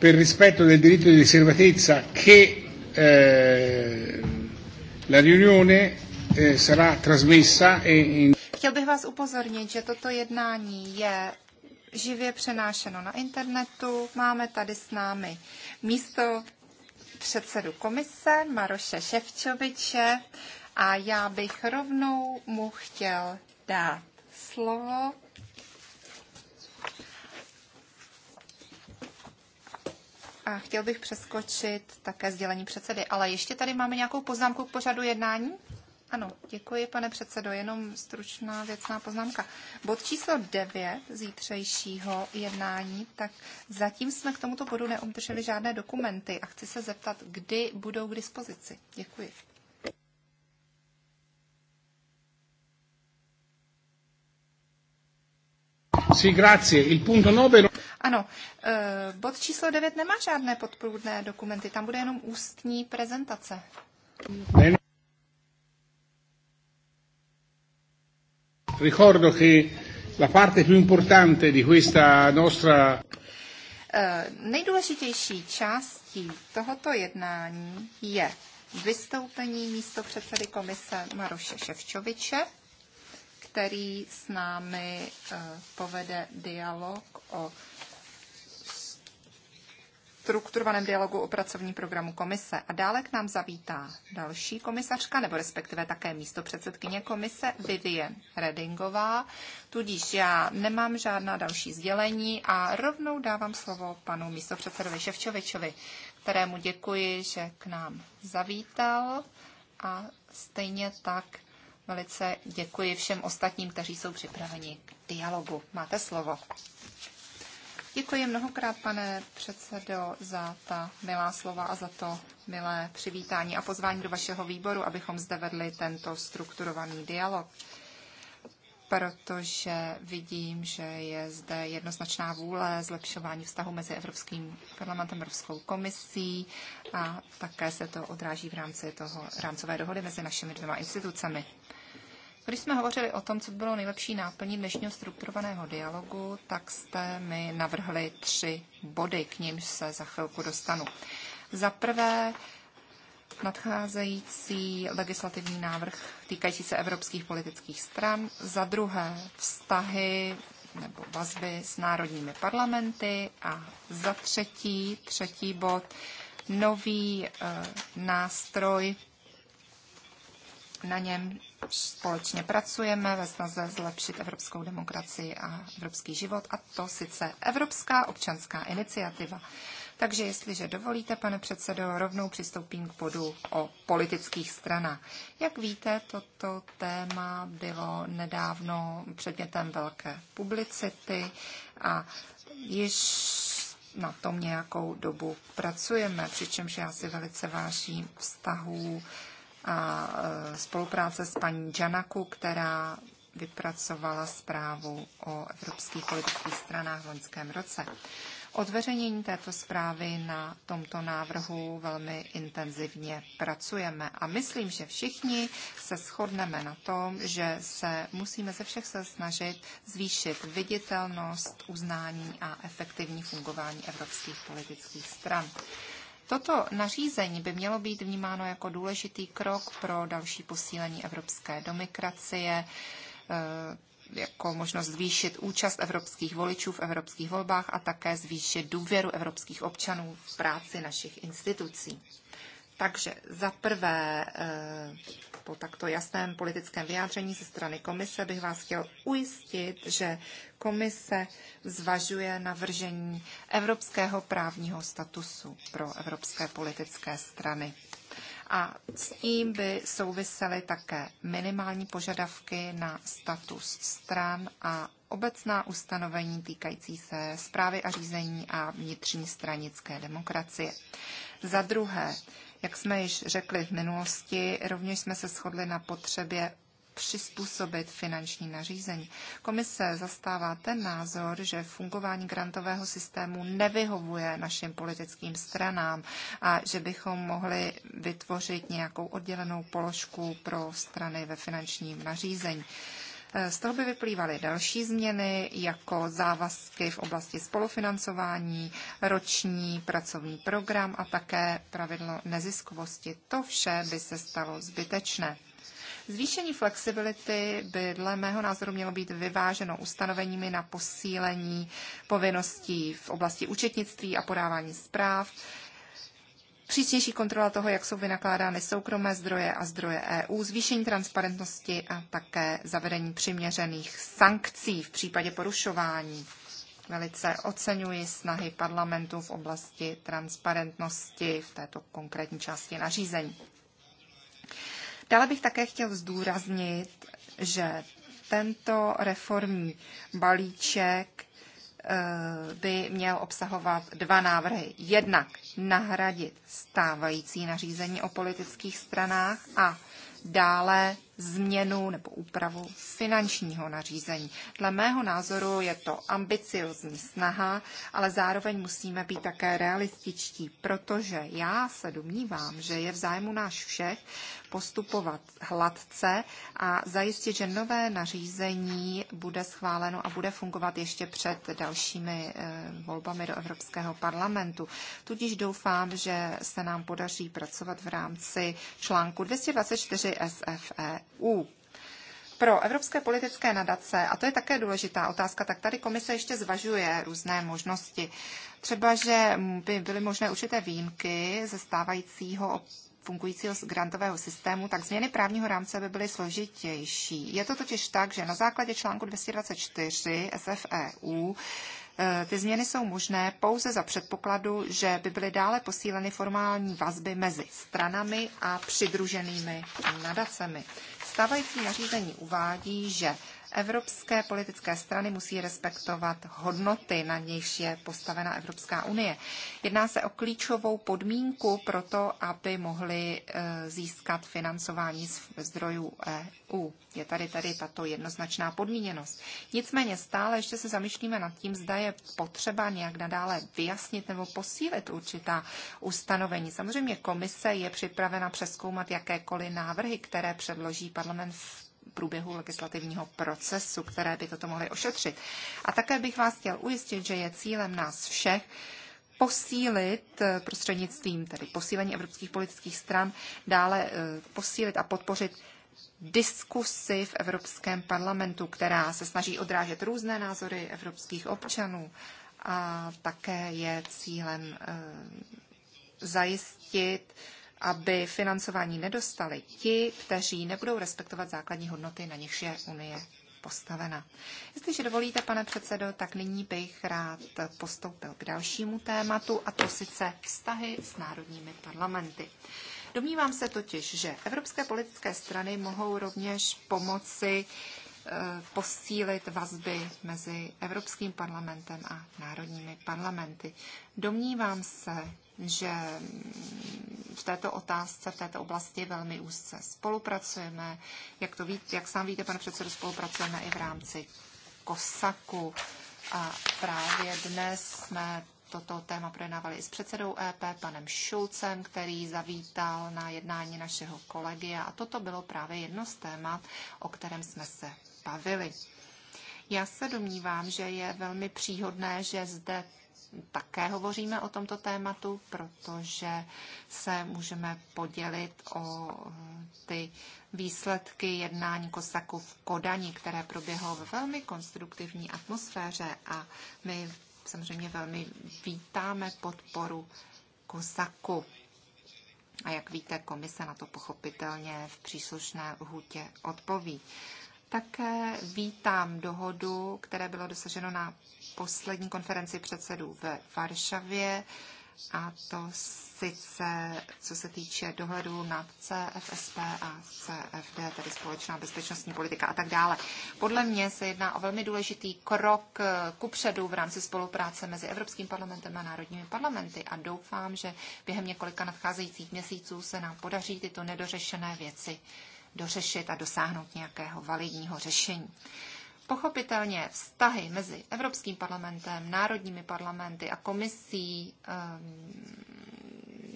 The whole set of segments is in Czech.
per rispetto del diritto di riservatezza che eh, la riunione eh, sarà trasmessa e in... Chtěl bych vás upozornit, že toto jednání je živě přenášeno na internetu. Máme tady s námi místo předsedu komise Maroše Ševčoviče a já bych rovnou mu chtěl dát slovo A chtěl bych přeskočit také sdělení předsedy. Ale ještě tady máme nějakou poznámku k pořadu jednání? Ano, děkuji, pane předsedo. Jenom stručná věcná poznámka. Bod číslo 9 zítřejšího jednání, tak zatím jsme k tomuto bodu neobdrželi žádné dokumenty a chci se zeptat, kdy budou k dispozici. Děkuji. Sì, grazie. Il punto 9... Ano, eh, bod číslo 9 nemá žádné podprůvodné dokumenty, tam bude jenom ústní prezentace. Ricordo che la parte più importante di questa nostra eh, Nejdůležitější částí tohoto jednání je vystoupení místo předsedy komise Maroše Ševčoviče, který s námi eh, povede dialog o strukturovaném dialogu o pracovním programu komise. A dále k nám zavítá další komisařka, nebo respektive také místo předsedkyně komise Vivien Redingová. Tudíž já nemám žádná další sdělení a rovnou dávám slovo panu místo předsedovi Ševčovičovi, kterému děkuji, že k nám zavítal a stejně tak velice děkuji všem ostatním, kteří jsou připraveni k dialogu. Máte slovo. Děkuji mnohokrát, pane předsedo, za ta milá slova a za to milé přivítání a pozvání do vašeho výboru, abychom zde vedli tento strukturovaný dialog protože vidím, že je zde jednoznačná vůle zlepšování vztahu mezi Evropským parlamentem, a Evropskou komisí a také se to odráží v rámci toho rámcové dohody mezi našimi dvěma institucemi. Když jsme hovořili o tom, co by bylo nejlepší náplní dnešního strukturovaného dialogu, tak jste mi navrhli tři body, k nímž se za chvilku dostanu. Za prvé, nadcházející legislativní návrh týkající se evropských politických stran, za druhé vztahy nebo vazby s národními parlamenty a za třetí, třetí bod, nový e, nástroj na něm společně pracujeme ve snaze zlepšit evropskou demokracii a evropský život, a to sice Evropská občanská iniciativa. Takže jestliže dovolíte, pane předsedo, rovnou přistoupím k bodu o politických stranách. Jak víte, toto téma bylo nedávno předmětem velké publicity a již na tom nějakou dobu pracujeme, přičemž já si velice vážím vztahů a e, spolupráce s paní Janaku, která vypracovala zprávu o evropských politických stranách v loňském roce. Od veřejnění této zprávy na tomto návrhu velmi intenzivně pracujeme a myslím, že všichni se shodneme na tom, že se musíme ze všech se snažit zvýšit viditelnost, uznání a efektivní fungování evropských politických stran. Toto nařízení by mělo být vnímáno jako důležitý krok pro další posílení evropské demokracie, eh, jako možnost zvýšit účast evropských voličů v evropských volbách a také zvýšit důvěru evropských občanů v práci našich institucí. Takže za prvé eh, po takto jasném politickém vyjádření ze strany komise bych vás chtěl ujistit, že komise zvažuje navržení evropského právního statusu pro evropské politické strany. A s tím by souvisely také minimální požadavky na status stran a obecná ustanovení týkající se zprávy a řízení a vnitřní stranické demokracie. Za druhé, jak jsme již řekli v minulosti, rovněž jsme se shodli na potřebě přizpůsobit finanční nařízení. Komise zastává ten názor, že fungování grantového systému nevyhovuje našim politickým stranám a že bychom mohli vytvořit nějakou oddělenou položku pro strany ve finančním nařízení. Eh, z toho by vyplývaly další změny, jako závazky v oblasti spolufinancování, roční pracovní program a také pravidlo neziskovosti. To vše by se stalo zbytečné. Zvýšení flexibility by dle mého názoru mělo být vyváženo ustanoveními na posílení povinností v oblasti účetnictví a podávání zpráv, přísnější kontrola toho, jak jsou vynakládány soukromé zdroje a zdroje EU, zvýšení transparentnosti a také zavedení přiměřených sankcí v případě porušování. Velice oceňuji snahy parlamentu v oblasti transparentnosti v této konkrétní části nařízení. Dále bych také chtěl zdůraznit, že tento reformní balíček Eh, by měl obsahovat dva návrhy. Jednak nahradit stávající nařízení o politických stranách a dále změnu nebo úpravu finančního nařízení. Dle mého názoru je to ambiciozní snaha, ale zároveň musíme být také realističtí, protože já se domnívám, že je v zájmu náš všech postupovat hladce a zajistit, že nové nařízení bude schváleno a bude fungovat ještě před dalšími eh, volbami do Evropského parlamentu. Tudíž doufám, že se nám podaří pracovat v rámci článku 224 SFE EU. Pro evropské politické nadace, a to je také důležitá otázka, tak tady komise ještě zvažuje různé možnosti. Třeba, že by byly možné určité výjimky ze stávajícího fungujícího grantového systému, tak změny právního rámce by byly složitější. Je to totiž tak, že na základě článku 224 SFEU eh, ty změny jsou možné pouze za předpokladu, že by byly dále posíleny formální vazby mezi stranami a přidruženými nadacemi. Stávající nařízení uvádí, že Evropské politické strany musí respektovat hodnoty, na nějž je postavena Evropská unie. Jedná se o klíčovou podmínku pro to, aby mohli eh, získat financování z zdrojů EU. Je tady tady tato jednoznačná podmíněnost. Nicméně stále ještě se zamýšlíme nad tím, zda je potřeba nějak nadále vyjasnit nebo posílit určitá ustanovení. Samozřejmě komise je připravena přeskoumat jakékoliv návrhy, které předloží parlament v průběhu legislativního procesu, které by toto mohly ošetřit. A také bych vás chtěl ujistit, že je cílem nás všech posílit eh, prostřednictvím tedy posílení evropských politických stran, dále eh, posílit a podpořit diskusy v Evropském parlamentu, která se snaží odrážet různé názory evropských občanů a také je cílem eh, zajistit aby financování nedostali ti, kteří nebudou respektovat základní hodnoty, na nichž je Unie postavena. Jestliže dovolíte, pane předsedo, tak nyní bych rád postoupil k dalšímu tématu, a to sice vztahy s národními parlamenty. Domnívám se totiž, že evropské politické strany mohou rovněž pomoci eh, posílit vazby mezi Evropským parlamentem a národními parlamenty. Domnívám se, že v této otázce, v této oblasti velmi úzce spolupracujeme. Jak, to víte, jak sám víte, pane předsedo, spolupracujeme i v rámci Kosaku. A právě dnes jsme toto téma projednávali i s předsedou EP, panem Šulcem, který zavítal na jednání našeho kolegia. A toto bylo právě jedno z témat, o kterém jsme se bavili. Já se domnívám, že je velmi příhodné, že zde také hovoříme o tomto tématu, protože se můžeme podělit o eh, ty výsledky jednání Kosaku v Kodani, které proběhlo ve velmi konstruktivní atmosféře a my samozřejmě velmi vítáme podporu Kosaku. A jak víte, komise na to pochopitelně v příslušné lhutě odpoví. Také vítám dohodu, které bylo dosaženo na poslední konferenci předsedů ve Varšavě, a to sice co se týče dohledu nad CFSP a CFD, tedy společná bezpečnostní politika a tak dále. Podle mě se jedná o velmi důležitý krok eh, ku předu v rámci spolupráce mezi Evropským parlamentem a národními parlamenty a doufám, že během několika nadcházejících měsíců se nám podaří tyto nedořešené věci dořešit a dosáhnout nějakého validního řešení. Pochopitelně vztahy mezi Evropským parlamentem, národními parlamenty a komisí ehm,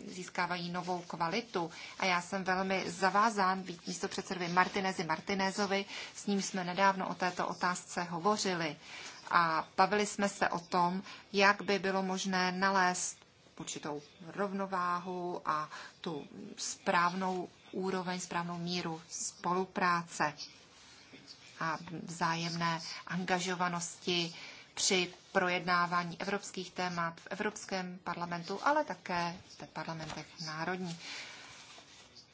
získávají novou kvalitu. A já jsem velmi zavázán být místo předsedovi Martinezi Martinezovi, s ním jsme nedávno o této otázce hovořili a bavili jsme se o tom, jak by bylo možné nalézt určitou rovnováhu a tu správnou úroveň, správnou míru spolupráce a vzájemné angažovanosti při projednávání evropských témat v Evropském parlamentu, ale také v parlamentech národní.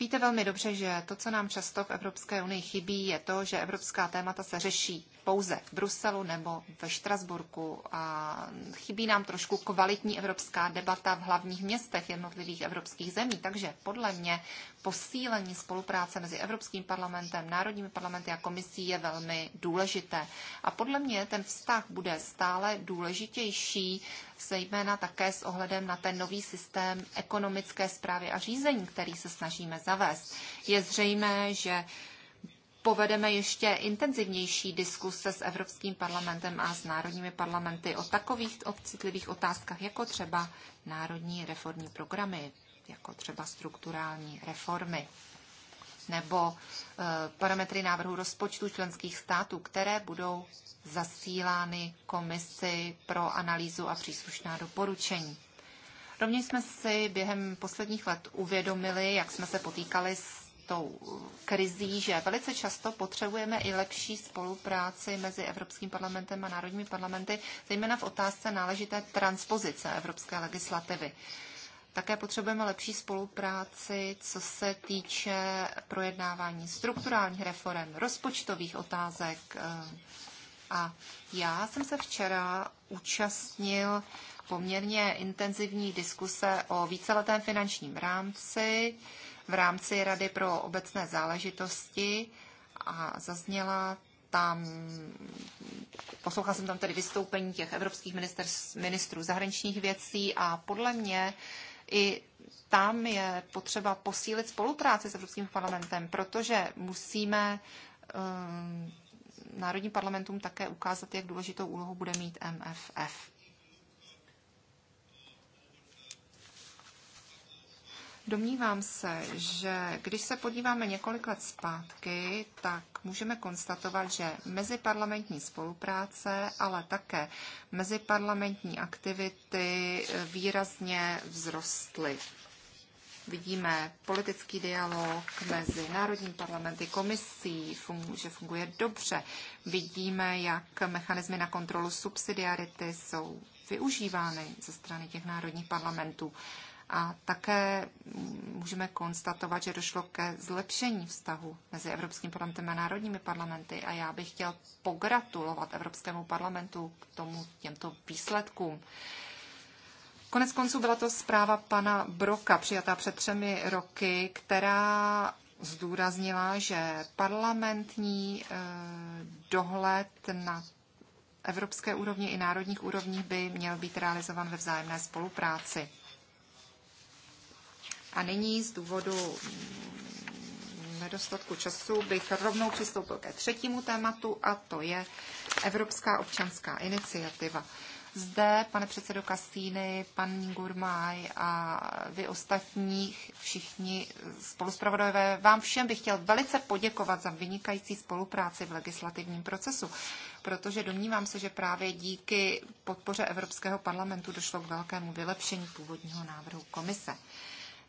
Víte velmi dobře, že to, co nám často v Evropské unii chybí, je to, že evropská témata se řeší pouze v Bruselu nebo ve Štrasburku a chybí nám trošku kvalitní evropská debata v hlavních městech jednotlivých evropských zemí. Takže podle mě posílení spolupráce mezi Evropským parlamentem, národními parlamenty a komisí je velmi důležité. A podle mě ten vztah bude stále důležitější, zejména také s ohledem na ten nový systém ekonomické zprávy a řízení, který se snažíme zavést. Je zřejmé, že povedeme ještě intenzivnější diskuse s Evropským parlamentem a s národními parlamenty o takových o citlivých otázkách, jako třeba národní reformní programy, jako třeba strukturální reformy nebo eh, parametry návrhu rozpočtu členských států, které budou zasílány komisi pro analýzu a příslušná doporučení. Rovněž jsme si během posledních let uvědomili, jak jsme se potýkali s tou krizí, že velice často potřebujeme i lepší spolupráci mezi Evropským parlamentem a národními parlamenty, zejména v otázce náležité transpozice evropské legislativy. Také potřebujeme lepší spolupráci, co se týče projednávání strukturálních reform, rozpočtových otázek. Eh, a já jsem se včera účastnil poměrně intenzivní diskuse o víceletém finančním rámci v rámci Rady pro obecné záležitosti a zazněla tam, poslouchala jsem tam tedy vystoupení těch evropských minister, ministrů zahraničních věcí a podle mě i tam je potřeba posílit spolupráci s Evropským parlamentem, protože musíme um, národním parlamentům také ukázat, jak důležitou úlohu bude mít MFF. Domnívám se, že když se podíváme několik let zpátky, tak můžeme konstatovat, že meziparlamentní spolupráce, ale také meziparlamentní aktivity výrazně vzrostly. Vidíme politický dialog mezi národním parlamenty, komisí, že funguje dobře. Vidíme, jak mechanismy na kontrolu subsidiarity jsou využívány ze strany těch národních parlamentů. A také můžeme konstatovat, že došlo ke zlepšení vztahu mezi Evropským parlamentem a národními parlamenty. A já bych chtěl pogratulovat Evropskému parlamentu k tomu těmto výsledkům. Konec konců byla to zpráva pana Broka, přijatá před třemi roky, která zdůraznila, že parlamentní eh, dohled na evropské úrovni i národních úrovních by měl být realizovan ve vzájemné spolupráci. A nyní z důvodu nedostatku času bych rovnou přistoupil ke třetímu tématu a to je Evropská občanská iniciativa. Zde, pane předsedo Kastýny, pan Gurmaj a vy ostatní, všichni spoluspravodajové, vám všem bych chtěl velice poděkovat za vynikající spolupráci v legislativním procesu, protože domnívám se, že právě díky podpoře Evropského parlamentu došlo k velkému vylepšení původního návrhu komise.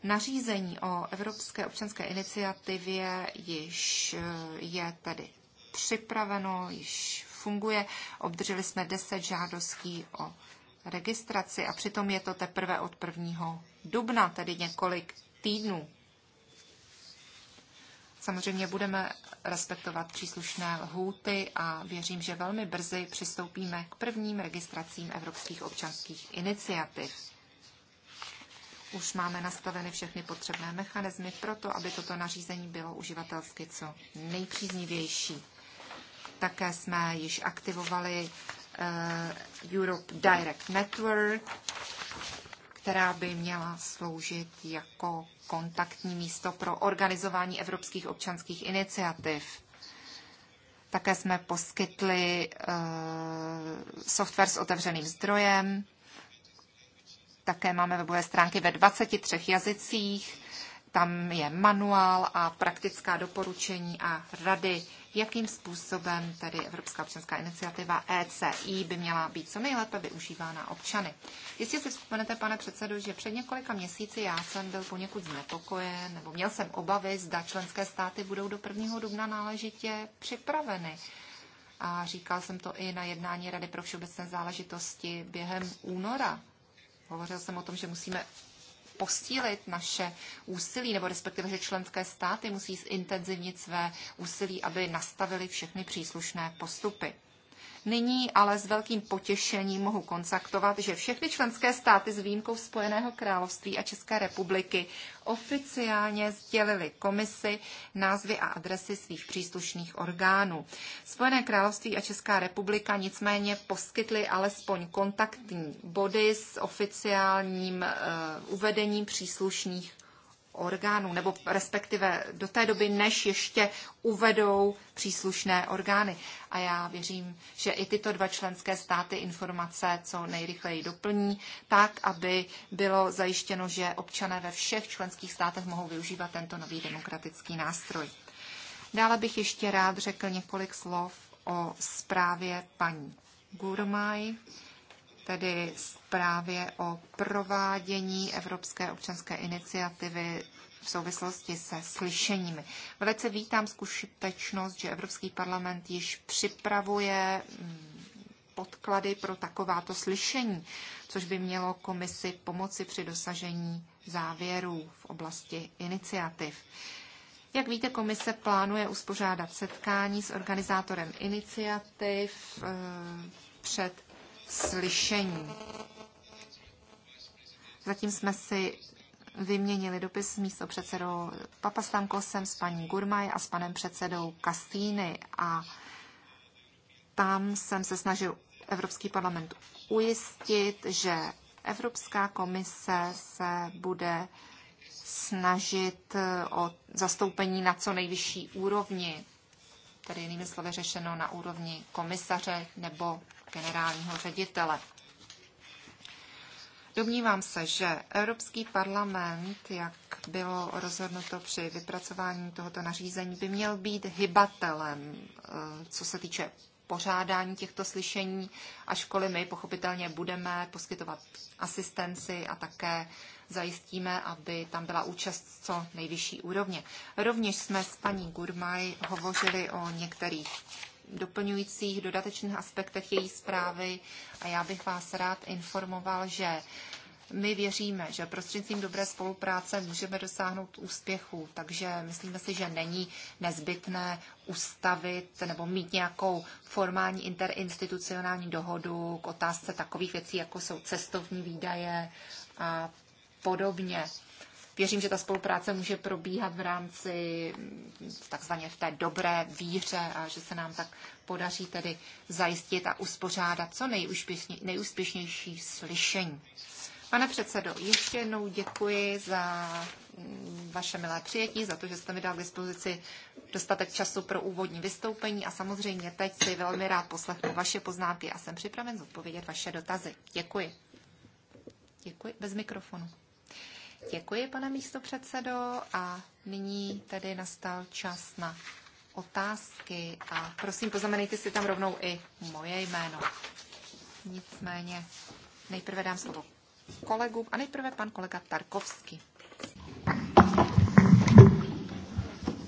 Nařízení o Evropské občanské iniciativě již eh, je tedy připraveno, již funguje. Obdrželi jsme 10 žádostí o registraci a přitom je to teprve od 1. dubna, tedy několik týdnů. Samozřejmě budeme respektovat příslušné lhůty a věřím, že velmi brzy přistoupíme k prvním registracím evropských občanských iniciativ už máme nastaveny všechny potřebné mechanismy pro to, aby toto nařízení bylo uživatelsky co nejpříznivější. Také jsme již aktivovali uh, Europe Direct Network, která by měla sloužit jako kontaktní místo pro organizování evropských občanských iniciativ. Také jsme poskytli uh, software s otevřeným zdrojem, také máme webové stránky ve 23 jazycích. Tam je manuál a praktická doporučení a rady, jakým způsobem tedy Evropská občanská iniciativa ECI by měla být co nejlépe využívána občany. Jistě si vzpomenete, pane předsedu, že před několika měsíci já jsem byl poněkud znepokojen, nebo měl jsem obavy, zda členské státy budou do 1. dubna náležitě připraveny. A říkal jsem to i na jednání Rady pro všeobecné záležitosti během února Hovořil jsem o tom, že musíme posílit naše úsilí, nebo respektive, že členské státy musí zintenzivnit své úsilí, aby nastavili všechny příslušné postupy. Nyní ale s velkým potěšením mohu konstatovat, že všechny členské státy s výjimkou Spojeného království a České republiky oficiálně sdělili komisi názvy a adresy svých příslušných orgánů. Spojené království a Česká republika nicméně poskytly alespoň kontaktní body s oficiálním uh, uvedením příslušných orgánů, nebo respektive do té doby, než ještě uvedou příslušné orgány. A já věřím, že i tyto dva členské státy informace co nejrychleji doplní, tak, aby bylo zajištěno, že občané ve všech členských státech mohou využívat tento nový demokratický nástroj. Dále bych ještě rád řekl několik slov o zprávě paní Gurmaj tedy zprávě o provádění Evropské občanské iniciativy v souvislosti se slyšeními. Velice vítám zkušitečnost, že Evropský parlament již připravuje mm, podklady pro takováto slyšení, což by mělo komisi pomoci při dosažení závěrů v oblasti iniciativ. Jak víte, komise plánuje uspořádat setkání s organizátorem iniciativ eh, před slyšení. Zatím jsme si vyměnili dopis s místo předsedou Papastamkosem, s paní Gurmaj a s panem předsedou Kastýny a tam jsem se snažil Evropský parlament ujistit, že Evropská komise se bude snažit eh, o zastoupení na co nejvyšší úrovni, tedy jinými slovy řešeno na úrovni komisaře nebo generálního ředitele. Domnívám se, že Evropský parlament, jak bylo rozhodnuto při vypracování tohoto nařízení, by měl být hybatelem, eh, co se týče pořádání těchto slyšení, ačkoliv my pochopitelně budeme poskytovat asistenci a také zajistíme, aby tam byla účast co nejvyšší úrovně. Rovněž jsme s paní Gurmaj hovořili o některých doplňujících dodatečných aspektech její zprávy a já bych vás rád informoval, že my věříme, že prostřednictvím dobré spolupráce můžeme dosáhnout úspěchu, takže myslíme si, že není nezbytné ustavit nebo mít nějakou formální interinstitucionální dohodu k otázce takových věcí, jako jsou cestovní výdaje a podobně. Věřím, že ta spolupráce může probíhat v rámci mm, takzvaně v té dobré víře a že se nám tak podaří tedy zajistit a uspořádat co nejúspěšně, nejúspěšnější slyšení. Pane předsedo, ještě jednou děkuji za mm, vaše milé přijetí, za to, že jste mi dal k dispozici dostatek času pro úvodní vystoupení a samozřejmě teď si velmi rád poslechnu vaše poznámky a jsem připraven zodpovědět vaše dotazy. Děkuji. Děkuji. Bez mikrofonu. Děkuji, pane místopředsedo, a nyní tedy nastal čas na otázky a prosím, poznamenejte si tam rovnou i moje jméno. Nicméně nejprve dám slovo kolegům a nejprve pan kolega Tarkovský.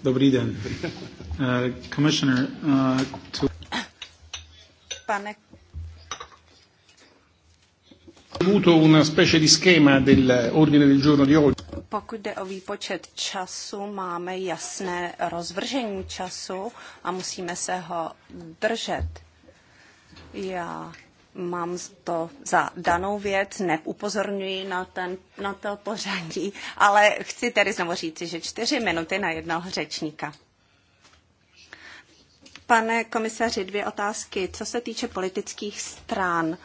Dobrý den. Uh, commissioner, uh, to... Pane pokud jde o výpočet času, máme jasné rozvržení času a musíme se ho držet. Já mám to za danou věc, neupozorňuji na, ten, na to pořadí, ale chci tedy znovu říci, že čtyři minuty na jednoho řečníka. Pane komisaři, dvě otázky. Co se týče politických stran,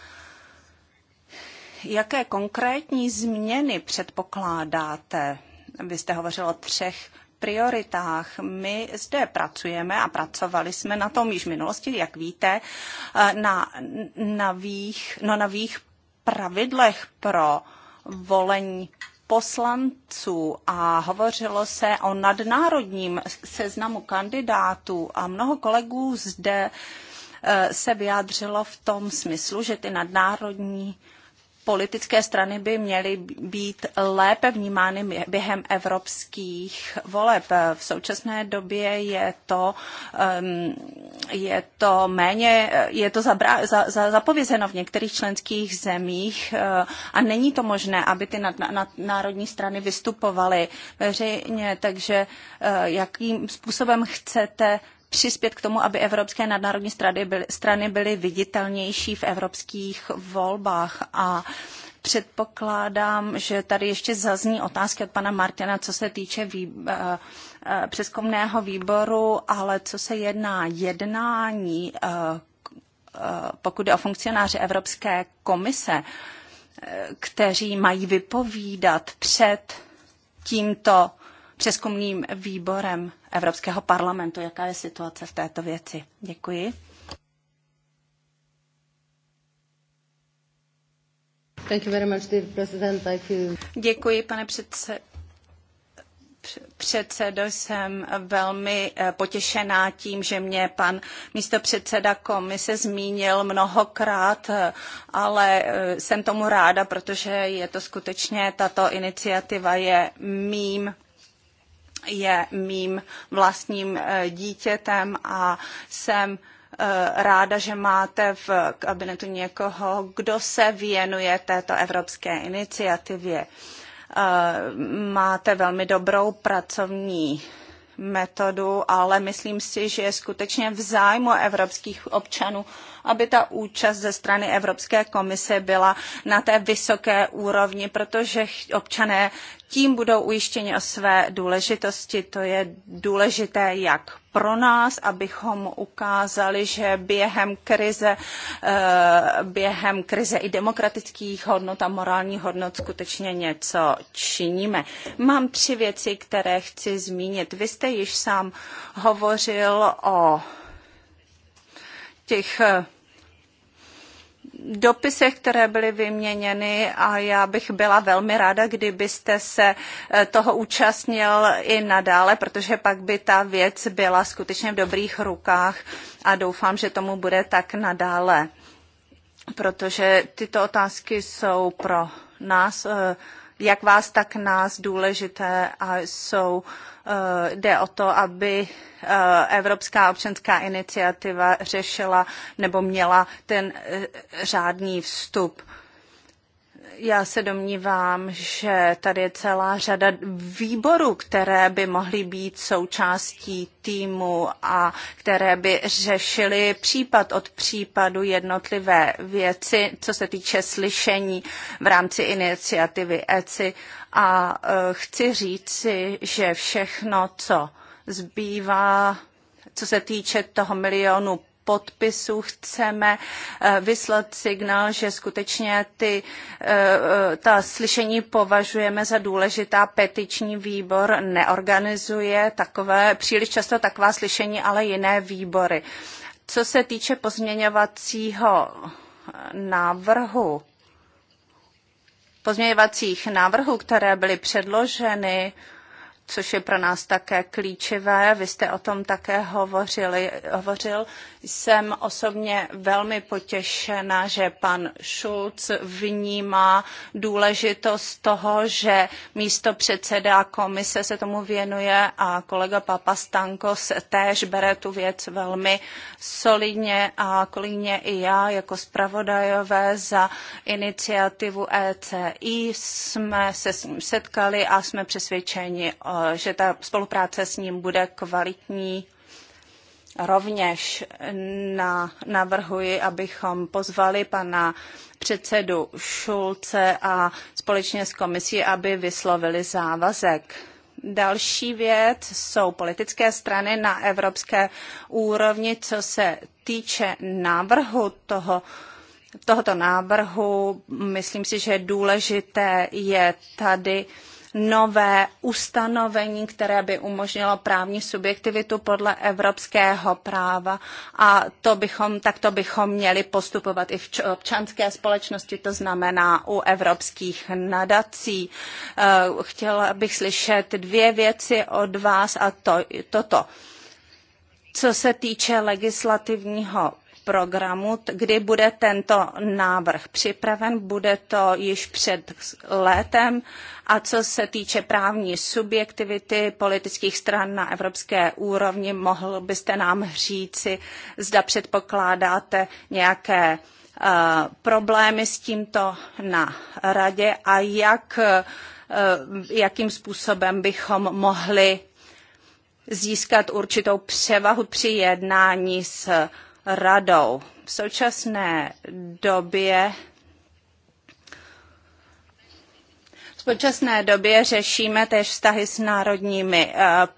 Jaké konkrétní změny předpokládáte? Vy jste hovořil o třech prioritách. My zde pracujeme a pracovali jsme na tom již v minulosti, jak víte, na nových, no, nových pravidlech pro volení poslanců a hovořilo se o nadnárodním seznamu kandidátů a mnoho kolegů zde eh, se vyjádřilo v tom smyslu, že ty nadnárodní politické strany by měly být lépe vnímány během evropských voleb. V současné době je to, je to méně, je to zabra, za, za, zapovězeno v některých členských zemích eh, a není to možné, aby ty nad, nad, národní strany vystupovaly veřejně, takže eh, jakým způsobem chcete přispět k tomu, aby evropské nadnárodní strany byly, strany byly viditelnější v evropských volbách a předpokládám, že tady ještě zazní otázky od pana Martina, co se týče vý, eh, eh, přeskumného výboru, ale co se jedná jednání, eh, pokud je o funkcionáře Evropské komise, kteří mají vypovídat před tímto přeskumným výborem Evropského parlamentu. Jaká je situace v této věci? Děkuji. Thank you very much, dear president. Thank you. Děkuji, pane předse... předsedo, jsem velmi eh, potěšená tím, že mě pan místopředseda komise zmínil mnohokrát, eh, ale eh, jsem tomu ráda, protože je to skutečně, tato iniciativa je mým je mým vlastním eh, dítětem a jsem eh, ráda, že máte v kabinetu někoho, kdo se věnuje této evropské iniciativě. Eh, máte velmi dobrou pracovní metodu, ale myslím si, že je skutečně v zájmu evropských občanů, aby ta účast ze strany Evropské komise byla na té vysoké úrovni, protože občané tím budou ujištěni o své důležitosti. To je důležité jak pro nás, abychom ukázali, že během krize, eh, během krize i demokratických hodnot a morálních hodnot skutečně něco činíme. Mám tři věci, které chci zmínit. Vy jste již sám hovořil o těch eh, dopisech, které byly vyměněny a já bych byla velmi ráda, kdybyste se eh, toho účastnil i nadále, protože pak by ta věc byla skutečně v dobrých rukách a doufám, že tomu bude tak nadále, protože tyto otázky jsou pro nás eh, jak vás, tak nás důležité a jsou, eh, jde o to, aby eh, Evropská občanská iniciativa řešila nebo měla ten eh, řádný vstup já se domnívám, že tady je celá řada výborů, které by mohly být součástí týmu a které by řešily případ od případu jednotlivé věci, co se týče slyšení v rámci iniciativy ECI. A e, chci říci, že všechno, co zbývá co se týče toho milionu podpisů chceme eh, vyslat signál, že skutečně ty, eh, eh, ta slyšení považujeme za důležitá. Petiční výbor neorganizuje takové, příliš často taková slyšení, ale jiné výbory. Co se týče pozměňovacího návrhu, pozměňovacích návrhů, které byly předloženy, což je pro nás také klíčivé. Vy jste o tom také hovořili, hovořil. Jsem osobně velmi potěšena, že pan Schulz vnímá důležitost toho, že místo předseda komise se tomu věnuje a kolega Papa se též bere tu věc velmi solidně a kolíně i já jako zpravodajové za iniciativu ECI jsme se s ním setkali a jsme přesvědčeni o že ta spolupráce s ním bude kvalitní. Rovněž na, navrhuji, abychom pozvali pana předsedu Šulce a společně s komisí, aby vyslovili závazek. Další věc jsou politické strany na evropské úrovni, co se týče návrhu toho tohoto návrhu. Myslím si, že důležité je tady uh, nové ustanovení, které by umožnilo právní subjektivitu podle evropského práva a to bychom, tak to bychom měli postupovat i v občanské společnosti, to znamená u evropských nadací. Eh, chtěla bych slyšet dvě věci od vás a to, toto. Co se týče legislativního programu, kdy bude tento návrh připraven. Bude to již před létem. A co se týče právní subjektivity politických stran na evropské úrovni, mohl byste nám říci, zda předpokládáte nějaké eh, problémy s tímto na radě a jak, eh, jakým způsobem bychom mohli získat určitou převahu při jednání s radou. V současné době v současné době řešíme též vztahy s národními eh,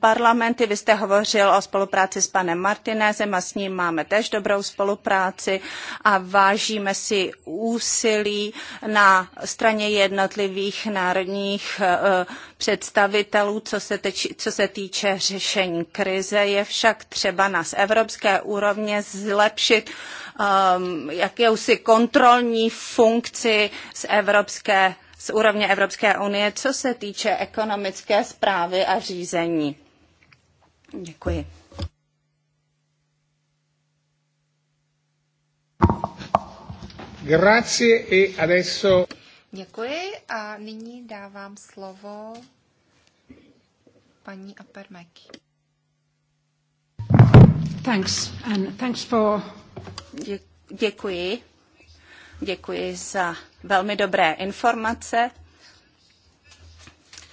parlamenty. Vy jste hovořil o spolupráci s panem Martinezem a s ním máme tež dobrou spolupráci a vážíme si úsilí na straně jednotlivých národních eh, představitelů, co se, teč, co se týče řešení krize. Je však třeba na evropské úrovně zlepšit um, jakousi kontrolní funkci z evropské z úrovně Evropské unie, co se týče ekonomické zprávy a řízení. Děkuji. Grazie e adesso... Děkuji a nyní dávám slovo paní Apermeky. Thanks and thanks for... Děkuji. Děkuji za velmi dobré informace.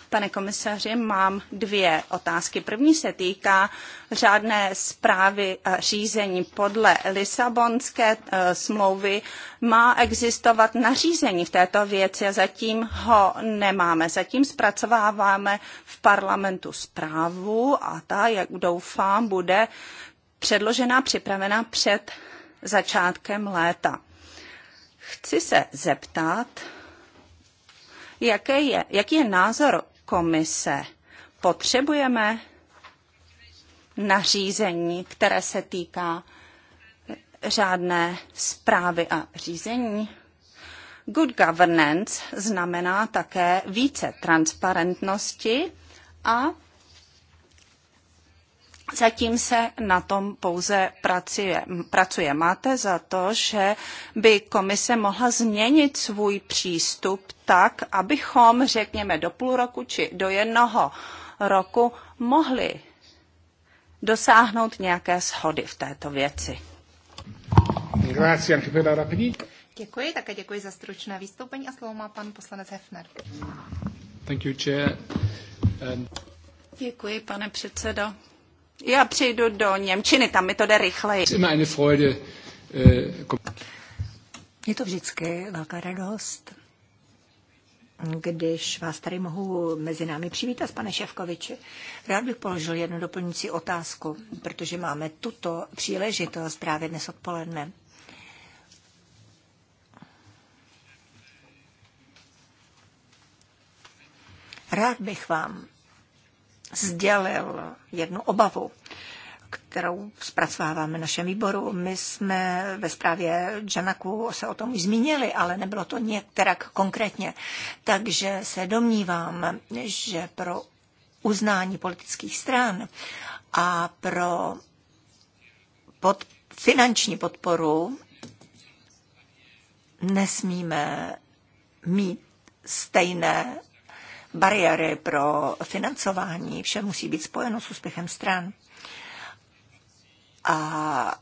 Pane komisaři, mám dvě otázky. První se týká řádné zprávy řízení. Podle Lisabonské e, smlouvy má existovat nařízení v této věci a zatím ho nemáme. Zatím zpracováváme v parlamentu zprávu a ta, jak doufám, bude předložena, připravena před začátkem léta. Chci se zeptat, jaké je, jaký je názor komise. Potřebujeme nařízení, které se týká řádné zprávy a řízení. Good governance znamená také více transparentnosti a Zatím se na tom pouze pracuje. pracuje. Máte za to, že by komise mohla změnit svůj přístup tak, abychom, řekněme, do půl roku či do jednoho roku mohli dosáhnout nějaké shody v této věci. Děkuji, také děkuji za stručné vystoupení a slovo má pan poslanec Hefner. Thank you, chair. Děkuji, pane předsedo. Já přejdu do Němčiny, tam mi to jde rychleji. Äh, Je to vždycky velká radost, když vás tady mohu mezi námi přivítat, pane Ševkoviči. Rád bych položil jednu doplňující otázku, protože máme tuto příležitost právě dnes odpoledne. Rád bych vám sdělil jednu obavu, kterou zpracováváme v našem výboru. My jsme ve zprávě Janaku se o tom už zmínili, ale nebylo to některak konkrétně. Takže se domnívám, že pro uznání politických stran a pro pod, finanční podporu nesmíme mít stejné bariéry pro financování, vše musí být spojeno s úspěchem stran. A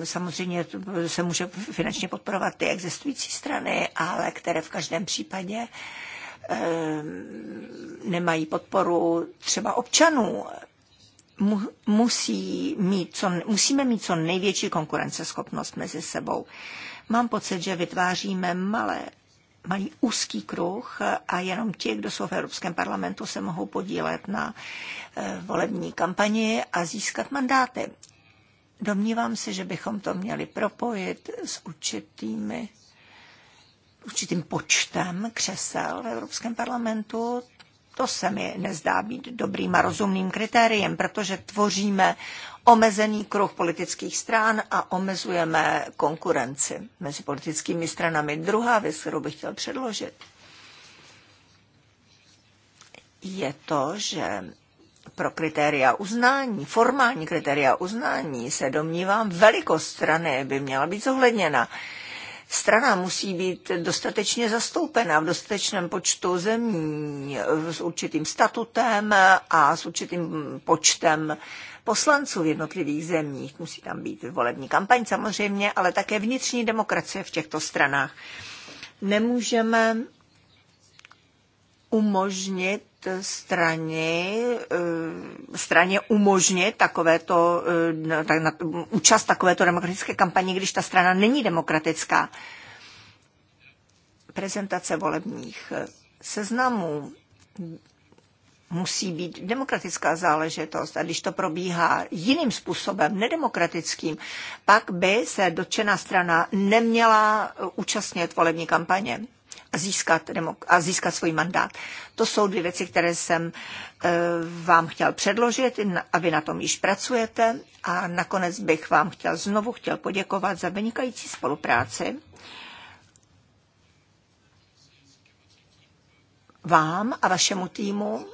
e, samozřejmě se může finančně podporovat ty existující strany, ale které v každém případě e, nemají podporu třeba občanů. Mu, musí mít co, musíme mít co největší konkurenceschopnost mezi sebou. Mám pocit, že vytváříme malé malý úzký kruh a jenom ti, kdo jsou v Evropském parlamentu, se mohou podílet na eh, volební kampani a získat mandáty. Domnívám se, že bychom to měli propojit s určitými určitým počtem křesel v Evropském parlamentu, to se mi nezdá být dobrým a rozumným kritériem, protože tvoříme omezený kruh politických stran a omezujeme konkurenci mezi politickými stranami. Druhá věc, kterou bych chtěl předložit, je to, že pro kritéria uznání, formální kritéria uznání, se domnívám, velikost strany by měla být zohledněna strana musí být dostatečně zastoupena v dostatečném počtu zemí s určitým statutem a s určitým počtem poslanců v jednotlivých zemích. Musí tam být volební kampaň samozřejmě, ale také vnitřní demokracie v těchto stranách. Nemůžeme umožnit Straně eh, straně umožnit takovéto, eh, tak, na, účast takovéto demokratické kampaně, když ta strana není demokratická. Prezentace volebních eh, seznamů musí být demokratická záležitost. A když to probíhá jiným způsobem, nedemokratickým, pak by se dotčená strana neměla účastnit volební kampaně a získat, a získat svůj mandát. To jsou dvě věci, které jsem eh, vám chtěl předložit a vy na tom již pracujete. A nakonec bych vám chtěl znovu chtěl poděkovat za vynikající spolupráci. Vám a vašemu týmu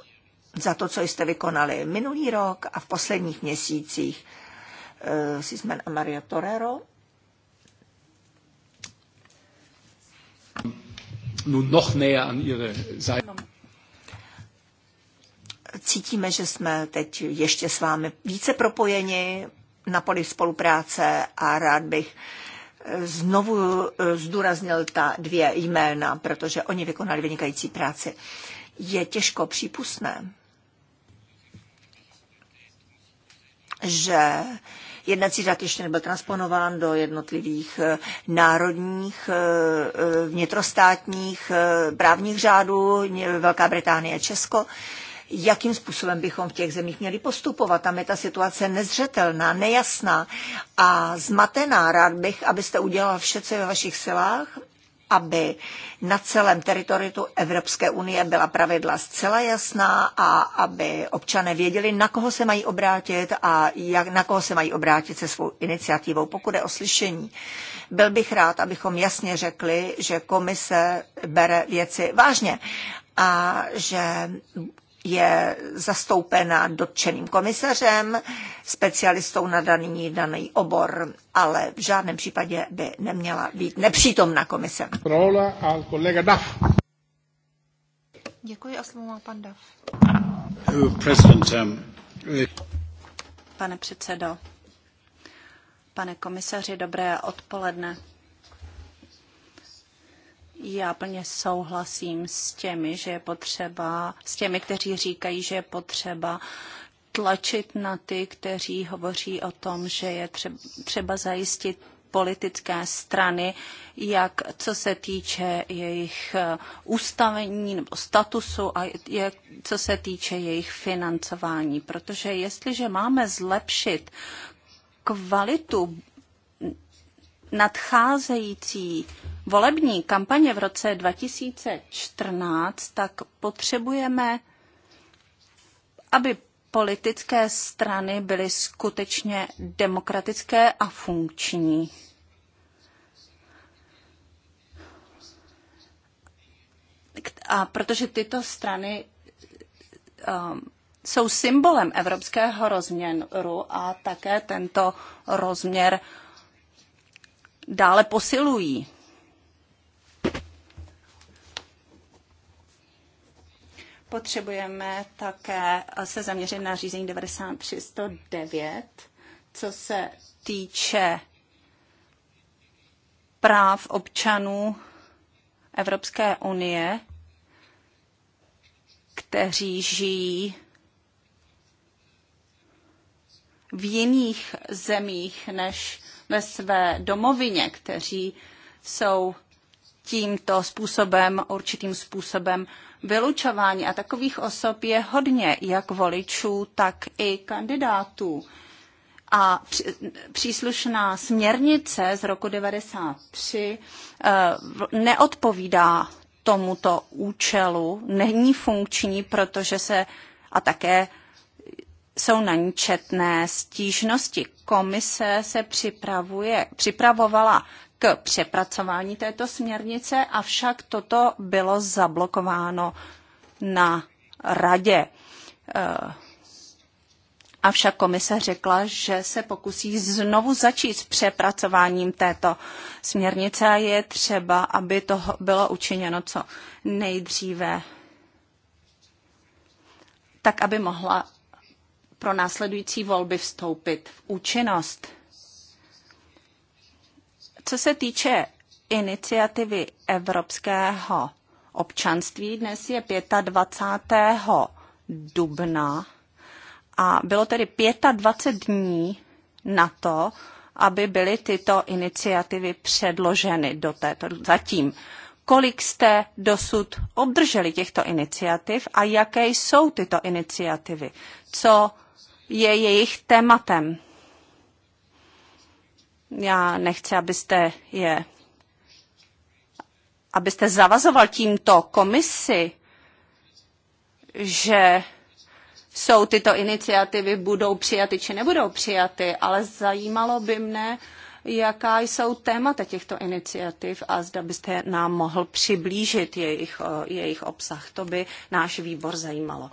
za to, co jste vykonali minulý rok a v posledních měsících. Eh, Sisman a Maria Torero nun noch näher an ihre Seite. Cítíme, že jsme teď ještě s vámi více propojeni na poli spolupráce a rád bych eh, znovu eh, zdůraznil ta dvě jména, protože oni vykonali vynikající práci. Je těžko přípustné, že Jednací řád ještě nebyl transponován do jednotlivých eh, národních, eh, eh, vnitrostátních právních řádů, Velká Británie, a Česko jakým způsobem bychom v těch zemích měli postupovat. Tam je ta situace nezřetelná, nejasná a zmatená. Rád bych, abyste udělal vše, co je ve vašich silách, aby na celém teritoriu Evropské unie byla pravidla zcela jasná a aby občané věděli, na koho se mají obrátit a jak, na koho se mají obrátit se svou iniciativou, pokud je o slyšení. Byl bych rád, abychom jasně řekli, že komise bere věci vážně a že je zastoupena dotčeným komisařem, specialistou na daný, daný obor, ale v žádném případě by neměla být nepřítomná komise. Děkuji a slovo má pan Dav. Um, pane předsedo, pane komisaři, dobré odpoledne. Já plně souhlasím s těmi, že je potřeba, s těmi, kteří říkají, že je potřeba tlačit na ty, kteří hovoří o tom, že je třeba zajistit politické strany, jak co se týče jejich eh, ustavení nebo statusu a jak, co se týče jejich financování. Protože jestliže máme zlepšit kvalitu nadcházející volební kampaně v roce 2014, tak potřebujeme, aby politické strany byly skutečně demokratické a funkční. A protože tyto strany um, jsou symbolem evropského rozměru a také tento rozměr dále posilují. Potřebujeme také se zaměřit na řízení 93109, co se týče práv občanů Evropské unie, kteří žijí v jiných zemích než ve své domovině, kteří jsou tímto způsobem, určitým způsobem vylučování. A takových osob je hodně, jak voličů, tak i kandidátů. A příslušná směrnice z roku 1993 eh, neodpovídá tomuto účelu, není funkční, protože se a také jsou na ní četné stížnosti. Komise se připravuje, připravovala k přepracování této směrnice, avšak toto bylo zablokováno na radě. Eh, avšak komise řekla, že se pokusí znovu začít s přepracováním této směrnice a je třeba, aby to bylo učiněno co nejdříve, tak aby mohla pro následující volby vstoupit v účinnost. Co se týče iniciativy evropského občanství, dnes je 25. dubna a bylo tedy 25 dní na to, aby byly tyto iniciativy předloženy do této zatím. Kolik jste dosud obdrželi těchto iniciativ a jaké jsou tyto iniciativy? Co je jejich tématem. Já nechci, abyste je abyste zavazoval tímto komisi, že jsou tyto iniciativy, budou přijaty či nebudou přijaty, ale zajímalo by mne, jaká jsou témata těchto iniciativ a zda byste nám mohl přiblížit jejich, jejich obsah. To by náš výbor zajímalo.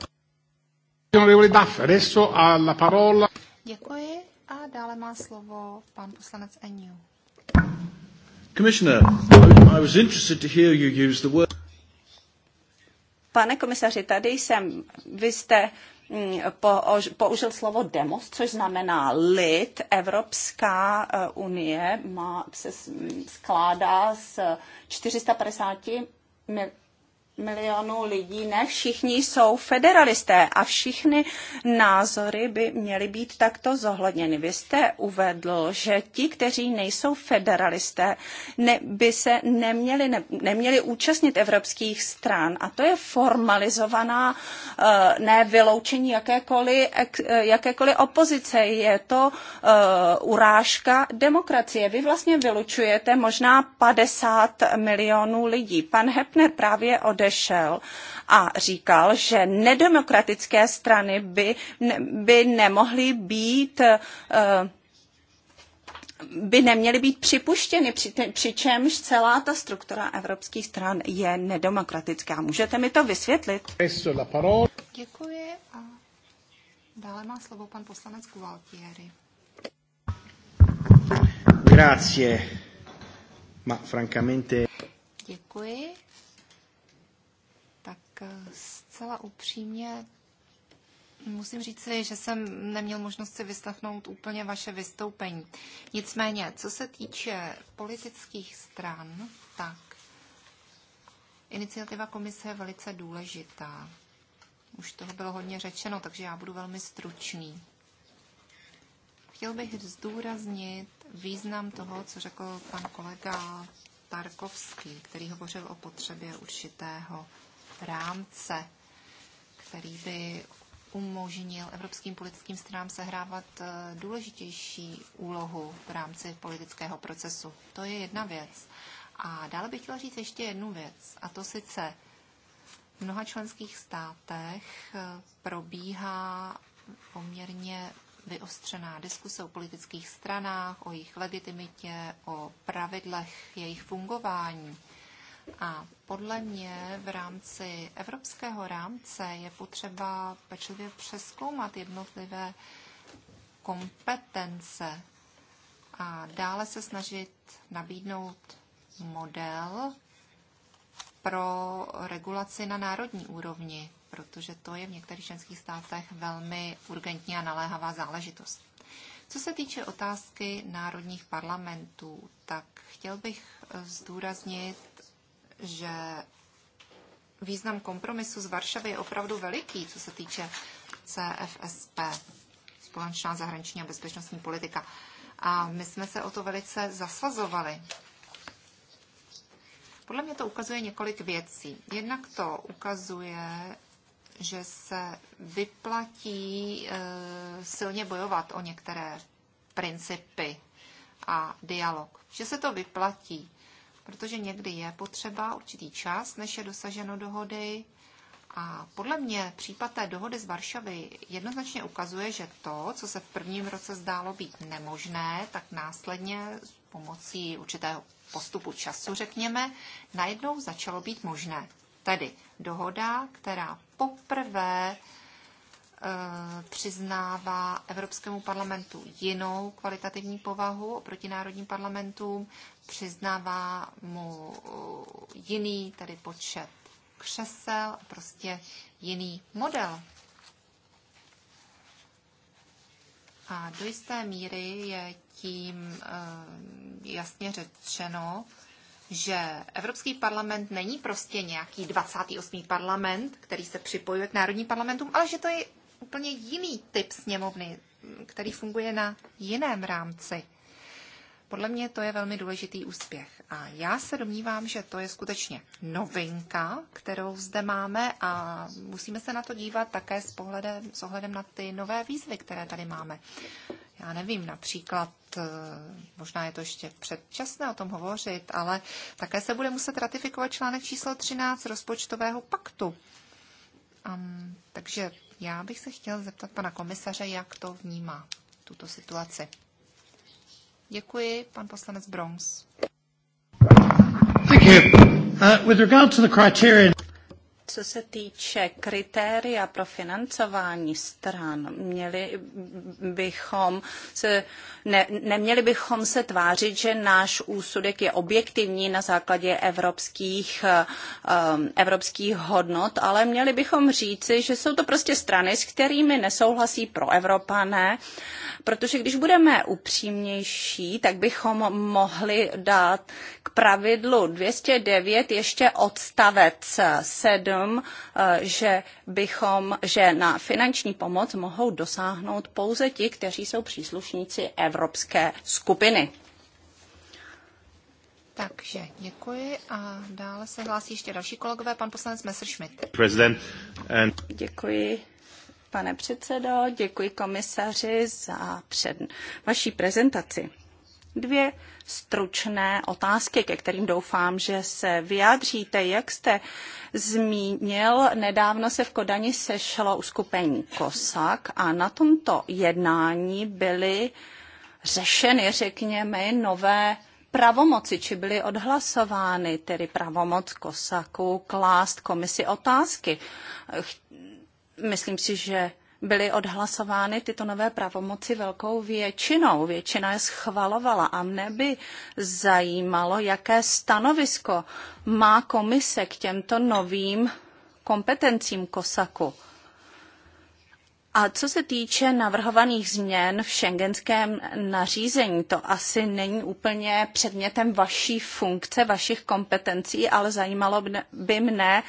Děkuji a dále má slovo pan poslanec Eniu Pane komisaři, tady jsem. Vy jste mm, použil slovo demos, což znamená lid. Evropská eh, unie má, se skládá z 450 milionů lidí, ne všichni jsou federalisté a všichni názory by měly být takto zohledněny. Vy jste uvedl, že ti, kteří nejsou federalisté, ne, by se neměli, ne, neměli účastnit evropských stran a to je formalizovaná eh, ne vyloučení jakékoliv, eh, jakékoliv opozice. Je to uh, urážka demokracie. Vy vlastně vylučujete možná 50 milionů lidí. Pan Hepner právě od odešel a říkal, že nedemokratické strany by, by nemohly být eh, by neměly být připuštěny, při, přičemž celá ta struktura evropských stran je nedemokratická. Můžete mi to vysvětlit? Děkuji a dále má slovo pan poslanec Gualtieri. Grazie. Ma francamente... Děkuji. Eh, zcela upřímně musím si, že jsem neměl možnost si vyslechnout úplně vaše vystoupení. Nicméně, co se týče politických stran, tak iniciativa komise je velice důležitá. Už toho bylo hodně řečeno, takže já budu velmi stručný. Chtěl bych zdůraznit význam toho, co řekl pan kolega Tarkovský, který hovořil o potřebě určitého rámce, který by umožnil evropským politickým stranám sehrávat eh, důležitější úlohu v rámci politického procesu. To je jedna věc. A dále bych chtěla říct ještě jednu věc, a to sice v mnoha členských státech eh, probíhá poměrně vyostřená diskuse o politických stranách, o jejich legitimitě, o pravidlech jejich fungování. A podle mě v rámci evropského rámce je potřeba pečlivě přeskoumat jednotlivé kompetence a dále se snažit nabídnout model pro regulaci na národní úrovni, protože to je v některých členských státech velmi urgentní a naléhavá záležitost. Co se týče otázky národních parlamentů, tak chtěl bych zdůraznit, že význam kompromisu z Varšavy je opravdu veliký, co se týče CFSP, společná zahraniční a bezpečnostní politika. A my jsme se o to velice zasazovali. Podle mě to ukazuje několik věcí. Jednak to ukazuje, že se vyplatí e, silně bojovat o některé principy a dialog. Že se to vyplatí protože někdy je potřeba určitý čas, než je dosaženo dohody. A podle mě případ té dohody z Varšavy jednoznačně ukazuje, že to, co se v prvním roce zdálo být nemožné, tak následně s pomocí určitého postupu času, řekněme, najednou začalo být možné. Tedy dohoda, která poprvé Eh, přiznává Evropskému parlamentu jinou kvalitativní povahu oproti národním parlamentům, přiznává mu eh, jiný tedy počet křesel a prostě jiný model. A do jisté míry je tím eh, jasně řečeno, že Evropský parlament není prostě nějaký 28. parlament, který se připojuje k národním parlamentům, ale že to je úplně jiný typ sněmovny, který funguje na jiném rámci. Podle mě to je velmi důležitý úspěch. A já se domnívám, že to je skutečně novinka, kterou zde máme a musíme se na to dívat také s, pohledem, s ohledem na ty nové výzvy, které tady máme. Já nevím, například, eh, možná je to ještě předčasné o tom hovořit, ale také se bude muset ratifikovat článek číslo 13 rozpočtového paktu. Um, takže já bych se chtěl zeptat pana komisaře, jak to vnímá, tuto situaci. Děkuji, pan poslanec Bronx. Thank you. Uh, with regard to the criterion co se týče kritéria pro financování stran, měli bychom se, ne, neměli bychom se tvářit, že náš úsudek je objektivní na základě evropských, um, evropských hodnot, ale měli bychom říci, že jsou to prostě strany, s kterými nesouhlasí pro Evropané, protože když budeme upřímnější, tak bychom mohli dát k pravidlu 209 ještě odstavec 7 tom, eh, že bychom, že na finanční pomoc mohou dosáhnout pouze ti, kteří jsou příslušníci evropské skupiny. Takže děkuji a dále se hlásí ještě další kolegové, pan poslanec Messerschmidt. And... Děkuji, pane předsedo, děkuji komisaři za před... vaší prezentaci. Dvě stručné otázky, ke kterým doufám, že se vyjádříte. Jak jste zmínil, nedávno se v Kodani sešlo uskupení Kosak a na tomto jednání byly řešeny, řekněme, nové pravomoci, či byly odhlasovány, tedy pravomoc Kosaku klást komisi otázky. Myslím si, že byly odhlasovány tyto nové pravomoci velkou většinou. Většina je schvalovala a mne by zajímalo, jaké stanovisko má komise k těmto novým kompetencím Kosaku. A co se týče navrhovaných změn v šengenském nařízení, to asi není úplně předmětem vaší funkce, vašich kompetencí, ale zajímalo by mne,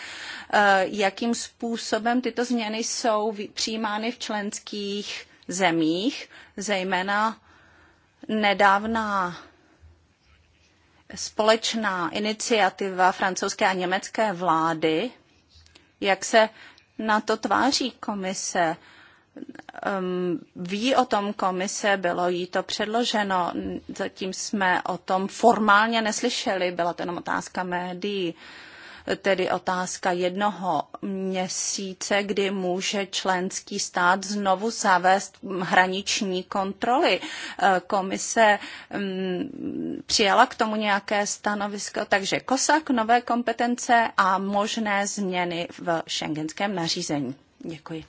eh, jakým způsobem tyto změny jsou přijímány v členských zemích, zejména nedávná společná iniciativa francouzské a německé vlády, jak se na to tváří komise um, ví o tom komise, bylo jí to předloženo, zatím jsme o tom formálně neslyšeli, byla to jenom otázka médií, tedy otázka jednoho měsíce, kdy může členský stát znovu zavést hraniční kontroly. Eh, komise um, přijala k tomu nějaké stanovisko, takže kosak, nové kompetence a možné změny v šengenském nařízení. Děkuji.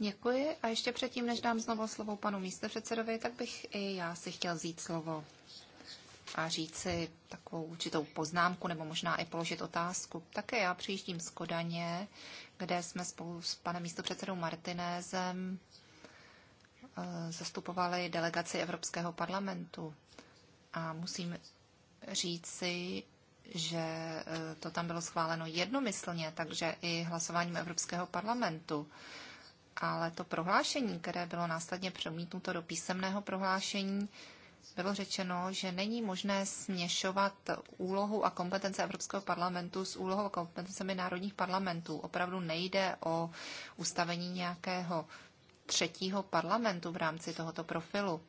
Děkuji a ještě předtím, než dám znovu slovo panu místopředsedovi, tak bych i já si chtěl vzít slovo a říct si takovou určitou poznámku nebo možná i položit otázku. Také já přijíždím z Kodaně, kde jsme spolu s panem místopředsedou Martinézem eh, zastupovali delegaci Evropského parlamentu. A musím říci, že e, to tam bylo schváleno jednomyslně, takže i hlasováním Evropského parlamentu. Ale to prohlášení, které bylo následně přemítnuto do písemného prohlášení, bylo řečeno, že není možné směšovat úlohu a kompetence Evropského parlamentu s úlohou a kompetencemi národních parlamentů. Opravdu nejde o ustavení nějakého třetího parlamentu v rámci tohoto profilu.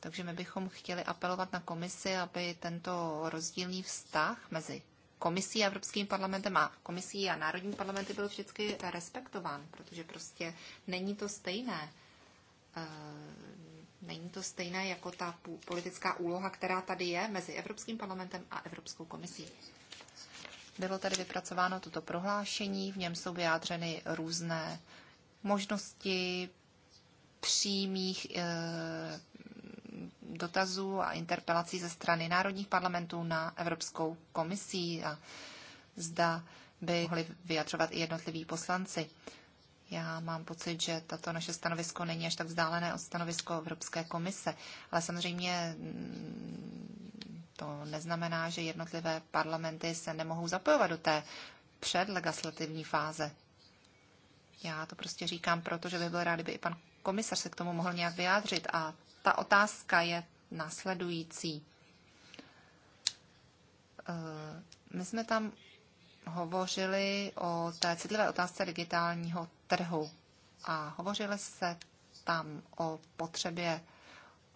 Takže my bychom chtěli apelovat na komisi, aby tento rozdílný vztah mezi komisí a Evropským parlamentem a komisí a národním parlamenty byl vždycky respektován, protože prostě není to stejné. Eh, není to stejné jako ta politická úloha, která tady je mezi Evropským parlamentem a Evropskou komisí. Bylo tady vypracováno toto prohlášení, v něm jsou vyjádřeny různé možnosti přímých e, dotazů a interpelací ze strany národních parlamentů na Evropskou komisí a zda by mohli vyjadřovat i jednotliví poslanci. Já mám pocit, že tato naše stanovisko není až tak vzdálené od stanovisko Evropské komise, ale samozřejmě mm, to neznamená, že jednotlivé parlamenty se nemohou zapojovat do té předlegislativní fáze. Já to prostě říkám proto, že bych byl rád, kdyby i pan komisař se k tomu mohl nějak vyjádřit a ta otázka je následující. Eh, my jsme tam hovořili o té citlivé otázce digitálního trhu a hovořili se tam o potřebě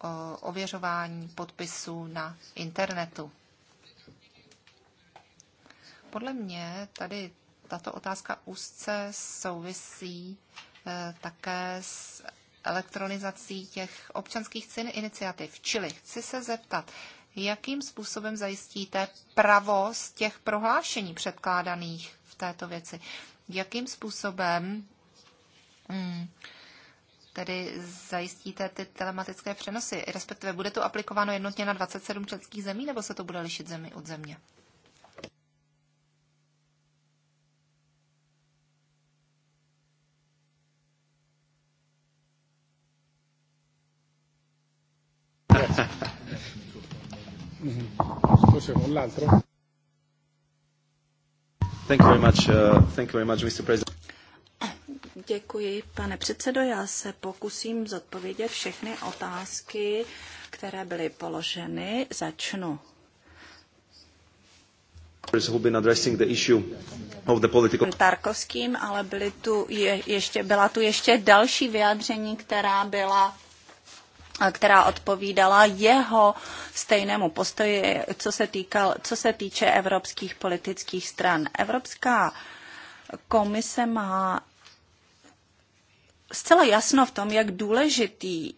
o eh, ověřování podpisů na internetu. Podle mě tady tato otázka úzce souvisí eh, také s elektronizací těch občanských cen iniciativ. Čili chci se zeptat, jakým způsobem zajistíte pravost těch prohlášení předkládaných v této věci? Jakým způsobem hmm, tedy zajistíte ty telematické přenosy? Respektive bude to aplikováno jednotně na 27 členských zemí, nebo se to bude lišit zemi od země? con l'altro. Thank you very much, uh, thank you very much, Mr. President. Děkuji, pane předsedo. Já se pokusím zodpovědět všechny otázky, které byly položeny. Začnu. Tarkovským, ale byly tu je, ještě, byla tu ještě další vyjádření, která byla která odpovídala jeho stejnému postoji, co se, týkal, co se týče evropských politických stran. Evropská komise má zcela jasno v tom, jak důležitý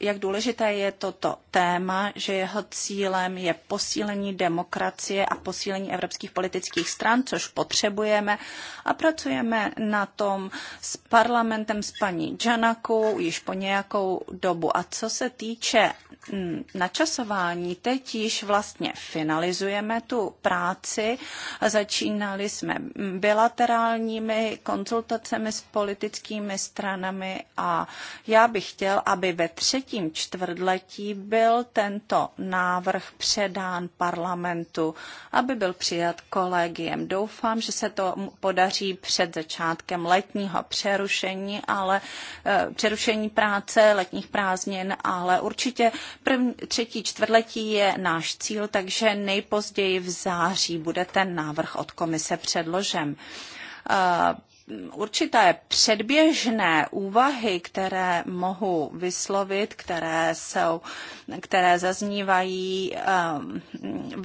jak důležité je toto téma, že jeho cílem je posílení demokracie a posílení evropských politických stran, což potřebujeme a pracujeme na tom s parlamentem, s paní Janakou již po nějakou dobu. A co se týče Mm, načasování. Teď již vlastně finalizujeme tu práci. Začínali jsme bilaterálními konzultacemi s politickými stranami a já bych chtěl, aby ve třetím čtvrtletí byl tento návrh předán parlamentu, aby byl přijat kolegiem. Doufám, že se to podaří před začátkem letního přerušení, ale eh, přerušení práce letních prázdnin, ale určitě První, třetí čtvrtletí je náš cíl, takže nejpozději v září bude ten návrh od komise předložen eh, určité předběžné úvahy, které mohu vyslovit, které, jsou, které zaznívají eh,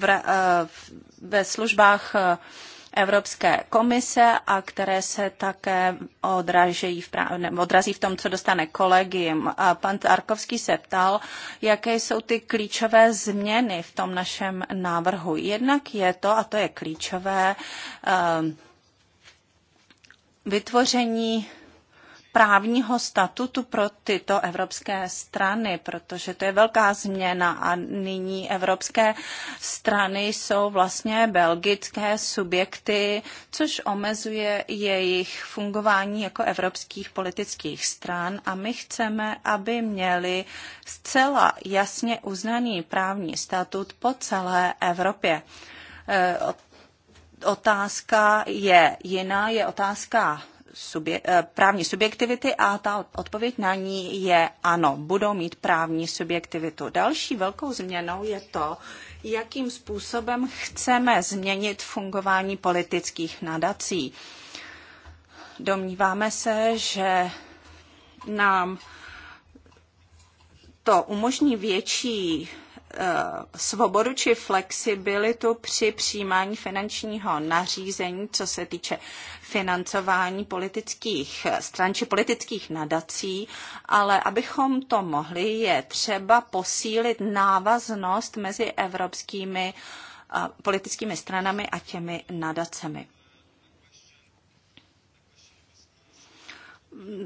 eh, v, ve službách Evropské komise a které se také odraží v práv- ne, odrazí v tom, co dostane kolegium. A pan Tarkovský se ptal, jaké jsou ty klíčové změny v tom našem návrhu. Jednak je to, a to je klíčové, eh, vytvoření právního statutu pro tyto evropské strany, protože to je velká změna a nyní evropské strany jsou vlastně belgické subjekty, což omezuje jejich fungování jako evropských politických stran a my chceme, aby měli zcela jasně uznaný právní statut po celé Evropě e, otázka je jiná, je otázka subje, eh, právní subjektivity a ta odpověď na ní je ano, budou mít právní subjektivitu. Další velkou změnou je to, jakým způsobem chceme změnit fungování politických nadací. Domníváme se, že nám to umožní větší Eh, svobodu či flexibilitu při přijímání finančního nařízení, co se týče financování politických stran či politických nadací, ale abychom to mohli, je třeba posílit návaznost mezi evropskými eh, politickými stranami a těmi nadacemi.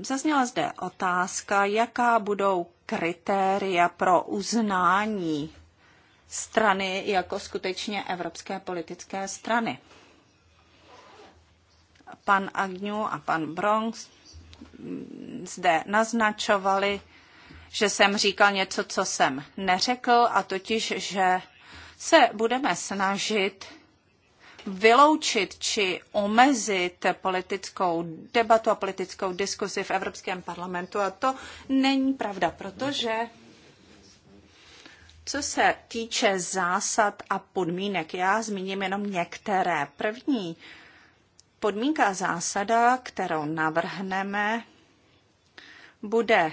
Zazněla zde otázka, jaká budou kritéria pro uznání strany jako skutečně evropské politické strany. Pan Agňu a pan Bronx zde naznačovali, že jsem říkal něco, co jsem neřekl, a totiž, že se budeme snažit vyloučit či omezit politickou debatu a politickou diskusi v Evropském parlamentu. A to není pravda, protože co se týče zásad a podmínek, já zmíním jenom některé. První podmínka a zásada, kterou navrhneme, bude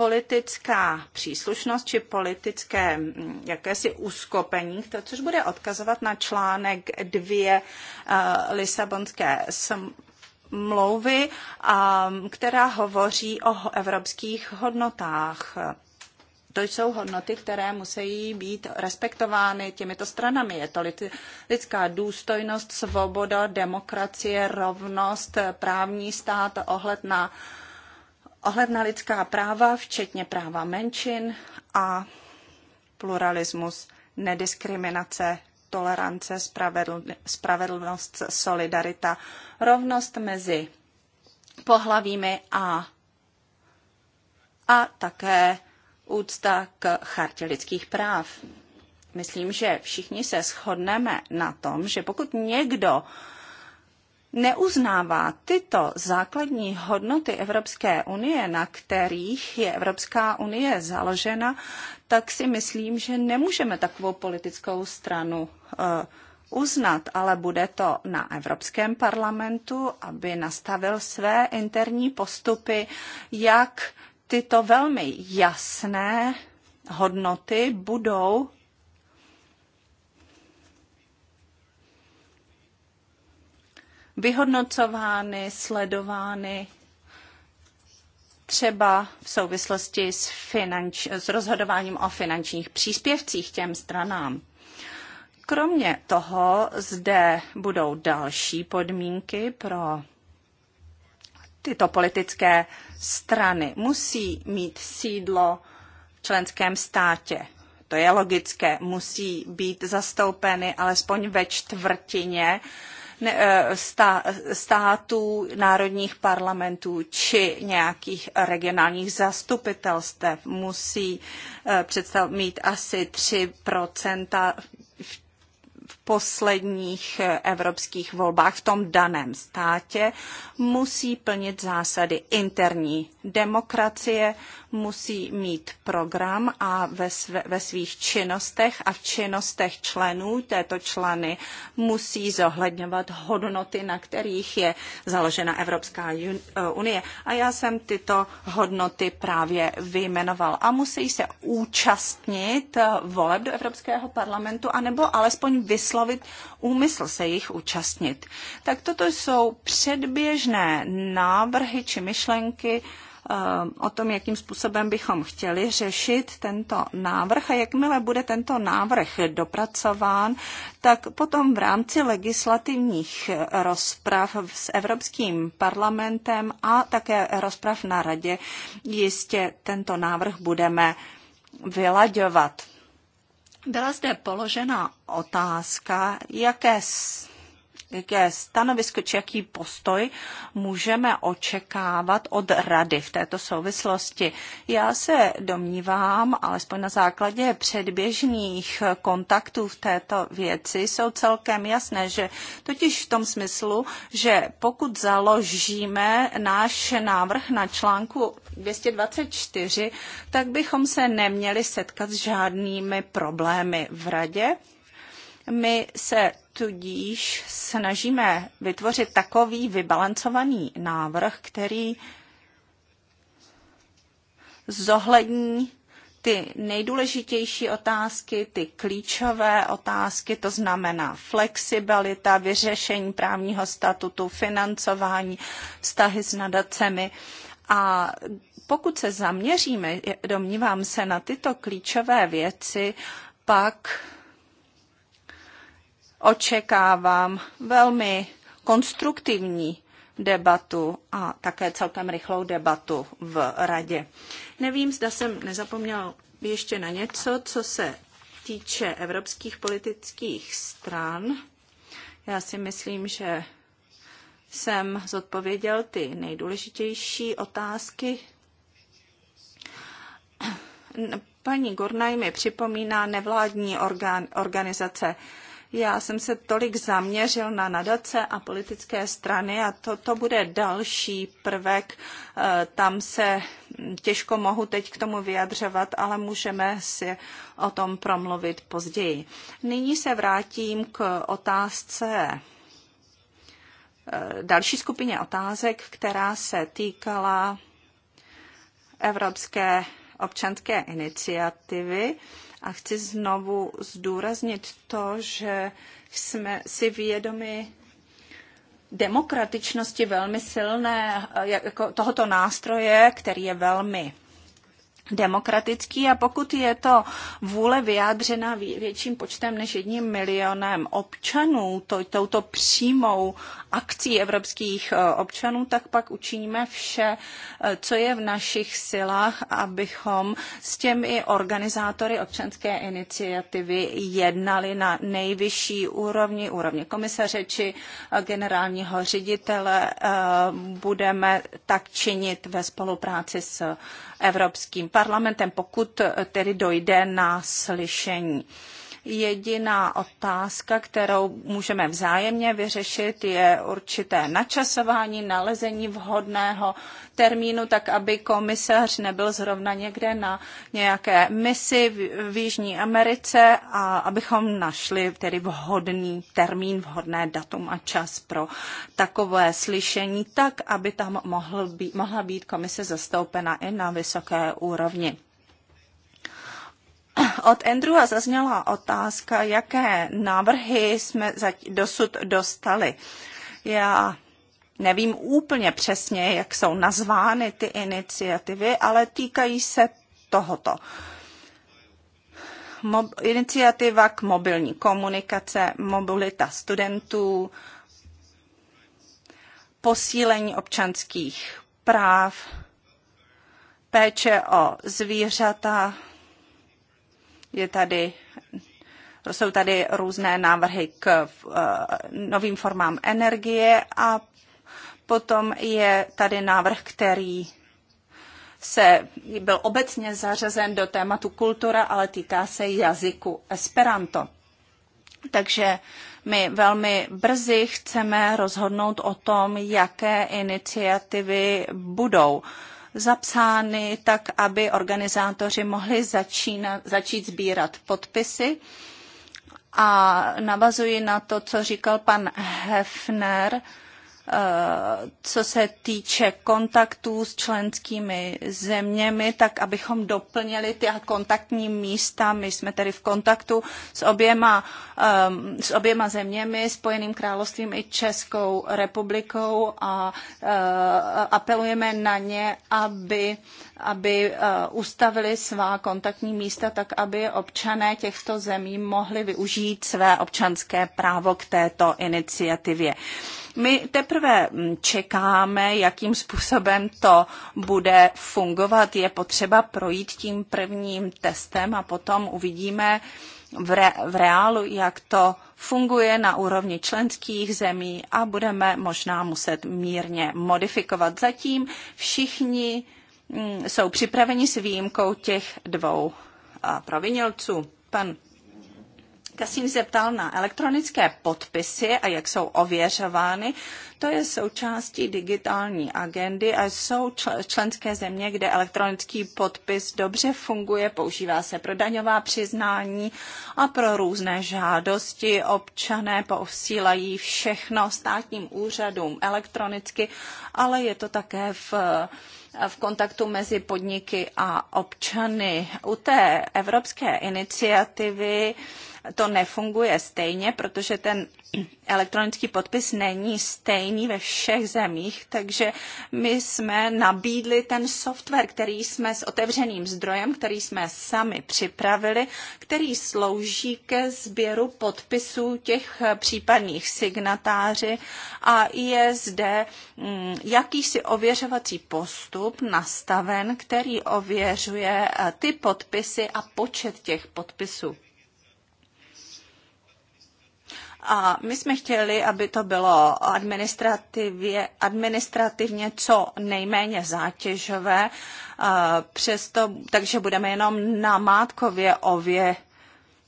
politická příslušnost či politické mm, jakési uskopení, to, což bude odkazovat na článek dvě eh, Lisabonské smlouvy, mm, která hovoří o evropských hodnotách. To jsou hodnoty, které musí být respektovány těmito stranami. Je to lidská důstojnost, svoboda, demokracie, rovnost, právní stát, ohled na uh, ohled na lidská práva, včetně práva menšin a pluralismus, nediskriminace, tolerance, spravedlnost, solidarita, rovnost mezi pohlavími a, a také úcta k chartě lidských práv. Myslím, že všichni se shodneme na tom, že pokud někdo uh, neuznává tyto základní hodnoty Evropské unie, na kterých je Evropská unie založena, tak si myslím, že nemůžeme takovou politickou stranu eh, uznat, ale bude to na Evropském parlamentu, aby nastavil své interní postupy, jak tyto velmi jasné hodnoty budou vyhodnocovány, sledovány třeba v souvislosti s, finanč, s rozhodováním o finančních příspěvcích těm stranám. Kromě toho zde budou další podmínky pro tyto politické strany. Musí mít sídlo v členském státě. To je logické. Musí být zastoupeny alespoň ve čtvrtině uh, Eh, států, národních parlamentů či nějakých regionálních zastupitelstev musí eh, představ, mít asi 3 posledních evropských volbách v tom daném státě, musí plnit zásady interní demokracie, musí mít program a ve, sv- ve svých činnostech a v činnostech členů této členy musí zohledňovat hodnoty, na kterých je založena Evropská eh, unie. A já jsem tyto hodnoty právě vyjmenoval. A musí se účastnit eh, voleb do Evropského parlamentu, anebo alespoň vyslovit vyslovit úmysl se jich účastnit. Tak toto jsou předběžné návrhy či myšlenky, eh, o tom, jakým způsobem bychom chtěli řešit tento návrh a jakmile bude tento návrh dopracován, tak potom v rámci legislativních rozprav s Evropským parlamentem a také rozprav na radě jistě tento návrh budeme vylaďovat. Byla zde položena otázka, jaké jaké stanovisko či jaký postoj můžeme očekávat od rady v této souvislosti. Já se domnívám, alespoň na základě předběžných kontaktů v této věci, jsou celkem jasné, že totiž v tom smyslu, že pokud založíme náš návrh na článku 224, tak bychom se neměli setkat s žádnými problémy v radě. My se tudíž snažíme vytvořit takový vybalancovaný návrh, který zohlední ty nejdůležitější otázky, ty klíčové otázky, to znamená flexibilita, vyřešení právního statutu, financování, vztahy s nadacemi. A pokud se zaměříme, domnívám se, na tyto klíčové věci, pak očekávám velmi konstruktivní debatu a také celkem rychlou debatu v radě. Nevím, zda jsem nezapomněl ještě na něco, co se týče evropských politických stran. Já si myslím, že jsem zodpověděl ty nejdůležitější otázky. Paní Gornaj mi připomíná nevládní orgán organizace já jsem se tolik zaměřil na nadace a politické strany a to, to bude další prvek. E, tam se mm, těžko mohu teď k tomu vyjadřovat, ale můžeme si o tom promluvit později. Nyní se vrátím k otázce e, další skupině otázek, která se týkala Evropské občanské iniciativy. A chci znovu zdůraznit to, že jsme si vědomi demokratičnosti velmi silné eh, jako tohoto nástroje, který je velmi demokratický a pokud je to vůle vyjádřena větším počtem než jedním milionem občanů, to, touto přímou akcí evropských eh, občanů, tak pak učiníme vše, eh, co je v našich silách, abychom s těmi organizátory občanské iniciativy jednali na nejvyšší úrovni, úrovni komisaře či eh, generálního ředitele. Budeme tak činit ve spolupráci s Evropským parlamentem, pokud tedy dojde na slyšení. Jediná otázka, kterou můžeme vzájemně vyřešit, je určité načasování, nalezení vhodného termínu, tak aby komisař nebyl zrovna někde na nějaké misi v, v Jižní Americe a abychom našli tedy vhodný termín, vhodné datum a čas pro takové slyšení, tak aby tam mohl být, mohla být komise zastoupena i na vysoké úrovni. Od Andrewa zazněla otázka, jaké návrhy jsme dosud dostali. Já nevím úplně přesně, jak jsou nazvány ty iniciativy, ale týkají se tohoto. Mob- iniciativa k mobilní komunikace, mobilita studentů, posílení občanských práv, péče o zvířata, je tady jsou tady různé návrhy k eh, novým formám energie a potom je tady návrh, který se byl obecně zařazen do tématu kultura, ale týká se jazyku Esperanto. Takže my velmi brzy chceme rozhodnout o tom, jaké iniciativy budou. Uh, zapsány tak, aby organizátoři mohli začínat, začít sbírat podpisy. A navazuji na to, co říkal pan Hefner, co se týče kontaktů s členskými zeměmi, tak abychom doplnili ty kontaktní místa. My jsme tedy v kontaktu s oběma, um, s oběma zeměmi, Spojeným královstvím i Českou republikou a uh, apelujeme na ně, aby, aby uh, ustavili svá kontaktní místa tak, aby občané těchto zemí mohli využít své občanské právo k této iniciativě. My teprve mm, čekáme, jakým způsobem to bude fungovat. Je potřeba projít tím prvním testem a potom uvidíme v, re, v reálu, jak to funguje na úrovni členských zemí a budeme možná muset mírně modifikovat. Zatím všichni mm, jsou připraveni s výjimkou těch dvou provinilců. Pan Kasím zeptal na elektronické podpisy a jak jsou ověřovány. To je součástí digitální agendy a jsou členské země, kde elektronický podpis dobře funguje, používá se pro daňová přiznání a pro různé žádosti. Občané posílají všechno státním úřadům elektronicky, ale je to také v v kontaktu mezi podniky a občany. U té evropské iniciativy to nefunguje stejně, protože ten elektronický podpis není stejný ve všech zemích, takže my jsme nabídli ten software, který jsme s otevřeným zdrojem, který jsme sami připravili, který slouží ke sběru podpisů těch případných signatáři a je zde mm, jakýsi ověřovací postup nastaven, který ověřuje eh, ty podpisy a počet těch podpisů. A my jsme chtěli, aby to bylo administrativě, administrativně co nejméně zátěžové, přesto, takže budeme jenom mátkově ově,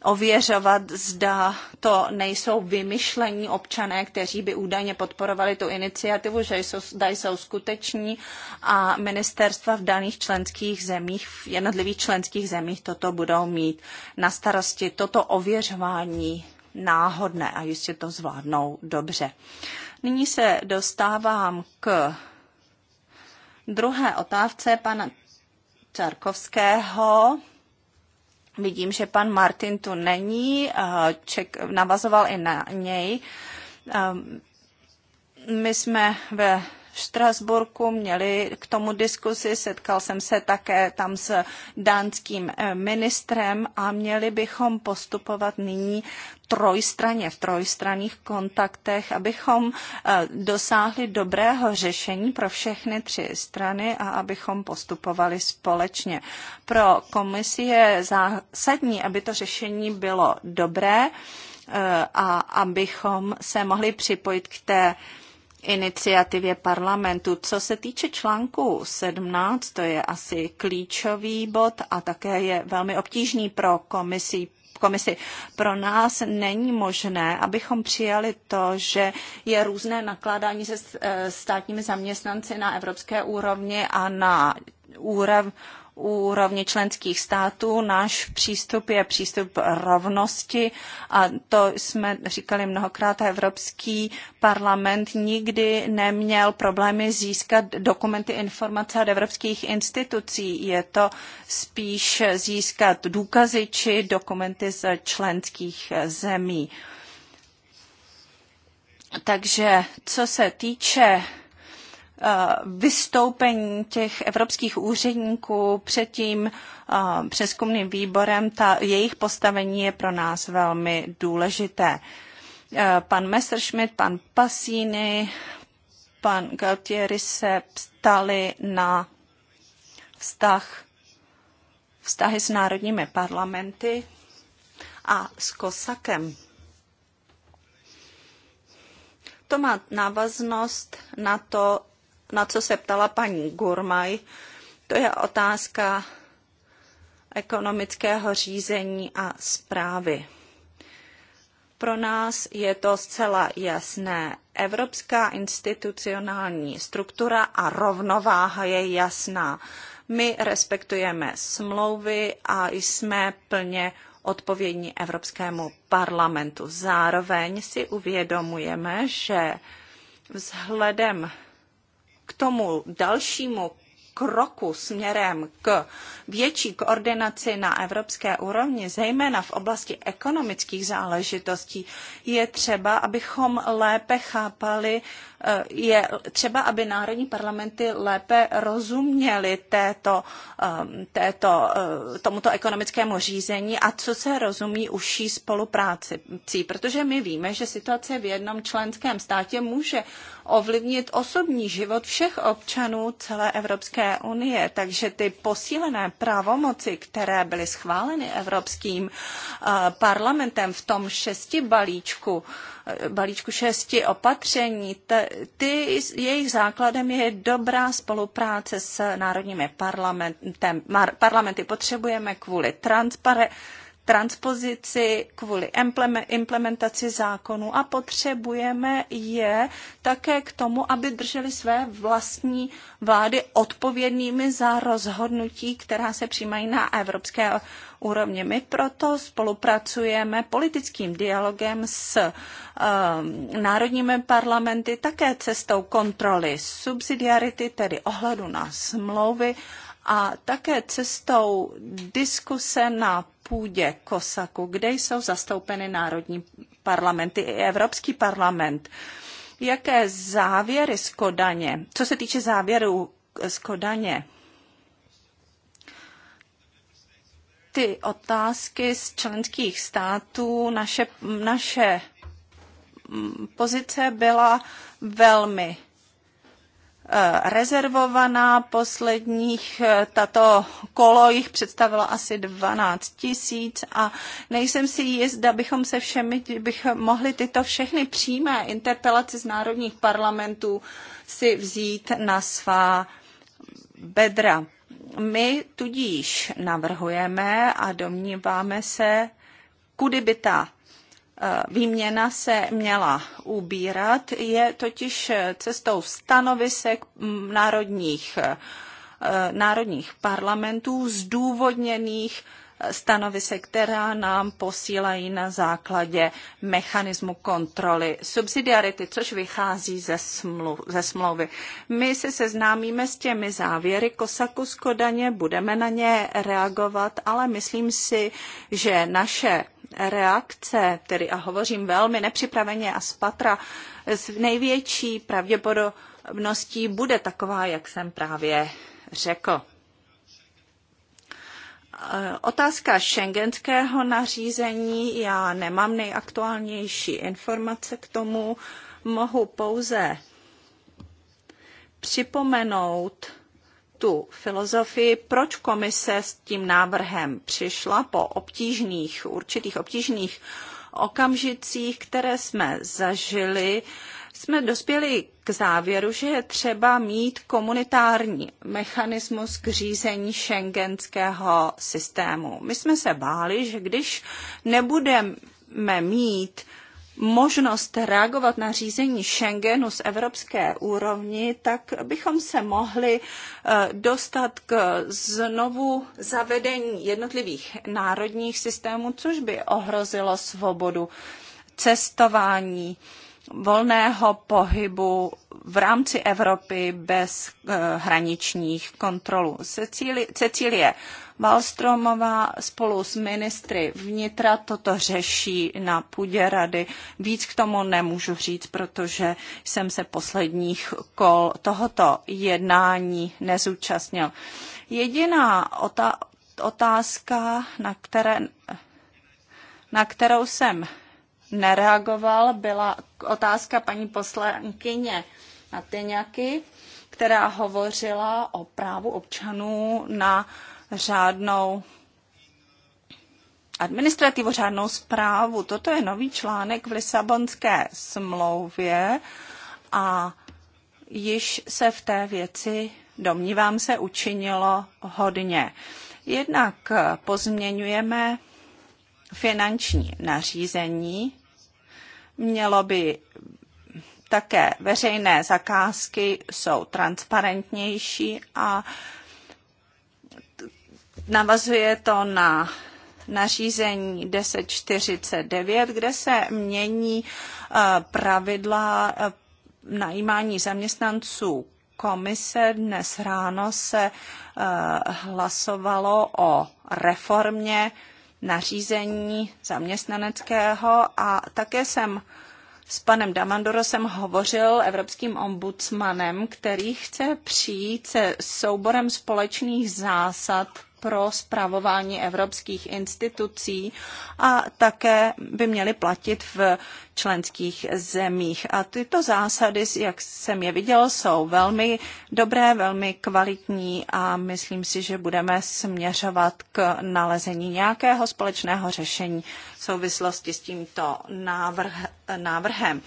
ověřovat, zda to nejsou vymyšlení občané, kteří by údajně podporovali tu iniciativu, že jsou, da jsou skuteční a ministerstva v daných členských zemích, v jednotlivých členských zemích toto budou mít na starosti. Toto ověřování náhodné a jistě to zvládnou dobře. Nyní se dostávám k druhé otázce pana Čarkovského. Vidím, že pan Martin tu není, eh, ček, navazoval i na něj. Eh, my jsme ve v Štrasburku, měli k tomu diskusi, setkal jsem se také tam s dánským eh, ministrem a měli bychom postupovat nyní trojstraně, v trojstranných kontaktech, abychom eh, dosáhli dobrého řešení pro všechny tři strany a abychom postupovali společně. Pro komisi je zásadní, aby to řešení bylo dobré eh, a abychom se mohli připojit k té iniciativě parlamentu. Co se týče článku 17, to je asi klíčový bod a také je velmi obtížný pro komisí. komisi. Pro nás není možné, abychom přijali to, že je různé nakládání se eh, státními zaměstnanci na evropské úrovni a na úrovni úrovni členských států. Náš přístup je přístup rovnosti a to jsme říkali mnohokrát. Evropský parlament nikdy neměl problémy získat dokumenty, informace od evropských institucí. Je to spíš získat důkazy či dokumenty z členských zemí. Takže co se týče Eh, vystoupení těch evropských úředníků před tím eh, přeskumným výborem, ta, jejich postavení je pro nás velmi důležité. Eh, pan Messerschmidt, pan Passini, pan Galtieri se ptali na vztah, vztahy s národními parlamenty a s Kosakem. To má návaznost na to, na co se ptala paní Gurmaj, to je otázka ekonomického řízení a zprávy. Pro nás je to zcela jasné. Evropská institucionální struktura a rovnováha je jasná. My respektujeme smlouvy a jsme plně odpovědní Evropskému parlamentu. Zároveň si uvědomujeme, že vzhledem k tomu dalšímu kroku směrem k větší koordinaci na evropské úrovni, zejména v oblasti ekonomických záležitostí, je třeba, abychom lépe chápali, eh, je třeba, aby národní parlamenty lépe rozuměly této, eh, této, eh, tomuto ekonomickému řízení a co se rozumí užší spolupráci. Protože my víme, že situace v jednom členském státě může ovlivnit osobní život všech občanů celé Evropské unie. Takže ty posílené pravomoci, které byly schváleny Evropským eh, parlamentem v tom šesti balíčku, eh, balíčku šesti opatření, ty, jejich základem je dobrá spolupráce s národními parlamentem. Parlamenty potřebujeme kvůli transparentnosti transpozici, kvůli implementaci zákonů a potřebujeme je také k tomu, aby drželi své vlastní vlády odpovědnými za rozhodnutí, která se přijímají na evropské úrovni. My proto spolupracujeme politickým dialogem s um, národními parlamenty, také cestou kontroly subsidiarity, tedy ohledu na smlouvy a také cestou diskuse na půdě Kosaku, kde jsou zastoupeny národní parlamenty i Evropský parlament. Jaké závěry z Kodaně, co se týče závěrů z Kodaně, ty otázky z členských států, naše, naše mm, pozice byla velmi Eh, rezervovaná. Posledních eh, tato kolo jich představilo asi 12 tisíc a nejsem si jistá, bychom se všemi, bych mohli tyto všechny přímé interpelace z národních parlamentů si vzít na svá bedra. My tudíž navrhujeme a domníváme se, kudy by ta Eh, výměna se měla ubírat, je totiž cestou stanovisek národních, eh, národních parlamentů zdůvodněných eh, stanovisek, která nám posílají na základě mechanismu kontroly subsidiarity, což vychází ze, smlu, ze smlouvy. My se seznámíme s těmi závěry Kosaku z Kodaně, budeme na ně reagovat, ale myslím si, že naše reakce, tedy a hovořím velmi nepřipraveně a spatra, s největší pravděpodobností bude taková, jak jsem právě řekl. Eh, otázka šengenského nařízení, já nemám nejaktuálnější informace k tomu, mohu pouze připomenout, tu filozofii, proč komise s tím návrhem přišla po obtížných, určitých obtížných okamžicích, které jsme zažili, jsme dospěli k závěru, že je třeba mít komunitární mechanismus k řízení šengenského systému. My jsme se báli, že když nebudeme mít možnost reagovat na řízení Schengenu z evropské úrovni, tak bychom se mohli eh, dostat k znovu zavedení jednotlivých národních systémů, což by ohrozilo svobodu cestování, volného pohybu v rámci Evropy bez eh, hraničních kontrolů. Cecílie Valstromová spolu s ministry vnitra toto řeší na půdě rady. Víc k tomu nemůžu říct, protože jsem se posledních kol tohoto jednání nezúčastnil. Jediná otázka, na, které, na kterou jsem nereagoval, byla otázka paní poslankyně Natyňaky, která hovořila o právu občanů na řádnou administrativu, řádnou zprávu. Toto je nový článek v Lisabonské smlouvě a již se v té věci, domnívám se, učinilo hodně. Jednak pozměňujeme finanční nařízení, Mělo by také veřejné zakázky jsou transparentnější a navazuje to na nařízení 1049, kde se mění eh, pravidla eh, najímání zaměstnanců komise. Dnes ráno se eh, hlasovalo o reformě nařízení zaměstnaneckého a také jsem s panem Damandorosem hovořil, evropským ombudsmanem, který chce přijít se souborem společných zásad pro zpravování evropských institucí a také by měly platit v členských zemích. A tyto zásady, jak jsem je viděl, jsou velmi dobré, velmi kvalitní a myslím si, že budeme směřovat k nalezení nějakého společného řešení v souvislosti s tímto návrh, návrhem.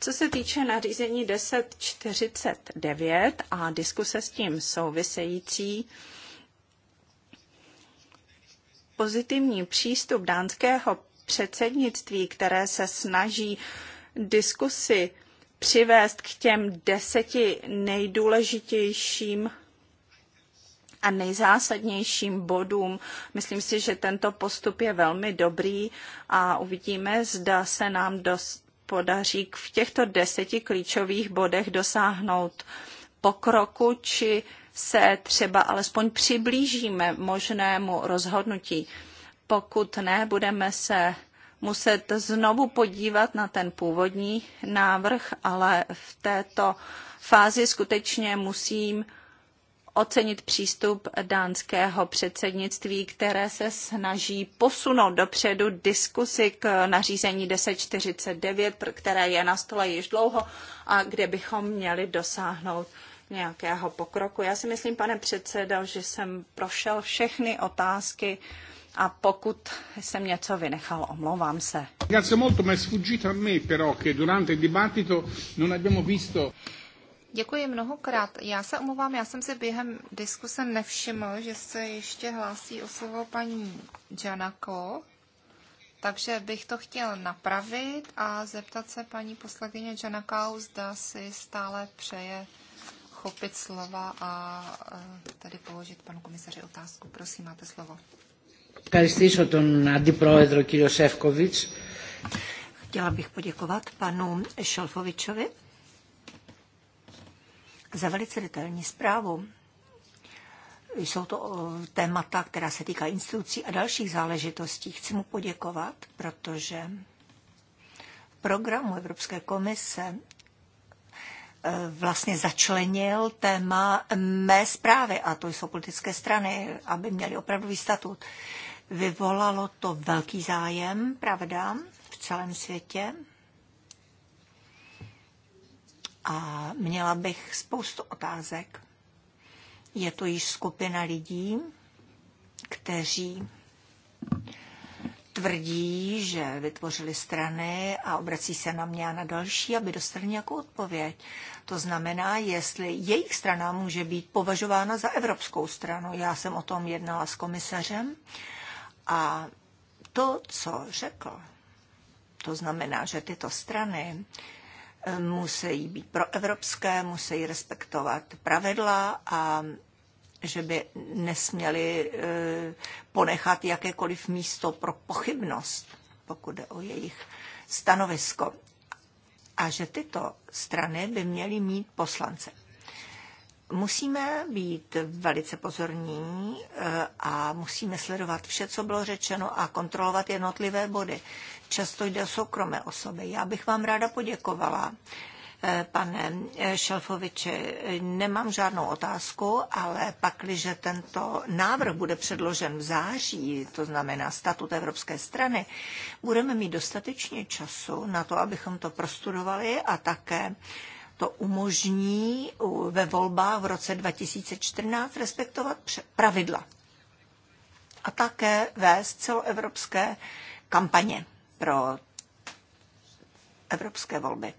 Co se týče nařízení 1049 a diskuse s tím související, pozitivní přístup dánského předsednictví, které se snaží diskusy přivést k těm deseti nejdůležitějším a nejzásadnějším bodům. Myslím si, že tento postup je velmi dobrý a uvidíme, zda se nám dost podaří v těchto deseti klíčových bodech dosáhnout pokroku či se třeba alespoň přiblížíme možnému rozhodnutí. Pokud ne, budeme se muset znovu podívat na ten původní návrh, ale v této fázi skutečně musím ocenit přístup dánského předsednictví, které se snaží posunout dopředu diskusy k nařízení 1049, které je na stole již dlouho a kde bychom měli dosáhnout nějakého pokroku. Já si myslím, pane předsedo, že jsem prošel všechny otázky a pokud jsem něco vynechal, omlouvám se. Grazie molto, ma è sfuggito a me però che durante il dibattito non abbiamo visto Děkuji mnohokrát. Já se omlouvám, já jsem si během diskuse nevšiml, že se ještě hlásí o slovo paní Janako, takže bych to chtěl napravit a zeptat se paní poslankyně Janakau, zda si stále přeje chopit slova a e, tady položit panu komisaři otázku. Prosím, máte slovo. Ευχαριστήσω τον αντιπρόεδρο κύριο Σεύκοβιτς. Chtěla bych poděkovat panu Šelfovičovi za velice detailní zprávu. Jsou to e, témata, která se týká institucí a dalších záležitostí. Chci mu poděkovat, protože v programu Evropské komise Eh, vlastně začlenil téma mé zprávy, a to jsou politické strany, aby měly opravdový statut. Vyvolalo to velký zájem, pravda, v celém světě. A měla bych spoustu otázek. Je to již skupina lidí, kteří tvrdí, že vytvořili strany a obrací se na mě a na další, aby dostali nějakou odpověď. To znamená, jestli jejich strana může být považována za evropskou stranu. Já jsem o tom jednala s komisařem a to, co řekl, to znamená, že tyto strany eh, musí být proevropské, musí respektovat pravidla a že by nesměli eh, ponechat jakékoliv místo pro pochybnost, pokud jde o jejich stanovisko a že tyto strany by měly mít poslance. Musíme být velice pozorní eh, a musíme sledovat vše, co bylo řečeno a kontrolovat jednotlivé body. Často jde o soukromé osoby. Já bych vám ráda poděkovala pane Šelfoviči. Nemám žádnou otázku, ale pakliže tento návrh bude předložen v září, to znamená statut Evropské strany, budeme mít dostatečně času na to, abychom to prostudovali a také to umožní ve volbách v roce 2014 respektovat pravidla a také vést celoevropské kampaně pro evropské volby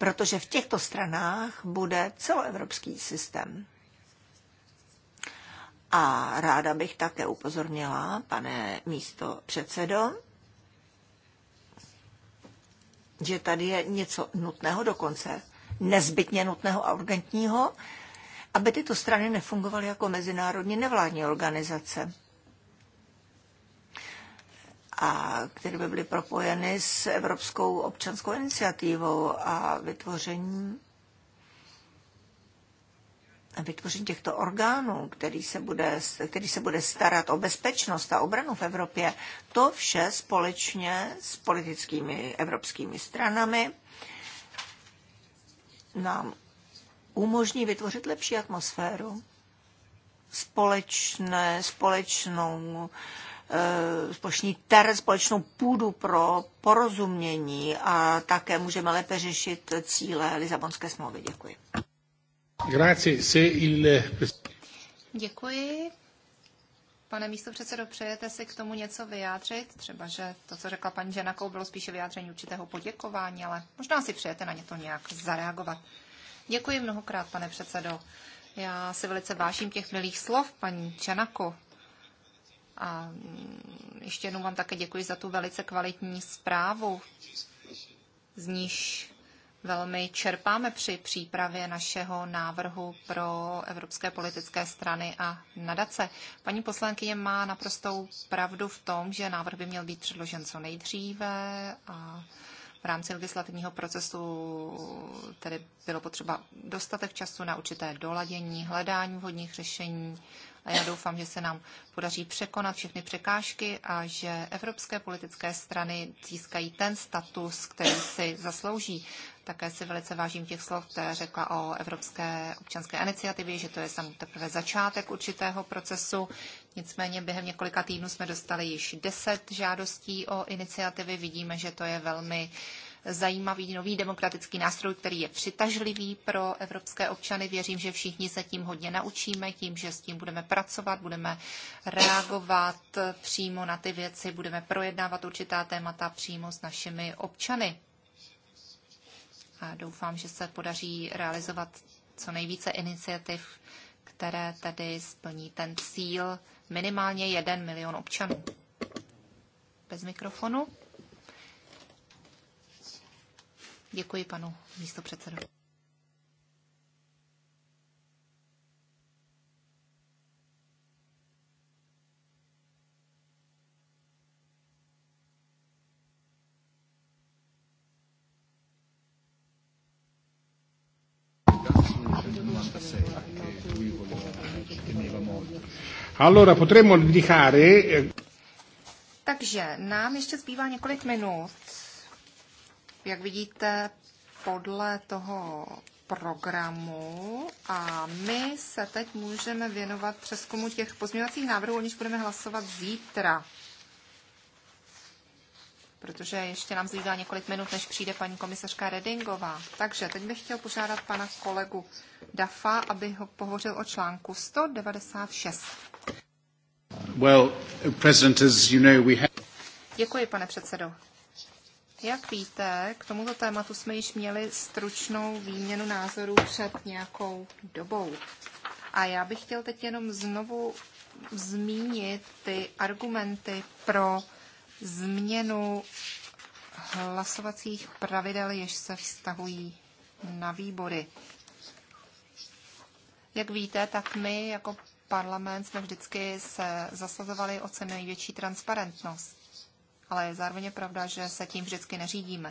protože v těchto stranách bude celoevropský systém. A ráda bych také upozornila, pane místo předsedo, že tady je něco nutného, dokonce nezbytně nutného a urgentního, aby tyto strany nefungovaly jako mezinárodní nevládní organizace a které by byly propojeny s Evropskou občanskou iniciativou a vytvořením a vytvoření těchto orgánů, který se, bude, který se bude starat o bezpečnost a obranu v Evropě, to vše společně s politickými evropskými stranami nám umožní vytvořit lepší atmosféru, společné, společnou Eh, společný ter, společnou půdu pro porozumění a také můžeme lépe řešit cíle Lisabonské smlouvy. Děkuji. Děkuji. Pane místo předsedo, přejete si k tomu něco vyjádřit? Třeba, že to, co řekla paní Ženakou, bylo spíše vyjádření určitého poděkování, ale možná si přejete na ně to nějak zareagovat. Děkuji mnohokrát, pane předsedo. Já si velice vážím těch milých slov, paní Čanako. A ještě jednou vám také děkuji za tu velice kvalitní zprávu, z níž velmi čerpáme při přípravě našeho návrhu pro evropské politické strany a nadace. Paní poslankyně má naprostou pravdu v tom, že návrh by měl být předložen co nejdříve a v rámci legislativního procesu tedy bylo potřeba dostatek času na určité doladění, hledání vhodných řešení a já doufám, že se nám podaří překonat všechny překážky a že evropské politické strany získají ten status, který si zaslouží. Také si velice vážím těch slov, které řekla o Evropské občanské iniciativě, že to je sam teprve začátek určitého procesu. Nicméně během několika týdnů jsme dostali již deset žádostí o iniciativy. Vidíme, že to je velmi uh, zajímavý nový demokratický nástroj, který je přitažlivý pro evropské občany. Věřím, že všichni se tím hodně naučíme, tím, že s tím budeme pracovat, budeme reagovat přímo na ty věci, budeme projednávat určitá témata přímo s našimi občany. A doufám, že se podaří realizovat co nejvíce iniciativ, které tedy splní ten cíl minimálně jeden milion občanů. Bez mikrofonu. Děkuji panu místopředsedovi. Allora potremmo dedicare... Eh, Takže nám ještě zbývá několik minut jak vidíte, podle toho programu a my se teď můžeme věnovat přeskumu těch pozměňovacích návrhů, o nich budeme hlasovat zítra. Protože ještě nám zbývá několik minut, než přijde paní komisařka Redingová. Takže teď bych chtěl požádat pana kolegu Dafa, aby ho pohořil o článku 196. Well, President, as you know, we have... Děkuji, pane předsedo. Jak víte, k tomuto tématu jsme již měli stručnou výměnu názorů před nějakou dobou. A já bych chtěl teď jenom znovu zmínit ty argumenty pro změnu hlasovacích pravidel, jež se vztahují na výbory. Jak víte, tak my jako parlament jsme vždycky se zasazovali o co největší transparentnost ale je zároveň pravda, že se tím vždycky neřídíme.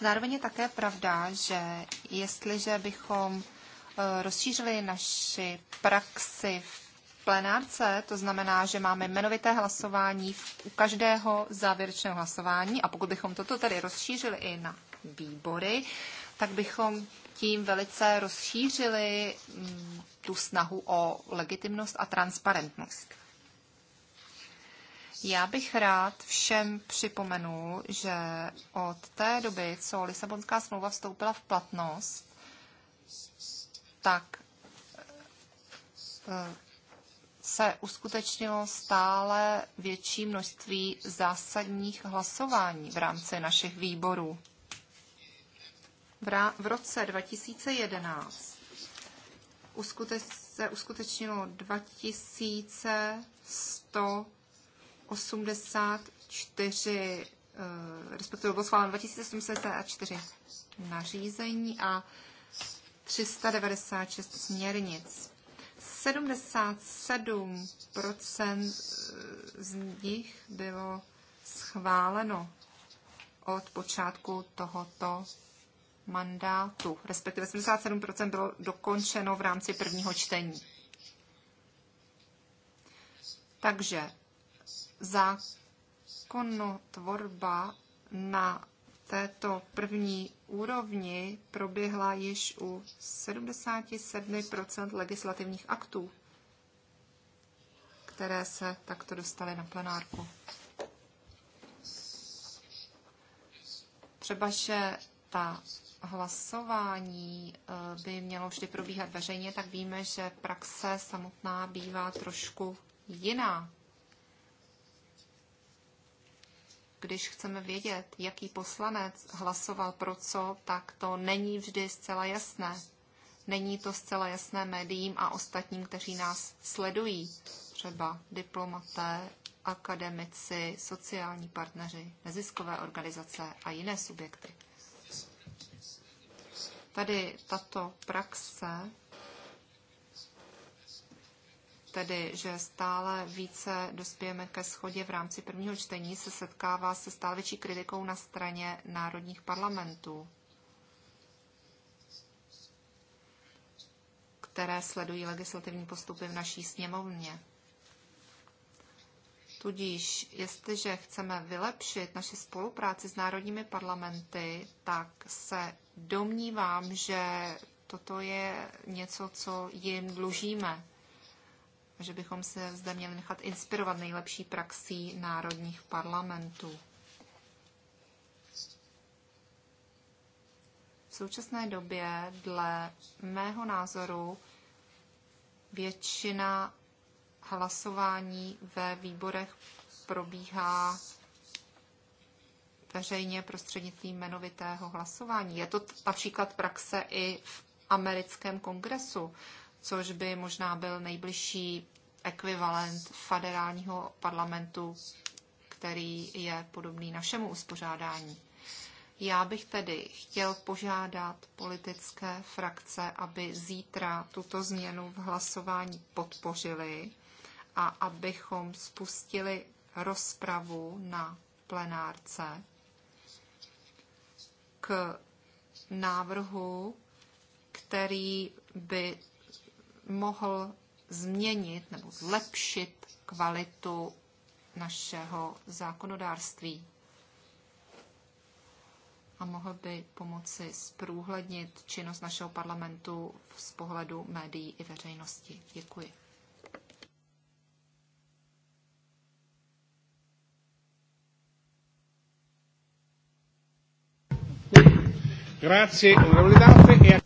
Zároveň je také pravda, že jestliže bychom e, rozšířili naši praxi v plenárce, to znamená, že máme jmenovité hlasování u každého závěrečného hlasování a pokud bychom toto tedy rozšířili i na výbory, tak bychom tím velice rozšířili mm, tu snahu o legitimnost a transparentnost. Já bych rád všem připomenul, že od té doby, co Lisabonská smlouva vstoupila v platnost, tak eh, se uskutečnilo stále větší množství zásadních hlasování v rámci našich výborů. V, roce 2011 uskuteč- se uskutečnilo 2100 84, eh, respektive bylo schváleno 2784 nařízení a 396 směrnic. 77 eh, z nich bylo schváleno od počátku tohoto mandátu, respektive 77 bylo dokončeno v rámci prvního čtení. Takže zákonotvorba na této první úrovni proběhla již u 77 legislativních aktů, které se takto dostaly na plenárku. Třeba, že ta hlasování eh, by mělo vždy probíhat veřejně, tak víme, že praxe samotná bývá trošku jiná. když chceme vědět, jaký poslanec hlasoval pro co, tak to není vždy zcela jasné. Není to zcela jasné médiím a ostatním, kteří nás sledují, třeba diplomaté, akademici, sociální partneři, neziskové organizace a jiné subjekty. Tady tato praxe tedy že stále více dospějeme ke schodě v rámci prvního čtení, se setkává se stále větší kritikou na straně národních parlamentů, které sledují legislativní postupy v naší sněmovně. Tudíž, jestliže chceme vylepšit naši spolupráci s národními parlamenty, tak se domnívám, že toto je něco, co jim dlužíme že bychom se zde měli nechat inspirovat nejlepší praxí národních parlamentů. V současné době, dle mého názoru, většina hlasování ve výborech probíhá veřejně prostřednictvím jmenovitého hlasování. Je to například praxe i v americkém kongresu což by možná byl nejbližší ekvivalent federálního parlamentu, který je podobný našemu uspořádání. Já bych tedy chtěl požádat politické frakce, aby zítra tuto změnu v hlasování podpořili a abychom spustili rozpravu na plenárce k návrhu, který by mohl změnit nebo zlepšit kvalitu našeho zákonodárství a mohl by pomoci zprůhlednit činnost našeho parlamentu z pohledu médií i veřejnosti. Děkuji. Grazie, onorevole Daffe. E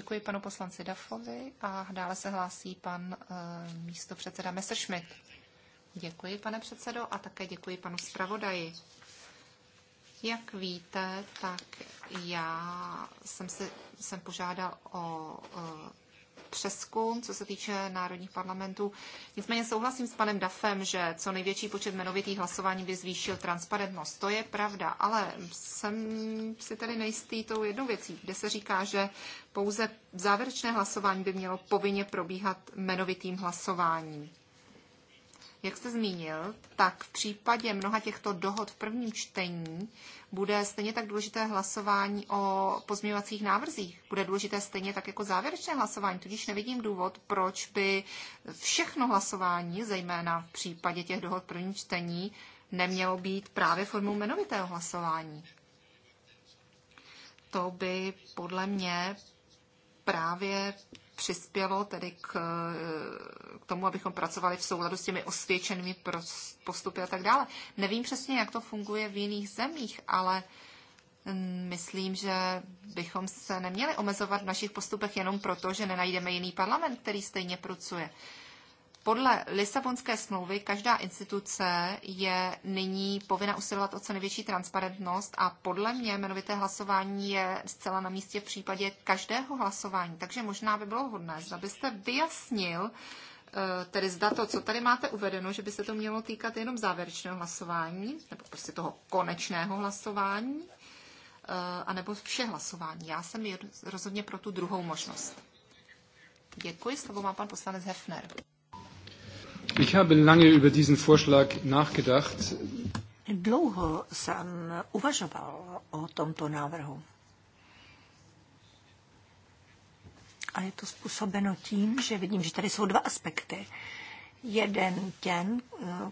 Děkuji panu poslanci Dafovi a dále se hlásí pan e, eh, místo předseda Messerschmidt. Děkuji, pane předsedo, a také děkuji panu zpravodaji. Jak víte, tak já jsem, si, jsem požádal o eh, přeskum, co se týče národních parlamentů. Nicméně souhlasím s panem Dafem, že co největší počet jmenovitých hlasování by zvýšil transparentnost. To je pravda, ale jsem si tedy nejistý tou jednou věcí, kde se říká, že pouze závěrečné hlasování by mělo povinně probíhat jmenovitým hlasováním. Jak jste zmínil, tak v případě mnoha těchto dohod v prvním čtení bude stejně tak důležité hlasování o pozměňovacích návrzích. Bude důležité stejně tak jako závěrečné hlasování, tudíž nevidím důvod, proč by všechno hlasování, zejména v případě těch dohod v prvním čtení, nemělo být právě formou jmenovitého hlasování. To by podle mě právě přispělo tedy k, k tomu, abychom pracovali v souladu s těmi osvědčenými postupy a tak dále. Nevím přesně, jak to funguje v jiných zemích, ale mm, myslím, že bychom se neměli omezovat v našich postupech jenom proto, že nenajdeme jiný parlament, který stejně pracuje. Podle Lisabonské smlouvy každá instituce je nyní povinna usilovat o co největší transparentnost a podle mě jmenovité hlasování je zcela na místě v případě každého hlasování. Takže možná by bylo hodné, zda byste vyjasnil, eh, tedy zda to, co tady máte uvedeno, že by se to mělo týkat jenom závěrečného hlasování, nebo prostě toho konečného hlasování, eh, anebo vše hlasování. Já jsem rozhodně pro tu druhou možnost. Děkuji, slovo má pan poslanec Hefner. Ich habe lange über diesen Vorschlag nachgedacht. Dlouho jsem uvažoval o tomto návrhu. A je to způsobeno tím, že vidím, že tady jsou dva aspekty. Jeden ten,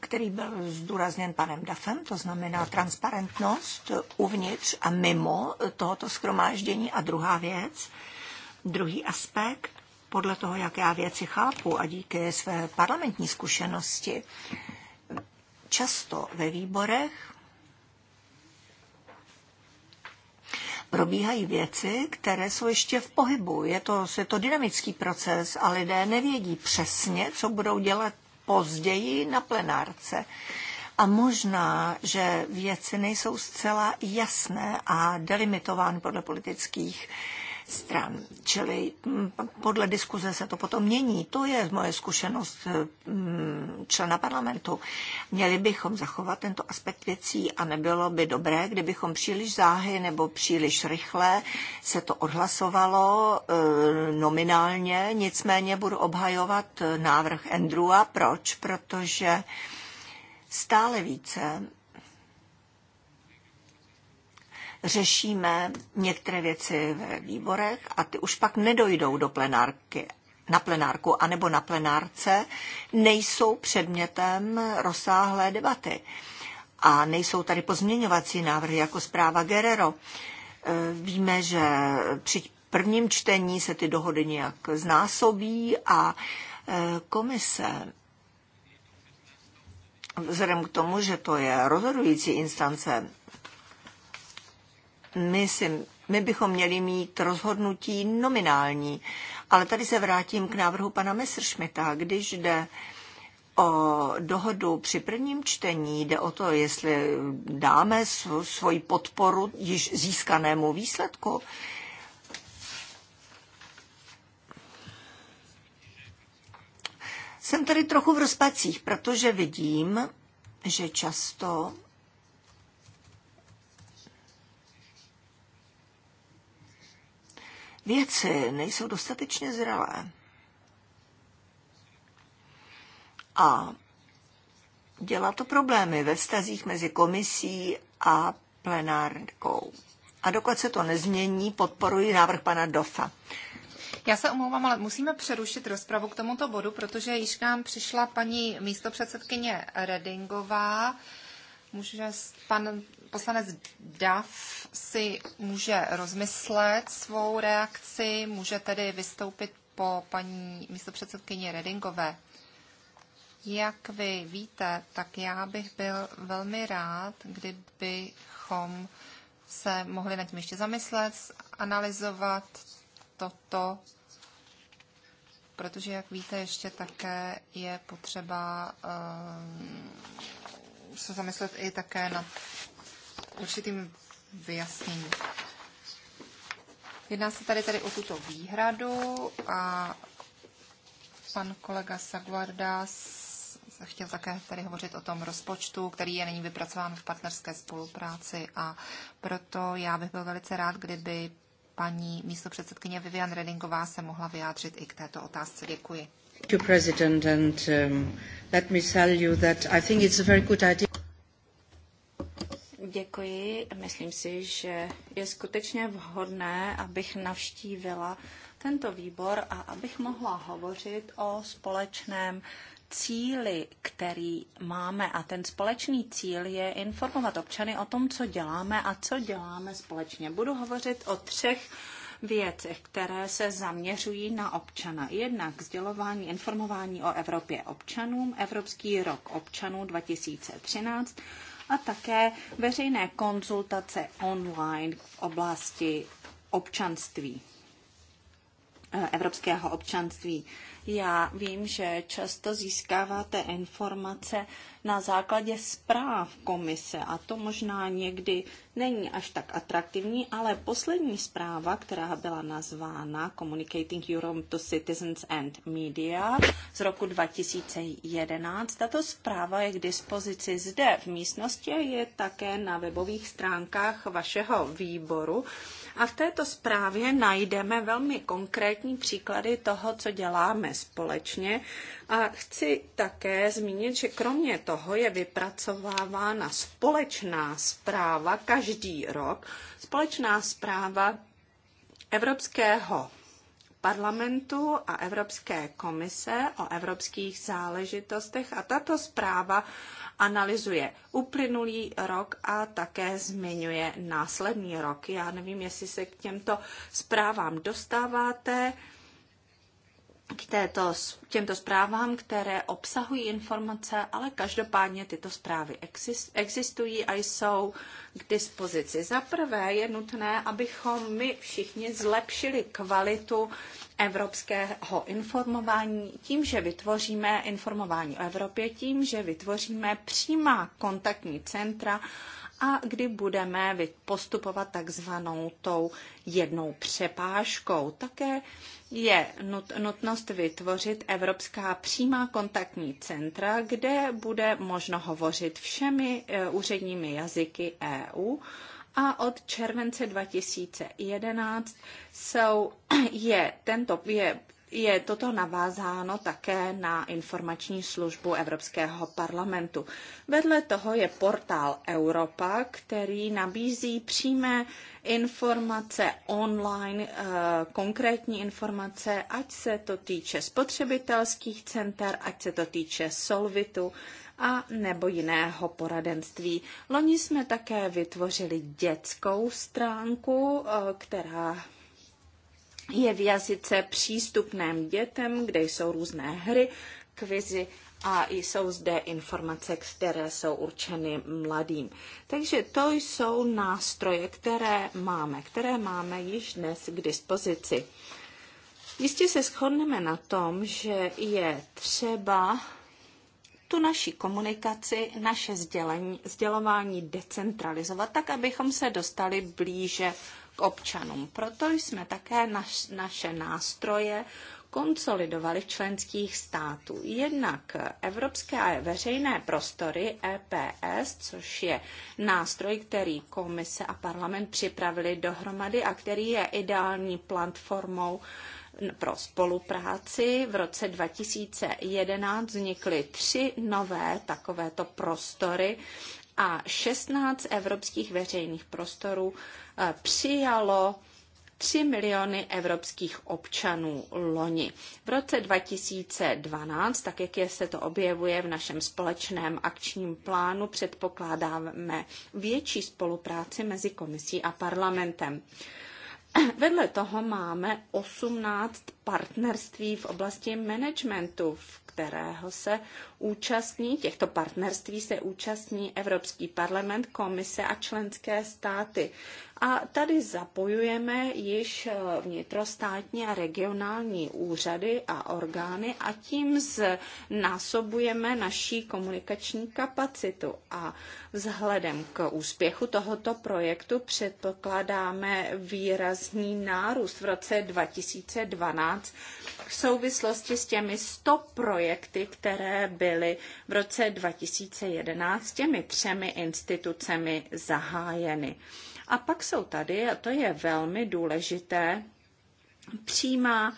který byl zdůrazněn panem Dafem, to znamená transparentnost uvnitř a mimo tohoto schromáždění. A druhá věc, druhý aspekt, podle toho, jak já věci chápu a díky své parlamentní zkušenosti, často ve výborech probíhají věci, které jsou ještě v pohybu. Je to, je to dynamický proces a lidé nevědí přesně, co budou dělat později na plenárce. A možná, že věci nejsou zcela jasné a delimitovány podle politických uh, stran. Čili mm, podle diskuze se to potom mění. To je moje zkušenost eh, mm, člena parlamentu. Měli bychom zachovat tento aspekt věcí a nebylo by dobré, kdybychom příliš záhy nebo příliš rychle se to odhlasovalo eh, nominálně. Nicméně budu obhajovat eh, návrh Andrewa. Proč? Protože stále více řešíme některé věci ve výborech a ty už pak nedojdou do plenárky, na plenárku anebo na plenárce, nejsou předmětem rozsáhlé debaty. A nejsou tady pozměňovací návrhy jako zpráva Guerrero. E, víme, že při prvním čtení se ty dohody nějak znásobí a e, komise vzhledem k tomu, že to je rozhodující instance my, si, my bychom měli mít rozhodnutí nominální. Ale tady se vrátím k návrhu pana Messerschmitta. Když jde o dohodu při prvním čtení, jde o to, jestli dáme svoji podporu již získanému výsledku. Jsem tady trochu v rozpacích, protože vidím, že často věci nejsou dostatečně zralé. A dělá to problémy ve vztazích mezi komisí a plenárkou. A dokud se to nezmění, podporuji návrh pana Dofa. Já se omlouvám, ale musíme přerušit rozpravu k tomuto bodu, protože již k nám přišla paní místopředsedkyně Redingová. Může pan poslanec Dav si může rozmyslet svou reakci, může tedy vystoupit po paní místopředsedkyni Redingové. Jak vy víte, tak já bych byl velmi rád, kdybychom se mohli nad tím ještě zamyslet, analyzovat toto, protože, jak víte, ještě také je potřeba um, se zamyslet i také nad určitým vyjasněním. Jedná se tady tady o tuto výhradu a pan kolega Saguarda chtěl také tady hovořit o tom rozpočtu, který je není vypracován v partnerské spolupráci a proto já bych byl velice rád, kdyby paní místopředsedkyně Vivian Redingová se mohla vyjádřit i k této otázce. Děkuji. Thank you, President, and um, let me tell you that I think it's a very good idea. Děkuji. Myslím si, že je skutečně vhodné, abych navštívila tento výbor a abych mohla hovořit o společném cíli, který máme. A ten společný cíl je informovat občany o tom, co děláme a co děláme společně. Budu hovořit o třech věcech, které se zaměřují na občana. Jednak sdělování, informování o Evropě občanům, Evropský rok občanů 2013 a také veřejné konzultace online v oblasti občanství. Eh, evropského občanství. Já vím, že často získáváte informace na základě zpráv komise a to možná někdy není až tak atraktivní, ale poslední zpráva, která byla nazvána Communicating Europe to Citizens and Media z roku 2011, tato zpráva je k dispozici zde v místnosti a je také na webových stránkách vašeho výboru. A v této zprávě najdeme velmi konkrétní příklady toho, co děláme společně. A chci také zmínit, že kromě toho je vypracovávána společná zpráva každý rok, společná zpráva Evropského parlamentu a Evropské komise o evropských záležitostech a tato zpráva analyzuje uplynulý rok a také zmiňuje následný rok. Já nevím, jestli se k těmto zprávám dostáváte k této, těmto zprávám, které obsahují informace, ale každopádně tyto zprávy existují a jsou k dispozici. Za prvé je nutné, abychom my všichni zlepšili kvalitu evropského informování tím, že vytvoříme informování o Evropě, tím, že vytvoříme přímá kontaktní centra a kdy budeme postupovat takzvanou tou jednou přepážkou. Také je nut, nutnost vytvořit evropská přímá kontaktní centra, kde bude možno hovořit všemi eh, úředními jazyky EU a od července 2011 jsou, je, tento, je je toto navázáno také na informační službu Evropského parlamentu. Vedle toho je portál Europa, který nabízí přímé informace online, eh, konkrétní informace, ať se to týče spotřebitelských center, ať se to týče Solvitu a nebo jiného poradenství. Loni jsme také vytvořili dětskou stránku, eh, která je v jazyce přístupném dětem, kde jsou různé hry, kvizy a jsou zde informace, které jsou určeny mladým. Takže to jsou nástroje, které máme, které máme již dnes k dispozici. Jistě se shodneme na tom, že je třeba tu naší komunikaci, naše sdělení, sdělování decentralizovat, tak abychom se dostali blíže k občanům. Proto jsme také naš, naše nástroje konsolidovali v členských států. Jednak Evropské veřejné prostory EPS, což je nástroj, který komise a parlament připravili dohromady a který je ideální platformou uh, pro spolupráci. V roce 2011 vznikly tři nové takovéto prostory a 16 evropských veřejných prostorů eh, přijalo 3 miliony evropských občanů loni. V roce 2012, tak jak je se to objevuje v našem společném akčním plánu, předpokládáme větší spolupráci mezi komisí a parlamentem. Vedle toho máme 18 partnerství v oblasti managementu, v kterého se účastní, těchto partnerství se účastní Evropský parlament, komise a členské státy. A tady zapojujeme již eh, vnitrostátní a regionální úřady a orgány a tím znásobujeme naší komunikační kapacitu. A vzhledem k úspěchu tohoto projektu předpokládáme výrazný nárůst v roce 2012 2012 v souvislosti s těmi 100 projekty, které byly v roce 2011 těmi třemi institucemi zahájeny. A pak jsou tady, a to je velmi důležité, přímá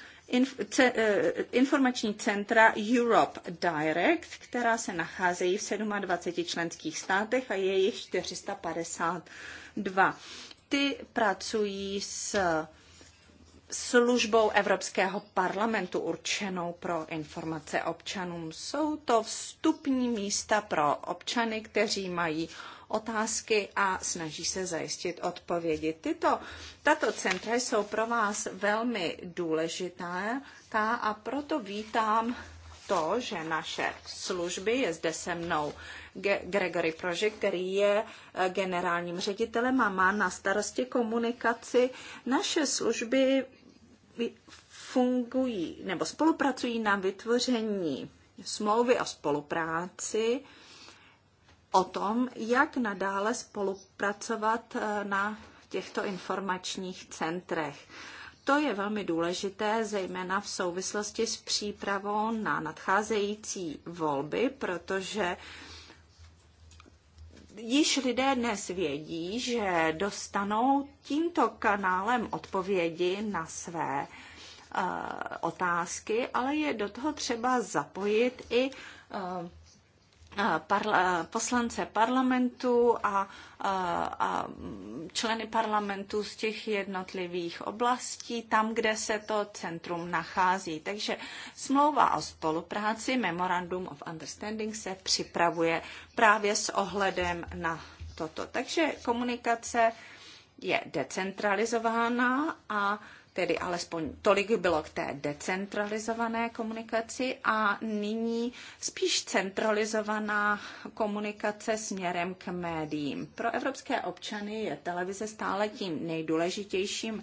eh, informační centra Europe Direct, která se nacházejí v 27 členských státech a je jich 452. Ty pracují s službou Evropského parlamentu určenou pro informace občanům. Jsou to vstupní místa pro občany, kteří mají otázky a snaží se zajistit odpovědi. Tyto, tato centra jsou pro vás velmi důležitá ta, a proto vítám to, že naše služby je zde se mnou Gregory Prože, který je e, generálním ředitelem a má na starosti komunikaci. Naše služby fungují nebo spolupracují na vytvoření smlouvy o spolupráci, o tom, jak nadále spolupracovat eh, na těchto informačních centrech. To je velmi důležité, zejména v souvislosti s přípravou na nadcházející volby, protože již lidé dnes vědí, že dostanou tímto kanálem odpovědi na své eh, otázky, ale je do toho třeba zapojit i eh, parla, poslance parlamentu a, a, a členy parlamentu z těch jednotlivých oblastí, tam, kde se to centrum nachází. Takže smlouva o spolupráci, Memorandum of Understanding, se připravuje právě s ohledem na toto. Takže komunikace je decentralizována a tedy alespoň tolik bylo k té decentralizované komunikaci a nyní spíš centralizovaná komunikace směrem k médiím. Pro evropské občany je televize stále tím nejdůležitějším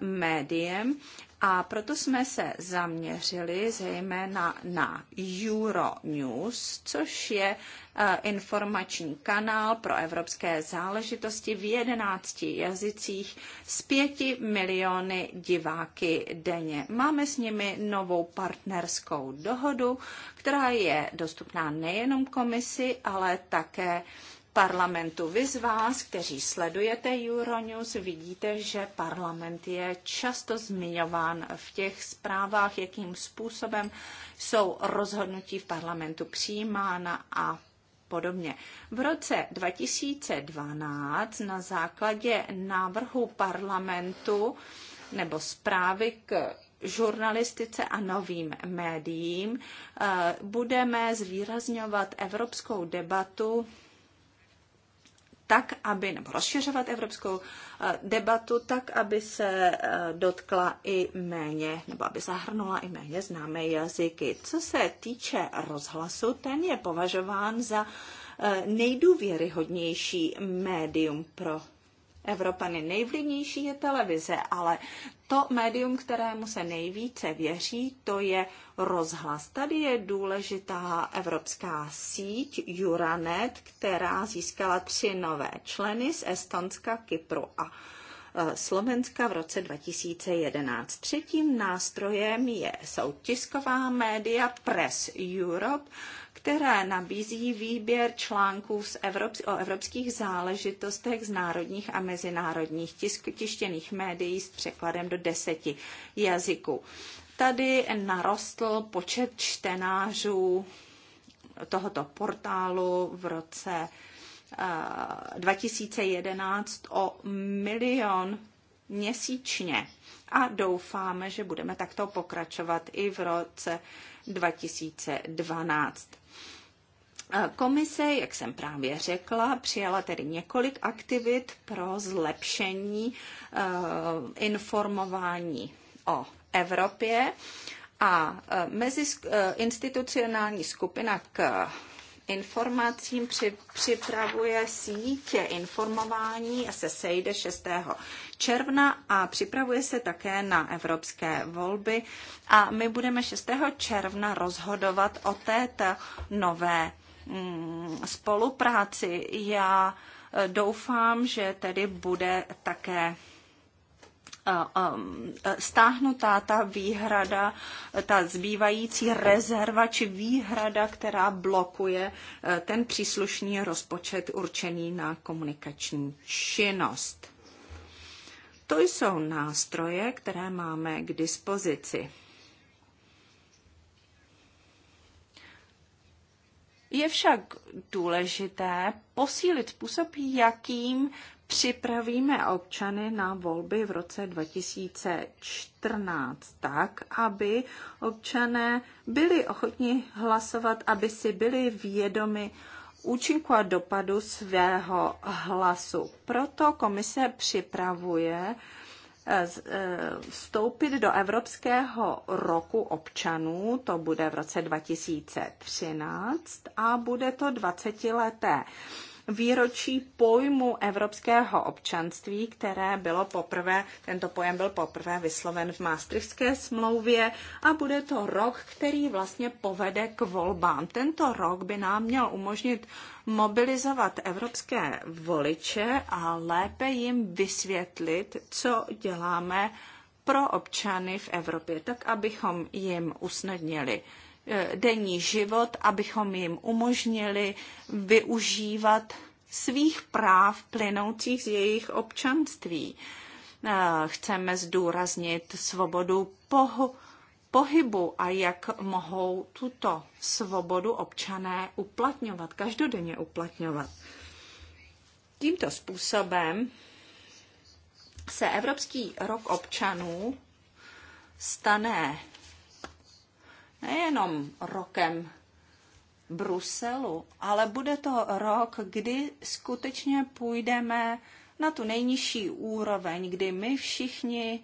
médiem a proto jsme se zaměřili zejména na Euronews, což je eh, informační kanál pro evropské záležitosti v 11 jazycích s 5 miliony diváky denně. Máme s nimi novou partnerskou dohodu, která je dostupná nejenom komisi, ale také parlamentu. Vy z vás, kteří sledujete Euronews, vidíte, že parlament je často zmiňován v těch zprávách, jakým způsobem jsou rozhodnutí v parlamentu přijímána a podobně. V roce 2012 na základě návrhu parlamentu nebo zprávy k žurnalistice a novým médiím eh, budeme zvýrazňovat evropskou debatu tak, aby, nebo rozšiřovat evropskou eh, debatu tak, aby se eh, dotkla i méně, nebo aby zahrnula i méně známé jazyky. Co se týče rozhlasu, ten je považován za eh, nejdůvěryhodnější médium pro Evropany. Nejvlivnější je televize, ale to médium, kterému se nejvíce věří, to je rozhlas. Tady je důležitá evropská síť Juranet, která získala tři nové členy z Estonska, Kypru a Eh, Slovenska v roce 2011. Třetím nástrojem je, jsou tisková média Press Europe, které nabízí výběr článků z Evrop- o evropských záležitostech z národních a mezinárodních tisk- tištěných médií s překladem do deseti jazyků. Tady narostl počet čtenářů tohoto portálu v roce 2011 eh, o milion měsíčně a doufáme, že budeme takto pokračovat i v roce 2012. Eh, komise, jak jsem právě řekla, přijala tedy několik aktivit pro zlepšení eh, informování o Evropě a institucionální skupina k informacím při, připravuje sítě informování a se sejde 6. června a připravuje se také na evropské volby a my budeme 6. června rozhodovat o této nové mm, spolupráci. Já eh, doufám, že tedy bude také stáhnutá ta výhrada, ta zbývající rezerva či výhrada, která blokuje e, ten příslušný rozpočet určený na komunikační činnost. To jsou nástroje, které máme k dispozici. Je však důležité posílit způsob, jakým připravíme občany na volby v roce 2014 tak, aby občané byli ochotni hlasovat, aby si byli vědomi účinku a dopadu svého hlasu. Proto komise připravuje eh, eh, vstoupit do Evropského roku občanů, to bude v roce 2013 a bude to 20 leté výročí pojmu evropského občanství, které bylo poprvé, tento pojem byl poprvé vysloven v Maastrichtské smlouvě a bude to rok, který vlastně povede k volbám. Tento rok by nám měl umožnit mobilizovat evropské voliče a lépe jim vysvětlit, co děláme pro občany v Evropě, tak abychom jim usnadnili E, denní život, abychom jim umožnili využívat svých práv plynoucích z jejich občanství. E, chceme zdůraznit svobodu pohu, pohybu a jak mohou tuto svobodu občané uplatňovat, každodenně uplatňovat. Tímto způsobem se Evropský rok občanů stane nejenom rokem Bruselu, ale bude to rok, kdy skutečně půjdeme na tu nejnižší úroveň, kdy my všichni,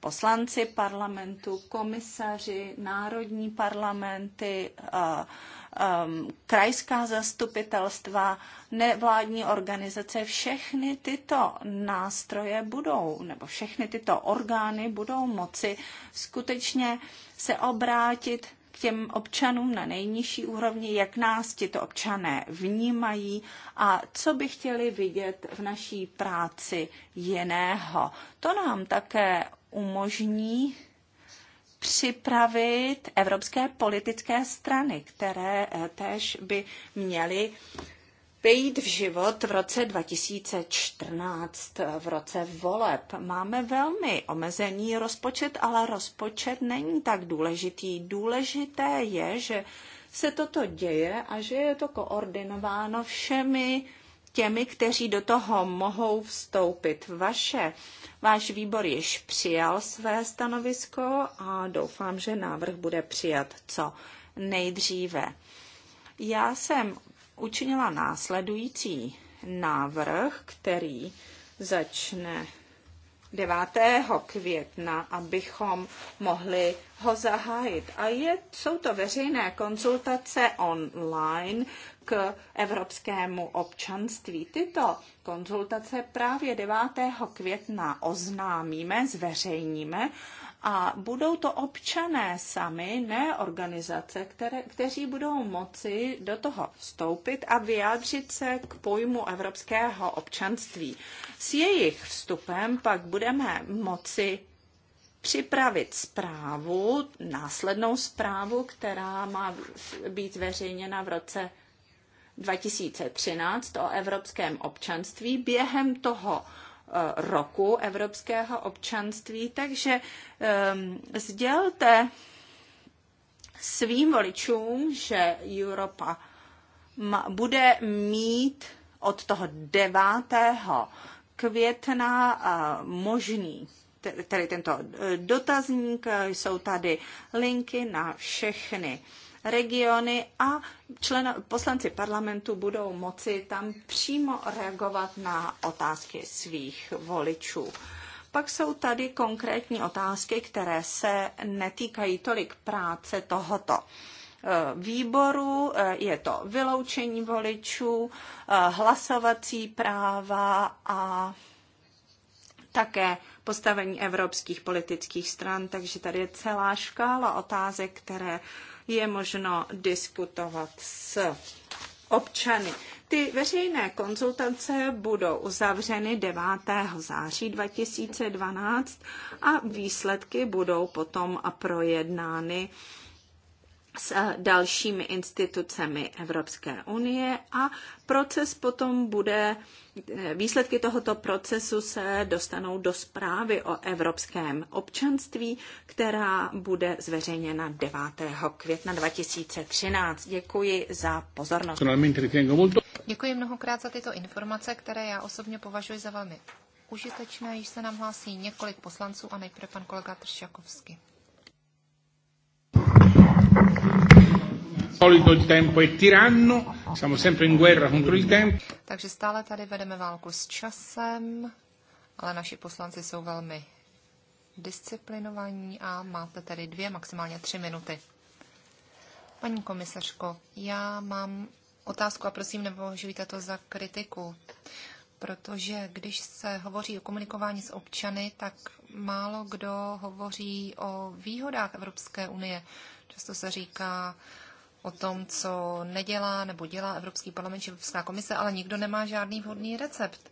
poslanci parlamentu, komisaři, národní parlamenty, um, krajská zastupitelstva, nevládní organizace, všechny tyto nástroje budou, nebo všechny tyto orgány budou moci skutečně se obrátit těm občanům na nejnižší úrovni, jak nás tito občané vnímají a co by chtěli vidět v naší práci jiného. To nám také umožní připravit evropské politické strany, které eh, též by měly vejít v život v roce 2014, eh, v roce voleb. Máme velmi omezený rozpočet, ale rozpočet není tak důležitý. Důležité je, že se toto děje a že je to koordinováno všemi těmi, kteří do toho mohou vstoupit. Vaše, váš výbor již přijal své stanovisko a doufám, že návrh bude přijat co nejdříve. Já jsem učinila následující návrh, který začne 9. května, abychom mohli ho zahájit. A je, jsou to veřejné konzultace online k evropskému občanství. Tyto konzultace právě 9. května oznámíme, zveřejníme a budou to občané sami, ne organizace, které, kteří budou moci do toho vstoupit a vyjádřit se k pojmu evropského občanství. S jejich vstupem pak budeme moci připravit zprávu, následnou zprávu, která má být veřejněna v roce 2013 o evropském občanství. Během toho Eh, roku evropského občanství, takže ehm, sdělte svým voličům, že Evropa bude mít od toho 9. května eh, možný tedy tento dotazník, jsou tady linky na všechny regiony a člen, poslanci parlamentu budou moci tam přímo reagovat na otázky svých voličů. Pak jsou tady konkrétní otázky, které se netýkají tolik práce tohoto eh, výboru, eh, je to vyloučení voličů, eh, hlasovací práva a také postavení evropských politických stran, takže tady je celá škála otázek, které je možno diskutovat s občany. Ty veřejné konzultace budou uzavřeny 9. září 2012 a výsledky budou potom projednány s eh, dalšími institucemi Evropské unie a proces potom bude, eh, výsledky tohoto procesu se dostanou do zprávy o evropském občanství, která bude zveřejněna 9. května 2013. Děkuji za pozornost. Děkuji mnohokrát za tyto informace, které já osobně považuji za velmi užitečné, již se nám hlásí několik poslanců a nejprve pan kolega Tršakovský. Takže stále tady vedeme válku s časem, ale naši poslanci jsou velmi disciplinovaní a máte tedy dvě, maximálně tři minuty. Paní komisařko, já mám otázku a prosím, nepovažujte to za kritiku, protože když se hovoří o komunikování s občany, tak málo kdo hovoří o výhodách Evropské unie. Často se říká o tom, co nedělá nebo dělá Evropský parlament či Evropská komise, ale nikdo nemá žádný vhodný recept.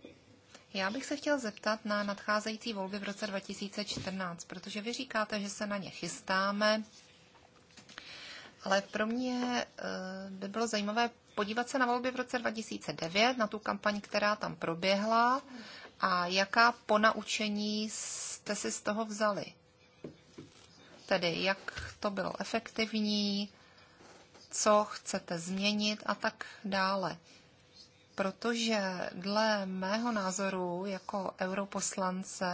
Já bych se chtěl zeptat na nadcházející volby v roce 2014, protože vy říkáte, že se na ně chystáme, ale pro mě eh, by bylo zajímavé podívat se na volby v roce 2009, na tu kampaň, která tam proběhla a jaká ponaučení jste si z toho vzali tedy jak to bylo efektivní, co chcete změnit a tak dále. Protože dle mého názoru jako europoslance,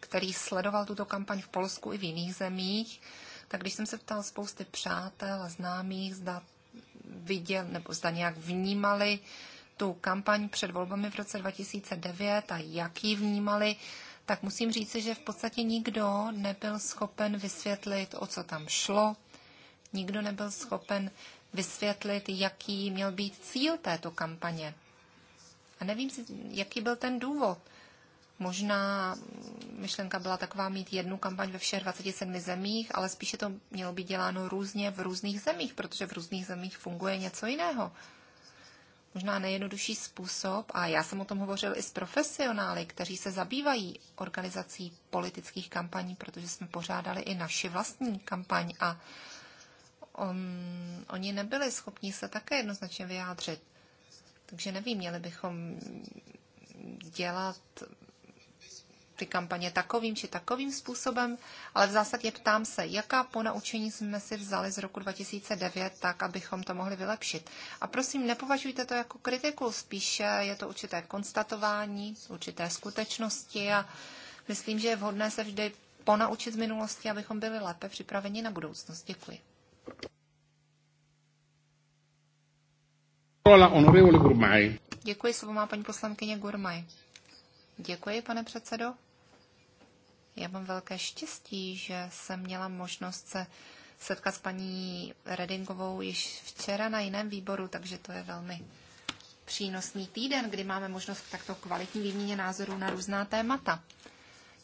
který sledoval tuto kampaň v Polsku i v jiných zemích, tak když jsem se ptal spousty přátel a známých, zda viděl nebo zda nějak vnímali tu kampaň před volbami v roce 2009 a jak ji vnímali, tak musím říci, že v podstatě nikdo nebyl schopen vysvětlit, o co tam šlo. Nikdo nebyl schopen vysvětlit, jaký měl být cíl této kampaně. A nevím, jaký byl ten důvod. Možná myšlenka byla taková mít jednu kampaň ve všech 27 zemích, ale spíše to mělo být děláno různě v různých zemích, protože v různých zemích funguje něco jiného možná nejjednodušší způsob, a já jsem o tom hovořil i s profesionály, kteří se zabývají organizací politických kampaní, protože jsme pořádali i naši vlastní kampaň a on, um, oni nebyli schopni se také jednoznačně vyjádřit. Takže nevím, měli bychom dělat ty kampaně takovým či takovým způsobem, ale v zásadě ptám se, jaká ponaučení jsme si vzali z roku 2009, tak abychom to mohli vylepšit. A prosím, nepovažujte to jako kritiku, spíše je to určité konstatování, určité skutečnosti a myslím, že je vhodné se vždy ponaučit z minulosti, abychom byli lépe připraveni na budoucnost. Děkuji. Děkuji, slovo má paní poslankyně Gurmaj. Děkuji, pane předsedo. Já mám velké štěstí, že jsem měla možnost se setkat s paní Redingovou již včera na jiném výboru, takže to je velmi přínosný týden, kdy máme možnost takto kvalitní výměně názorů na různá témata.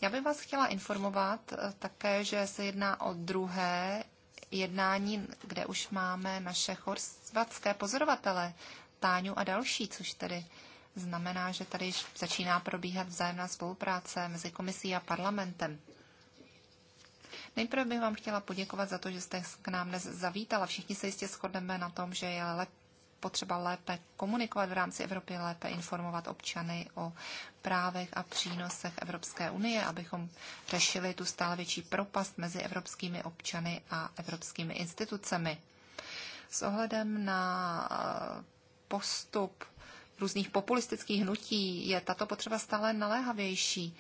Já bych vás chtěla informovat eh, také, že se jedná o druhé jednání, kde už máme naše chorvatské pozorovatele, Táňu a další, což tedy znamená, že tady již začíná probíhat vzájemná spolupráce mezi komisí a parlamentem. Nejprve bych vám chtěla poděkovat za to, že jste k nám dnes zavítala. Všichni se jistě shodneme na tom, že je lep, potřeba lépe komunikovat v rámci Evropy, lépe informovat občany o právech a přínosech Evropské unie, abychom řešili tu stále větší propast mezi evropskými občany a evropskými institucemi. S ohledem na postup různých populistických hnutí je tato potřeba stále naléhavější.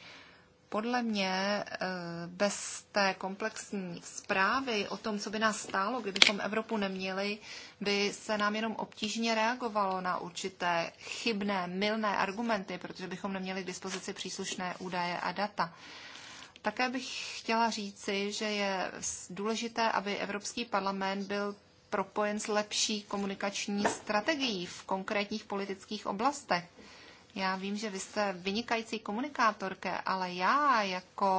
Podle mě eh, bez té komplexní zprávy o tom, co by nás stálo, kdybychom Evropu neměli, by se nám jenom obtížně reagovalo na určité chybné, milné argumenty, protože bychom neměli k dispozici příslušné údaje a data. Také bych chtěla říci, že je důležité, aby Evropský parlament byl propojen s lepší komunikační strategií v konkrétních politických oblastech. Já vím, že vy jste vynikající komunikátorka, ale já jako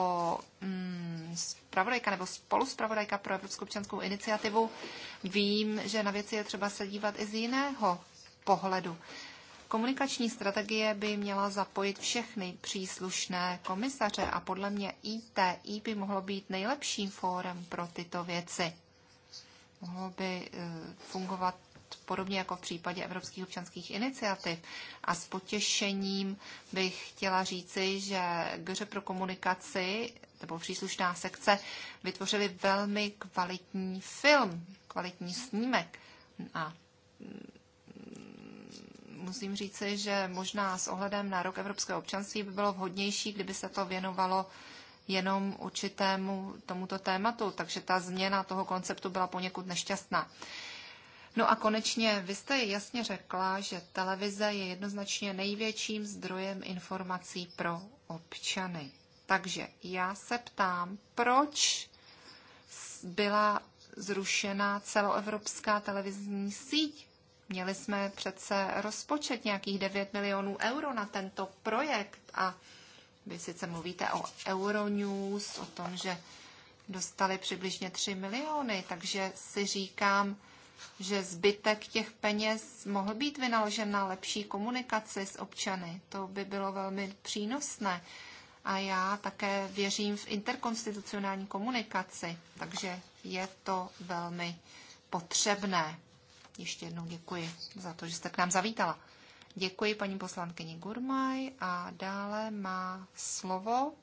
mm, spravodajka nebo spoluspravodajka pro Evropskou občanskou iniciativu vím, že na věci je třeba se dívat i z jiného pohledu. Komunikační strategie by měla zapojit všechny příslušné komisaře a podle mě ITI by mohlo být nejlepším fórem pro tyto věci mohlo by eh, fungovat podobně jako v případě evropských občanských iniciativ. A s potěšením bych chtěla říci, že GŘ pro komunikaci nebo příslušná sekce vytvořili velmi kvalitní film, kvalitní snímek. A mm, musím říci, že možná s ohledem na rok evropského občanství by bylo vhodnější, kdyby se to věnovalo jenom určitému tomuto tématu, takže ta změna toho konceptu byla poněkud nešťastná. No a konečně, vy jste jasně řekla, že televize je jednoznačně největším zdrojem informací pro občany. Takže já se ptám, proč byla zrušena celoevropská televizní síť? Měli jsme přece rozpočet nějakých 9 milionů euro na tento projekt a vy sice mluvíte o Euronews, o tom, že dostali přibližně 3 miliony, takže si říkám, že zbytek těch peněz mohl být vynaložen na lepší komunikaci s občany. To by bylo velmi přínosné. A já také věřím v interkonstitucionální komunikaci, takže je to velmi potřebné. Ještě jednou děkuji za to, že jste k nám zavítala. Děkuji paní poslankyni Gurmaj a dále má slovo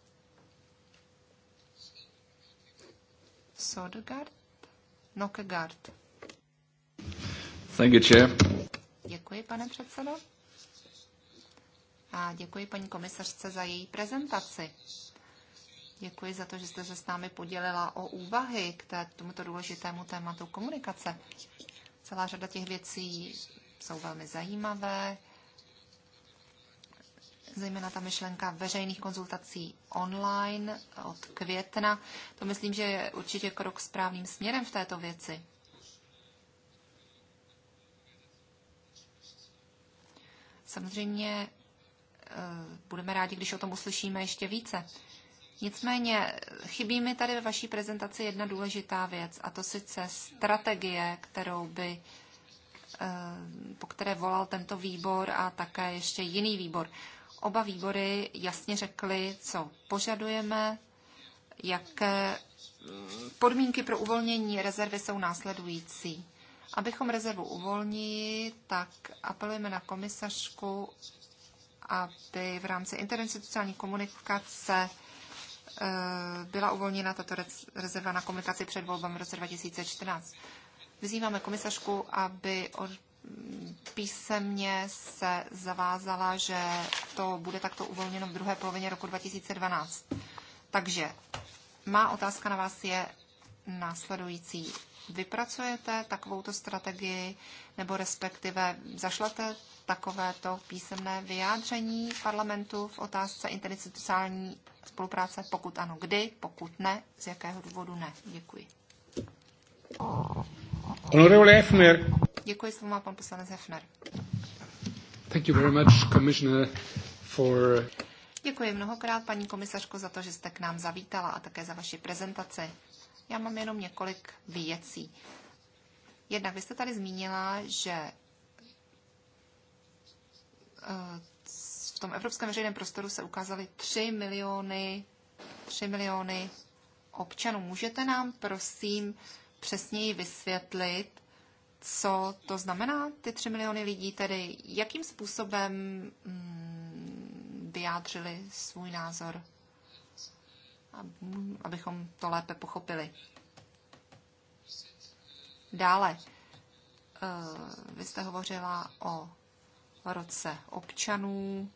Sodgard Nokegard. Thank you, chair. Děkuji, pane předsedo. A děkuji paní komisařce za její prezentaci. Děkuji za to, že jste se s námi podělila o úvahy k tomuto důležitému tématu komunikace. Celá řada těch věcí jsou velmi zajímavé zejména ta myšlenka veřejných konzultací online od května. To myslím, že je určitě krok správným směrem v této věci. Samozřejmě eh, budeme rádi, když o tom uslyšíme ještě více. Nicméně chybí mi tady ve vaší prezentaci jedna důležitá věc, a to sice strategie, kterou by, eh, po které volal tento výbor a také ještě jiný výbor. Oba výbory jasně řekly, co požadujeme, jaké mm, podmínky pro uvolnění rezervy jsou následující. Abychom rezervu uvolnili, tak apelujeme na komisařku, aby v rámci interinstitucionální komunikace e, byla uvolněna tato rezerva na komunikaci před volbami v roce 2014. Vyzýváme komisařku, aby písemně se zavázala, že to bude takto uvolněno v druhé polovině roku 2012. Takže má otázka na vás je následující. Vypracujete takovouto strategii nebo respektive zašlete takovéto písemné vyjádření parlamentu v otázce interinstitucionální spolupráce? Pokud ano, kdy? Pokud ne, z jakého důvodu ne? Děkuji. Honorable Hefner, Děkuji, slovo má pan poslanec Hefner. Thank you very much, Commissioner, for... Děkuji mnohokrát, paní komisařko, za to, že jste k nám zavítala a také za vaši prezentaci. Já mám jenom několik věcí. Jednak vy jste tady zmínila, že eh, v tom evropském veřejném prostoru se ukázaly 3 miliony, 3 miliony občanů. Můžete nám prosím přesněji vysvětlit, co to znamená, ty 3 miliony lidí, tedy jakým způsobem mm, vyjádřili svůj názor, abychom to lépe pochopili. Dále, eh, vy jste hovořila o roce občanů,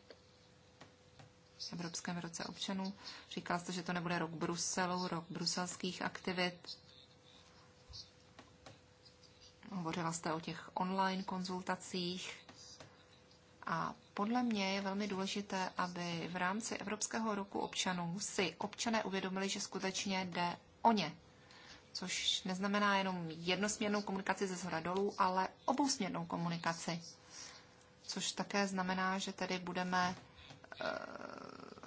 Evropském roce občanů. Říkala jste, že to nebude rok Bruselu, rok bruselských aktivit. Hovořila jste o těch online konzultacích a podle mě je velmi důležité, aby v rámci Evropského roku občanů si občané uvědomili, že skutečně jde o ně. Což neznamená jenom jednosměrnou komunikaci ze zhora dolů, ale obousměrnou komunikaci. Což také znamená, že tedy budeme eh,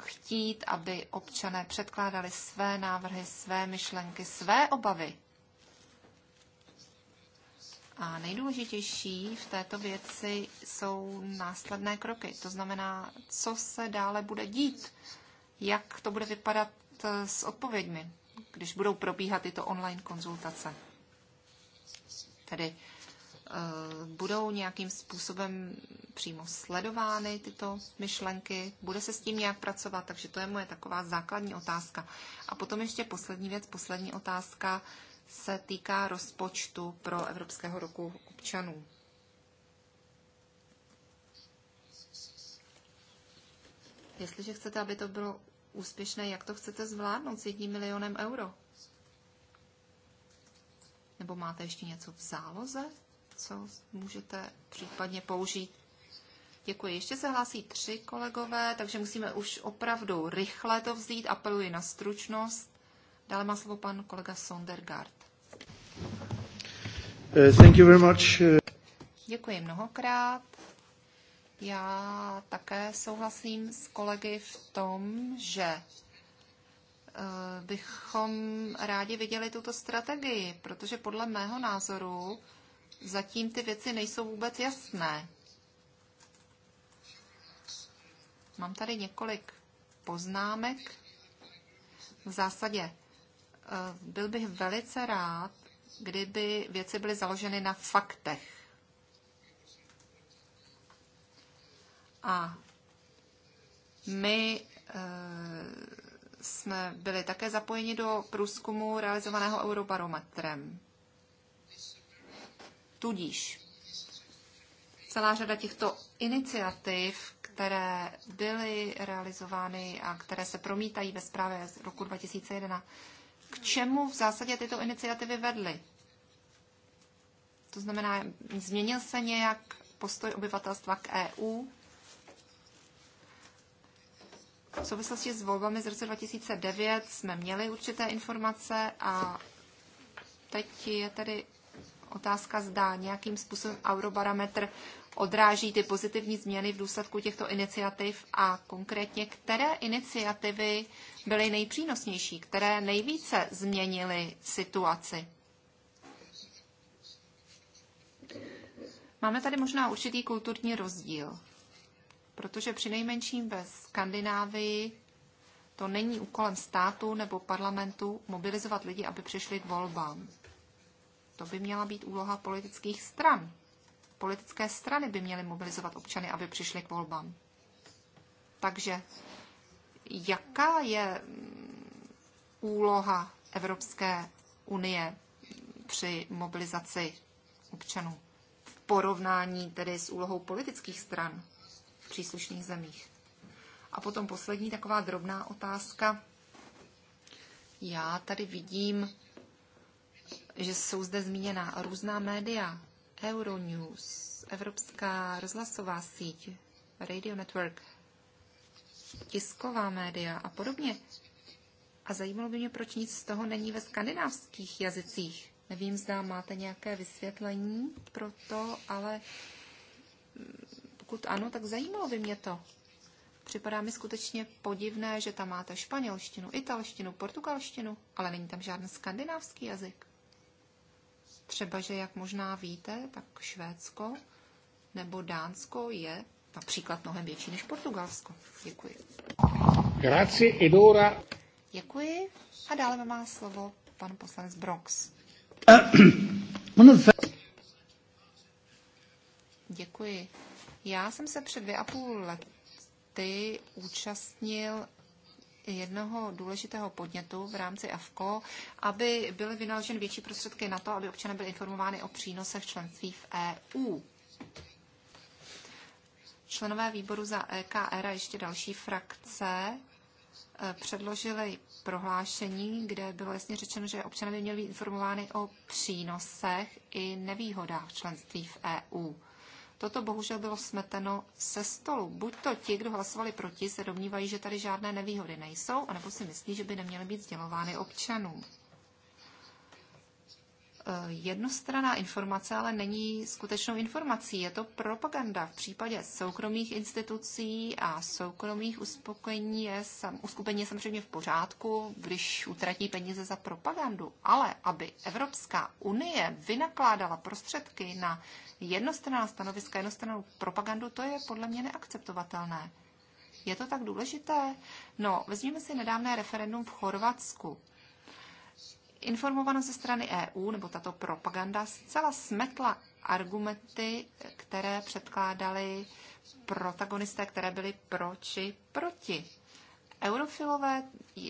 chtít, aby občané předkládali své návrhy, své myšlenky, své obavy a nejdůležitější v této věci jsou následné kroky. To znamená, co se dále bude dít, jak to bude vypadat eh, s odpověďmi, když budou probíhat tyto online konzultace. Tedy eh, budou nějakým způsobem přímo sledovány tyto myšlenky, bude se s tím nějak pracovat, takže to je moje taková základní otázka. A potom ještě poslední věc, poslední otázka se týká rozpočtu pro Evropského roku občanů. Jestliže chcete, aby to bylo úspěšné, jak to chcete zvládnout s jedním milionem euro? Nebo máte ještě něco v záloze, co můžete případně použít? Děkuji. Ještě se hlásí tři kolegové, takže musíme už opravdu rychle to vzít. Apeluji na stručnost. Dále má slovo pan kolega Sondergaard. Uh, thank you very much. Uh, Děkuji mnohokrát. Já také souhlasím s kolegy v tom, že uh, bychom rádi viděli tuto strategii, protože podle mého názoru zatím ty věci nejsou vůbec jasné. Mám tady několik poznámek. V zásadě byl bych velice rád, kdyby věci byly založeny na faktech. A my e, jsme byli také zapojeni do průzkumu realizovaného eurobarometrem. Tudíž celá řada těchto iniciativ, které byly realizovány a které se promítají ve zprávě z roku 2011, k čemu v zásadě tyto iniciativy vedly. To znamená, změnil se nějak postoj obyvatelstva k EU? V souvislosti s volbami z roce 2009 jsme měli určité informace a teď je tedy Otázka zdá nějakým způsobem Eurobarometr odráží ty pozitivní změny v důsledku těchto iniciativ a konkrétně, které iniciativy byly nejpřínosnější, které nejvíce změnily situaci. Máme tady možná určitý kulturní rozdíl, protože při nejmenším ve Skandinávii to není úkolem státu nebo parlamentu mobilizovat lidi, aby přišli k volbám. To by měla být úloha politických stran. Politické strany by měly mobilizovat občany, aby přišli k volbám. Takže jaká je mm, úloha Evropské unie při mobilizaci občanů v porovnání tedy s úlohou politických stran v příslušných zemích? A potom poslední taková drobná otázka. Já tady vidím že jsou zde zmíněna různá média, Euronews, Evropská rozhlasová síť, Radio Network, tisková média a podobně. A zajímalo by mě, proč nic z toho není ve skandinávských jazycích. Nevím, zda máte nějaké vysvětlení pro to, ale pokud ano, tak zajímalo by mě to. Připadá mi skutečně podivné, že tam máte španělštinu, italštinu, portugalštinu, ale není tam žádný skandinávský jazyk třeba, že jak možná víte, tak Švédsko nebo Dánsko je například mnohem větší než Portugalsko. Děkuji. Grazie, Edora. Děkuji. A dále má slovo pan poslanec Brox. Děkuji. Já jsem se před dvě a půl lety účastnil jednoho důležitého podnětu v rámci AFKO, aby byly vynaloženy větší prostředky na to, aby občané byli informovány o přínosech členství v EU. Členové výboru za EKR a ještě další frakce eh, předložili prohlášení, kde bylo jasně řečeno, že občané by měli být informovány o přínosech i nevýhodách členství v EU. Toto bohužel bylo smeteno se stolu. Buď to ti, kdo hlasovali proti, se domnívají, že tady žádné nevýhody nejsou, anebo si myslí, že by neměly být sdělovány občanům. Eh, jednostraná informace ale není skutečnou informací. Je to propaganda. V případě soukromých institucí a soukromých uspokojení je sam, uskupení je samozřejmě v pořádku, když utratí peníze za propagandu. Ale aby Evropská unie vynakládala prostředky na jednostranná stanoviska, jednostrannou propagandu, to je podle mě neakceptovatelné. Je to tak důležité? No, vezměme si nedávné referendum v Chorvatsku informovanost ze strany EU nebo tato propaganda zcela smetla argumenty, které předkládali protagonisté, které byly pro či proti. Eurofilové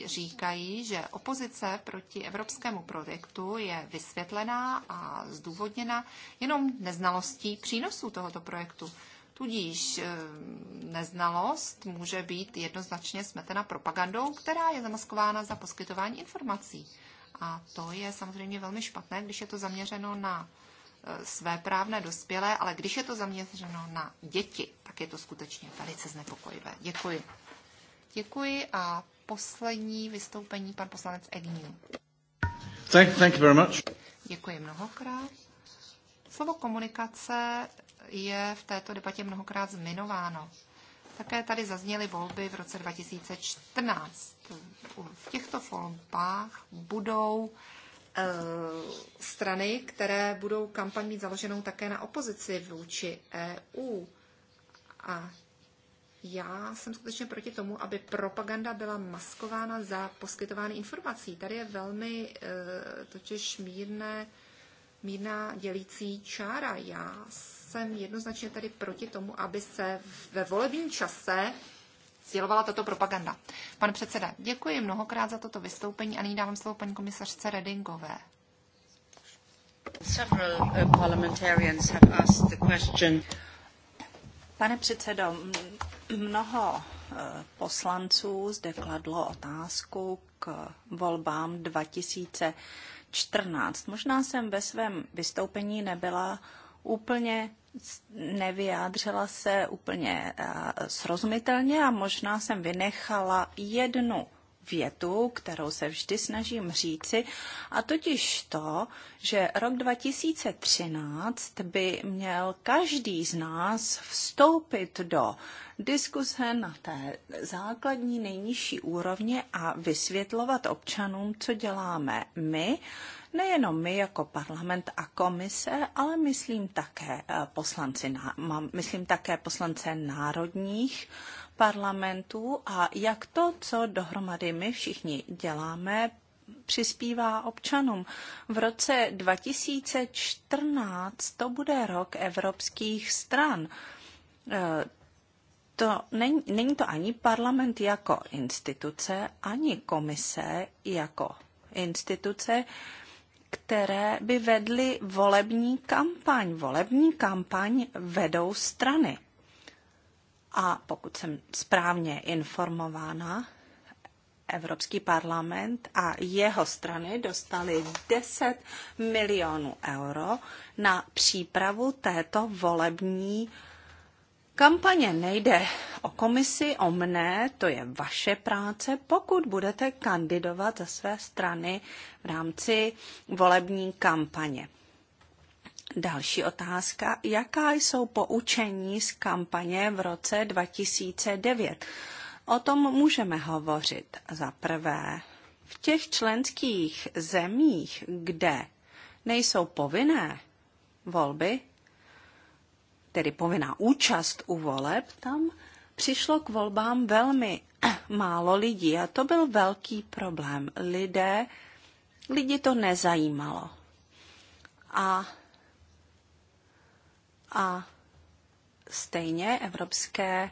říkají, že opozice proti evropskému projektu je vysvětlená a zdůvodněna jenom neznalostí přínosů tohoto projektu. Tudíž eh, neznalost může být jednoznačně smetena propagandou, která je zamaskována za poskytování informací. A to je samozřejmě velmi špatné, když je to zaměřeno na e, své právné dospělé, ale když je to zaměřeno na děti, tak je to skutečně velice znepokojivé. Děkuji. Děkuji a poslední vystoupení pan poslanec Egnil. Thank, thank you very much. Děkuji mnohokrát. Slovo komunikace je v této debatě mnohokrát zminováno. Také tady zazněly volby v roce 2014. V těchto volbách budou e, strany, které budou kampaň mít založenou také na opozici vůči EU. A já jsem skutečně proti tomu, aby propaganda byla maskována za poskytování informací. Tady je velmi e, totiž mírné, mírná dělící čára. Já jsem jednoznačně tady proti tomu, aby se ve volebním čase sdělovala tato propaganda. Pan předseda, děkuji mnohokrát za toto vystoupení a nyní dávám slovo paní komisařce Redingové. Uh, Pane předsedo, mnoho uh, poslanců zde kladlo otázku k volbám 2014. Možná jsem ve svém vystoupení nebyla úplně nevyjádřila se úplně eh, srozumitelně a možná jsem vynechala jednu větu, kterou se vždy snažím říci, a totiž to, že rok 2013 by měl každý z nás vstoupit do diskuse na té základní nejnižší úrovni a vysvětlovat občanům, co děláme my nejenom my jako parlament a komise, ale myslím také eh, poslanci, myslím také poslance národních parlamentů a jak to, co dohromady my všichni děláme, přispívá občanům. V roce 2014 to bude rok evropských stran eh, to není, není to ani parlament jako instituce, ani komise jako instituce které by vedly volební kampaň. Volební kampaň vedou strany. A pokud jsem správně informována, Evropský parlament a jeho strany dostali 10 milionů euro na přípravu této volební Kampaně nejde o komisi, o mne, to je vaše práce, pokud budete kandidovat ze své strany v rámci volební kampaně. Další otázka. Jaká jsou poučení z kampaně v roce 2009? O tom můžeme hovořit. Za prvé, v těch členských zemích, kde nejsou povinné volby, tedy povinná účast u voleb, tam přišlo k volbám velmi málo lidí a to byl velký problém. Lidé, lidi to nezajímalo. A, a stejně evropské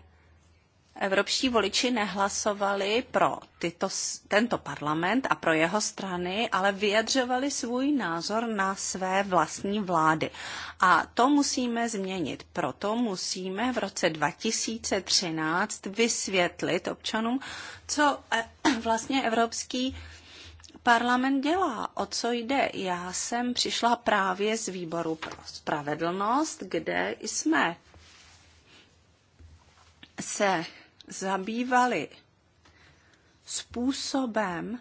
evropští voliči nehlasovali pro tyto, tento parlament a pro jeho strany, ale vyjadřovali svůj názor na své vlastní vlády. A to musíme změnit. Proto musíme v roce 2013 vysvětlit občanům, co eh, vlastně Evropský parlament dělá, o co jde. Já jsem přišla právě z výboru pro spravedlnost, kde jsme se zabývali způsobem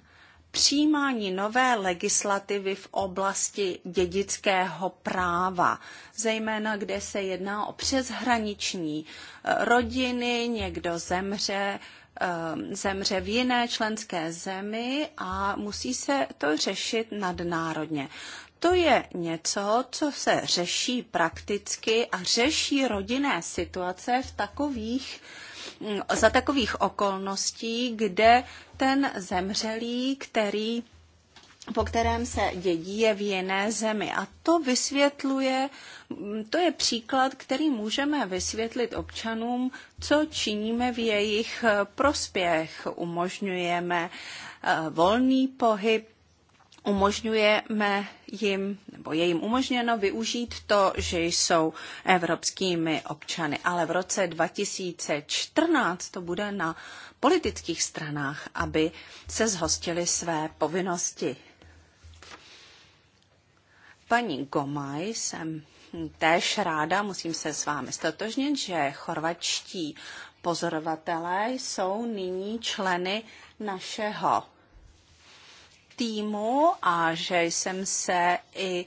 přijímání nové legislativy v oblasti dědického práva, zejména kde se jedná o přeshraniční eh, rodiny, někdo zemře, eh, zemře v jiné členské zemi a musí se to řešit nadnárodně. To je něco, co se řeší prakticky a řeší rodinné situace v takových uh, Mm, za takových okolností, kde ten zemřelý, který po kterém se dědí, je v jiné zemi. A to vysvětluje, mm, to je příklad, který můžeme vysvětlit občanům, co činíme v jejich eh, prospěch. Umožňujeme eh, volný pohyb umožňujeme jim, nebo je jim umožněno využít to, že jsou evropskými občany. Ale v roce 2014 to bude na politických stranách, aby se zhostili své povinnosti. Paní Gomaj jsem též ráda, musím se s vámi stotožnit, že chorvačtí pozorovatelé jsou nyní členy našeho týmu a že jsem se i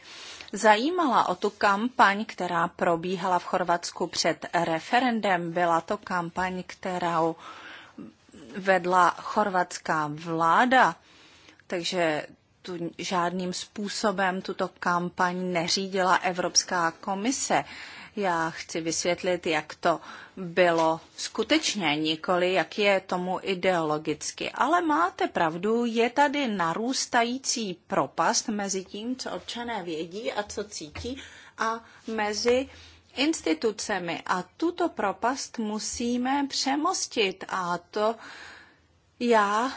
zajímala o tu kampaň, která probíhala v Chorvatsku před referendem. Byla to kampaň, kterou vedla chorvatská vláda, takže tu žádným způsobem tuto kampaň neřídila Evropská komise. Já chci vysvětlit, jak to bylo skutečně, nikoli jak je tomu ideologicky. Ale máte pravdu, je tady narůstající propast mezi tím, co občané vědí a co cítí a mezi institucemi. A tuto propast musíme přemostit a to já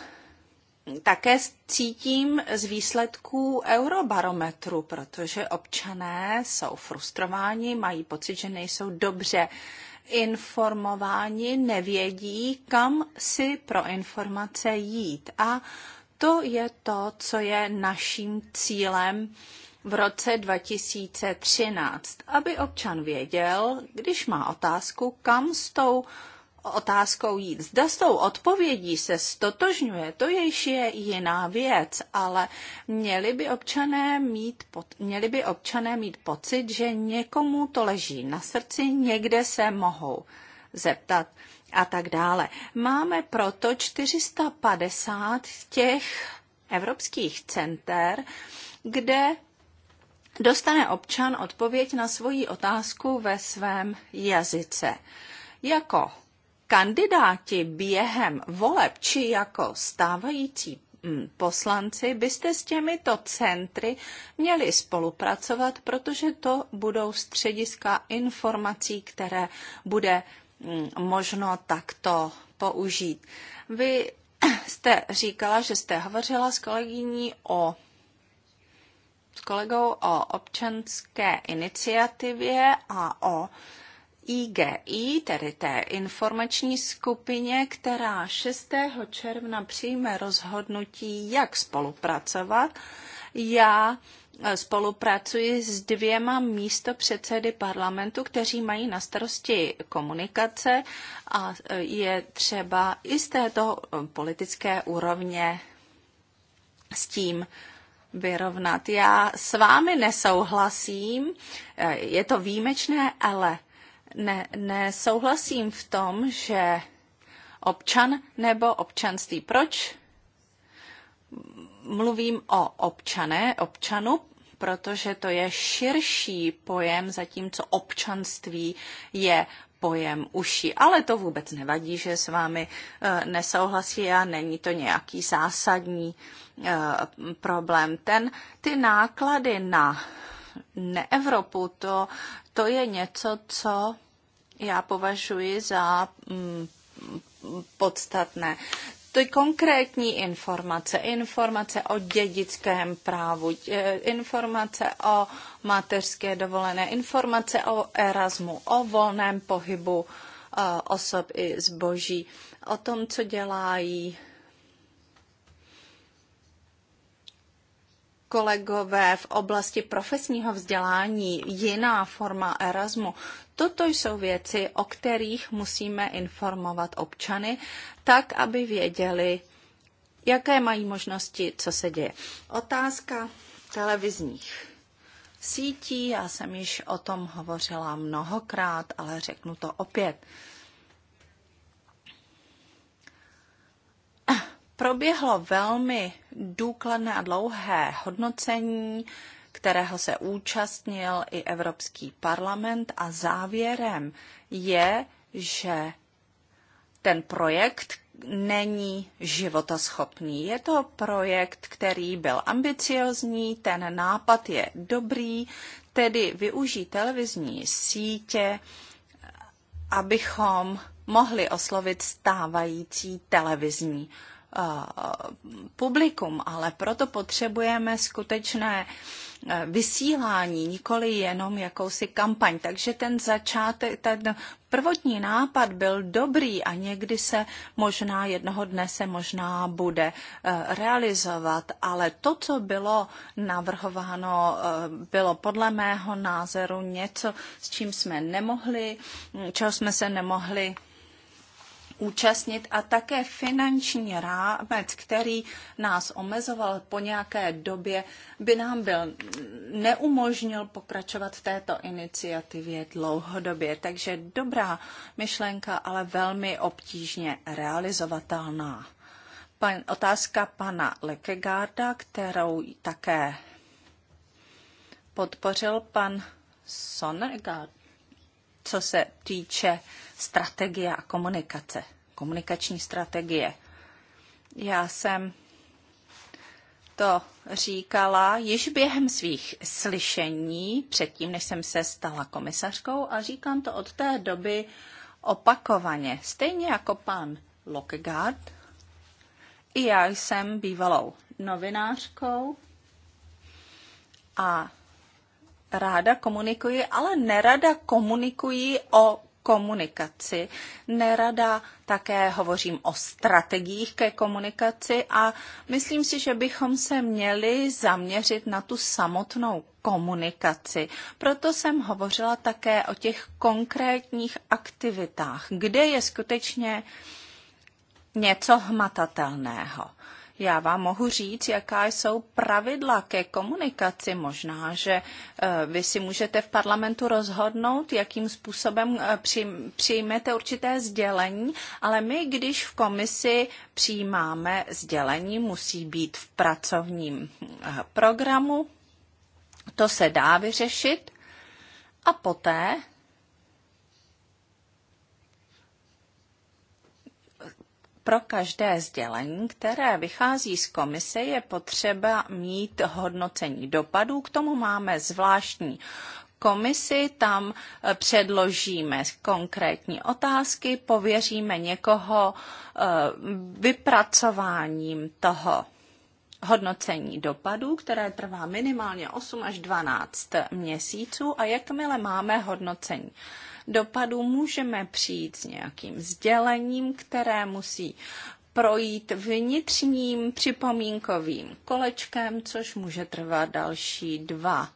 také cítím z výsledků eurobarometru, protože občané jsou frustrováni, mají pocit, že nejsou dobře informováni, nevědí, kam si pro informace jít. A to je to, co je naším cílem v roce 2013, aby občan věděl, když má otázku, kam s tou otázkou jít. Zda s tou odpovědí se stotožňuje, to již je jiná věc, ale měli by občané mít, měli by občané mít pocit, že někomu to leží na srdci, někde se mohou zeptat a tak dále. Máme proto 450 těch evropských center, kde dostane občan odpověď na svoji otázku ve svém jazyce. Jako kandidáti během voleb či jako stávající mm, poslanci byste s těmito centry měli spolupracovat, protože to budou střediska informací, které bude mm, možno takto použít. Vy jste říkala, že jste hovořila s kolegyní o s kolegou o občanské iniciativě a o IGI, tedy té informační skupině, která 6. června přijme rozhodnutí, jak spolupracovat. Já eh, spolupracuji s dvěma místopředsedy parlamentu, kteří mají na starosti komunikace a eh, je třeba i z této eh, politické úrovně s tím vyrovnat. Já s vámi nesouhlasím, je to výjimečné, ale ne, nesouhlasím v tom, že občan nebo občanství. Proč mluvím o občané, občanu? Protože to je širší pojem, zatímco občanství je pojem uší. Ale to vůbec nevadí, že s vámi eh, nesouhlasí a není to nějaký zásadní eh, problém. Ten, ty náklady na Neevropu, Evropu, to to je něco, co já považuji za mm, podstatné je konkrétní informace, informace o dědickém právu, e, informace o mateřské dovolené, informace o Erasmu, o volném pohybu e, osob i zboží, o tom, co dělají kolegové v oblasti profesního vzdělání, jiná forma Erasmu. Toto jsou věci, o kterých musíme informovat občany, tak, aby věděli, jaké mají možnosti, co se děje. Otázka televizních sítí, já jsem již o tom hovořila mnohokrát, ale řeknu to opět. proběhlo velmi důkladné a dlouhé hodnocení, kterého se účastnil i Evropský parlament a závěrem je, že ten projekt není životaschopný. Je to projekt, který byl ambiciozní, ten nápad je dobrý, tedy využít televizní sítě, abychom mohli oslovit stávající televizní Eh, publikum, ale proto potřebujeme skutečné eh, vysílání, nikoli jenom jakousi kampaň. Takže ten začátek, ten prvotní nápad byl dobrý a někdy se možná jednoho dne se možná bude eh, realizovat, ale to, co bylo navrhováno, bylo podle mého názoru něco, s čím jsme nemohli, mm, čeho jsme se nemohli účastnit a také finanční rámec, který nás omezoval po nějaké době, by nám byl neumožnil pokračovat v této iniciativě dlouhodobě. Takže dobrá myšlenka, ale velmi obtížně realizovatelná. Pan, otázka pana Lekegarda, kterou také podpořil pan Sonegard, co se týče strategie a komunikace komunikační strategie. Já jsem to říkala již během svých slyšení, předtím, než jsem se stala komisařkou, a říkám to od té doby opakovaně. Stejně jako pan Lockegaard, i já jsem bývalou novinářkou a ráda komunikuji, ale nerada komunikuji o komunikaci. Nerada také hovořím o strategiích ke komunikaci a myslím si, že bychom se měli zaměřit na tu samotnou komunikaci. Proto jsem hovořila také o těch konkrétních aktivitách, kde je skutečně něco hmatatelného. Já vám mohu říct, jaká jsou pravidla ke komunikaci. Možná, že eh, vy si můžete v parlamentu rozhodnout, jakým způsobem eh, přijmete určité sdělení, ale my, když v komisi přijímáme sdělení, musí být v pracovním eh, programu. To se dá vyřešit. A poté pro každé sdělení, které vychází z komise, je potřeba mít hodnocení dopadů. K tomu máme zvláštní komisi, tam eh, předložíme konkrétní otázky, pověříme někoho eh, vypracováním toho hodnocení dopadů, které trvá minimálně 8 až 12 měsíců a jakmile máme hodnocení dopadů můžeme přijít s nějakým sdělením, které musí projít vnitřním připomínkovým kolečkem, což může trvat další dva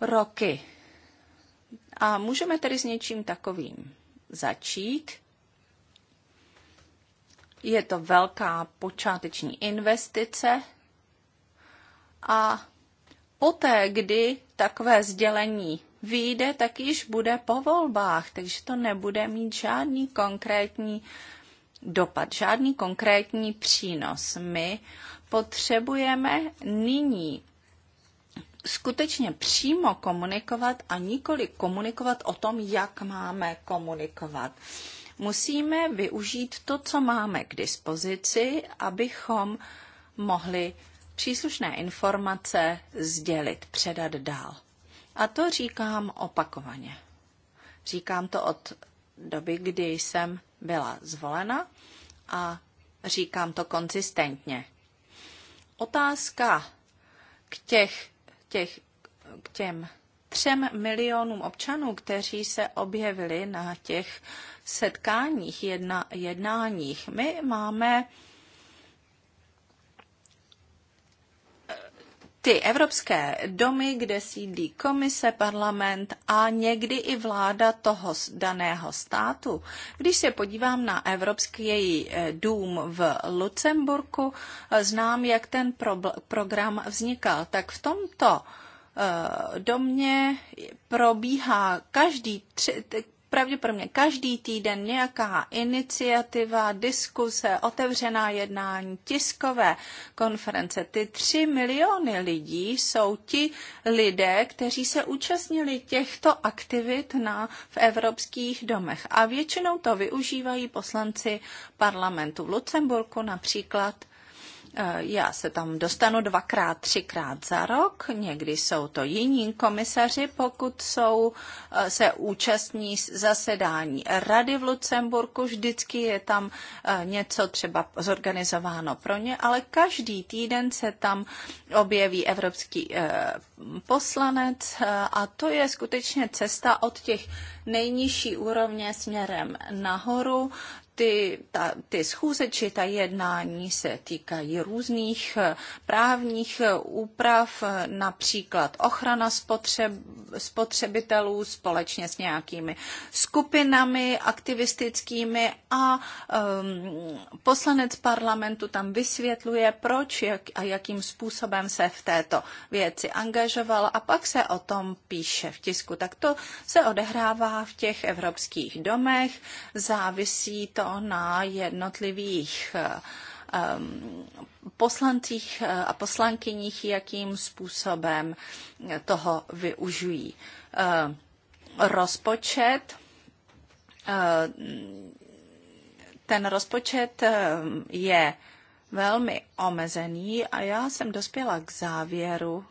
roky. A můžeme tedy s něčím takovým začít. Je to velká počáteční investice a poté, kdy takové sdělení vyjde, tak již bude po volbách, takže to nebude mít žádný konkrétní dopad, žádný konkrétní přínos. My potřebujeme nyní skutečně přímo komunikovat a nikoli komunikovat o tom, jak máme komunikovat. Musíme využít to, co máme k dispozici, abychom mohli příslušné informace sdělit, předat dál. A to říkám opakovaně. Říkám to od doby, kdy jsem byla zvolena a říkám to konzistentně. Otázka k, těch, těch, k těm třem milionům občanů, kteří se objevili na těch setkáních, jedna, jednáních. My máme ty evropské domy, kde sídlí komise, parlament a někdy i vláda toho daného státu. Když se podívám na evropský eh, dům v Lucemburku, eh, znám, jak ten pro- program vznikal. Tak v tomto eh, domě probíhá každý tři, pravděpodobně každý týden nějaká iniciativa, diskuse, otevřená jednání, tiskové konference. Ty tři miliony lidí jsou ti lidé, kteří se účastnili těchto aktivit na, v evropských domech. A většinou to využívají poslanci parlamentu v Lucemburku například Eh, já se tam dostanu dvakrát, třikrát za rok, někdy jsou to jiní komisaři, pokud jsou, eh, se účastní zasedání rady v Lucemburku, vždycky je tam eh, něco třeba zorganizováno pro ně, ale každý týden se tam objeví evropský poslanec a to je skutečně cesta od těch nejnižší úrovně směrem nahoru ty, ta, ty schůze či ta jednání se týkají různých eh, právních eh, úprav, eh, například ochrana spotřeb, spotřebitelů společně s nějakými skupinami aktivistickými a um, poslanec parlamentu tam vysvětluje, proč jak, a jakým způsobem se v této věci angažoval a pak se o tom píše v tisku. Tak to se odehrává v těch evropských domech, závisí to to na jednotlivých ehm, poslancích eh, a poslankyních, jakým způsobem toho využijí. Ehm, rozpočet ehm, ten rozpočet je velmi omezený a já jsem dospěla k závěru,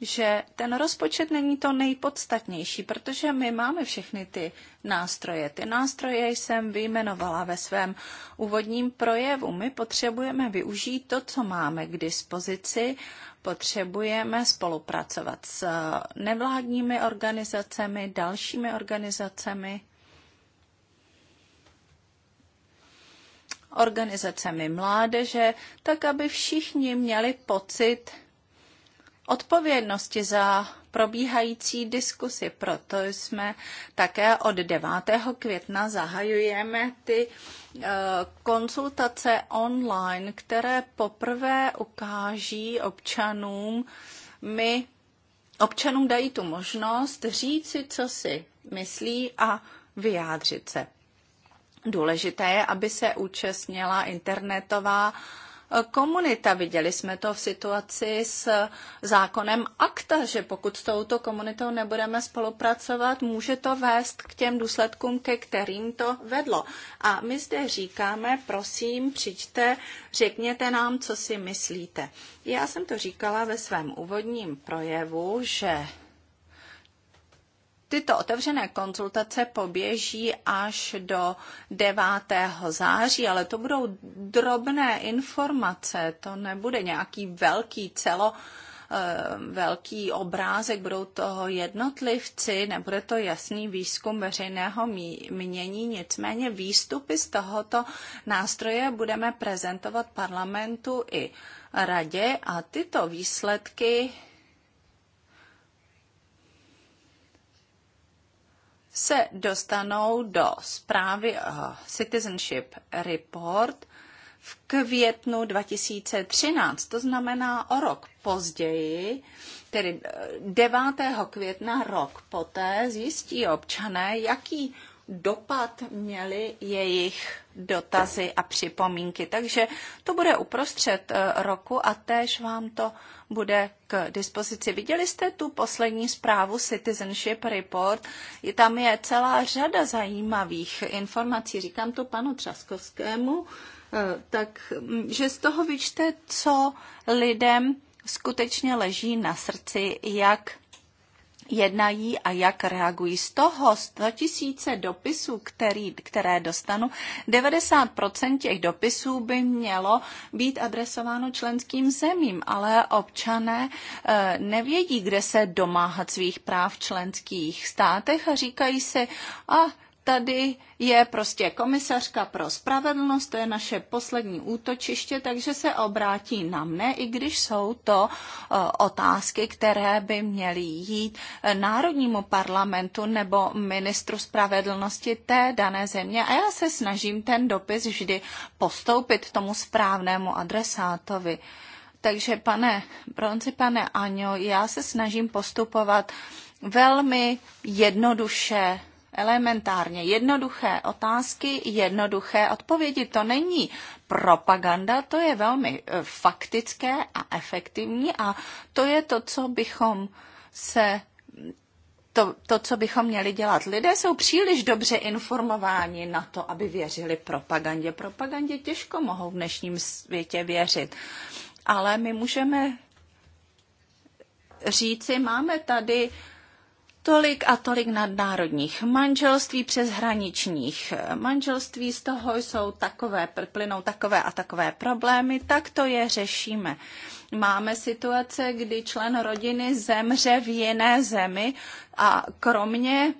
že ten rozpočet není to nejpodstatnější, protože my máme všechny ty nástroje. Ty nástroje jsem vyjmenovala ve svém úvodním projevu. My potřebujeme využít to, co máme k dispozici, potřebujeme spolupracovat s nevládními organizacemi, dalšími organizacemi, organizacemi mládeže, tak aby všichni měli pocit, odpovědnosti za probíhající diskusy. Proto jsme také od 9. května zahajujeme ty e, konsultace online, které poprvé ukáží občanům, my občanům dají tu možnost říci, co si myslí a vyjádřit se. Důležité je, aby se účastnila internetová komunita. Viděli jsme to v situaci s zákonem akta, že pokud s touto komunitou nebudeme spolupracovat, může to vést k těm důsledkům, ke kterým to vedlo. A my zde říkáme, prosím, přijďte, řekněte nám, co si myslíte. Já jsem to říkala ve svém úvodním projevu, že Tyto otevřené konzultace poběží až do 9. září, ale to budou drobné informace, to nebude nějaký velký celo eh, velký obrázek, budou toho jednotlivci, nebude to jasný výzkum veřejného mění, nicméně výstupy z tohoto nástroje budeme prezentovat parlamentu i radě a tyto výsledky se dostanou do zprávy eh, Citizenship Report v květnu 2013, to znamená o rok později, tedy 9. Eh, května rok poté, zjistí občané, jaký dopad měly jejich dotazy a připomínky. Takže to bude uprostřed eh, roku a též vám to bude k dispozici. Viděli jste tu poslední zprávu Citizenship Report. Tam je celá řada zajímavých informací. Říkám to panu Třaskovskému, eh, tak, mm, že z toho vyčte, co lidem skutečně leží na srdci, jak jednají a jak reagují. Z toho 100 tisíce dopisů, který, které dostanu, 90% těch dopisů by mělo být adresováno členským zemím, ale občané eh, nevědí, kde se domáhat svých práv v členských státech a říkají si, a ah, tady je prostě komisařka pro spravedlnost, to je naše poslední útočiště, takže se obrátí na mne, i když jsou to e, otázky, které by měly jít e, Národnímu parlamentu nebo ministru spravedlnosti té dané země. A já se snažím ten dopis vždy postoupit tomu správnému adresátovi. Takže pane Bronci, pane Aňo, já se snažím postupovat velmi jednoduše elementárně jednoduché otázky, jednoduché odpovědi. To není propaganda, to je velmi eh, faktické a efektivní a to je to, co bychom se to, to, co bychom měli dělat. Lidé jsou příliš dobře informováni na to, aby věřili propagandě. Propagandě těžko mohou v dnešním světě věřit. Ale my můžeme říci, máme tady uh, tolik a tolik nadnárodních manželství, přeshraničních manželství, z toho jsou takové, plynou takové a takové problémy, tak to je řešíme. Máme situace, kdy člen rodiny zemře v jiné zemi a kromě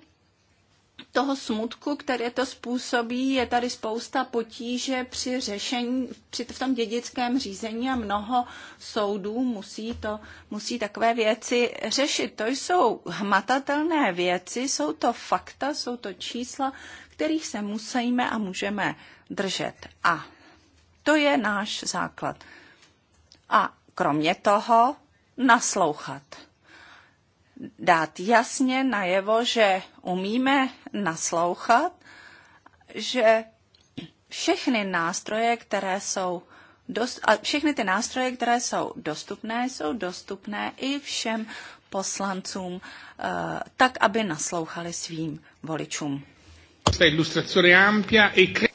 toho smutku, které to způsobí, je tady spousta potíže při řešení, při, v tom dědickém řízení a mnoho soudů musí, to, musí takové věci řešit. To jsou hmatatelné věci, jsou to fakta, jsou to čísla, kterých se musíme a můžeme držet. A to je náš základ. A kromě toho naslouchat dát jasně najevo, že umíme naslouchat, že všechny nástroje, které jsou dost, a všechny ty nástroje, které jsou dostupné, jsou dostupné i všem poslancům, eh, tak, aby naslouchali svým voličům. E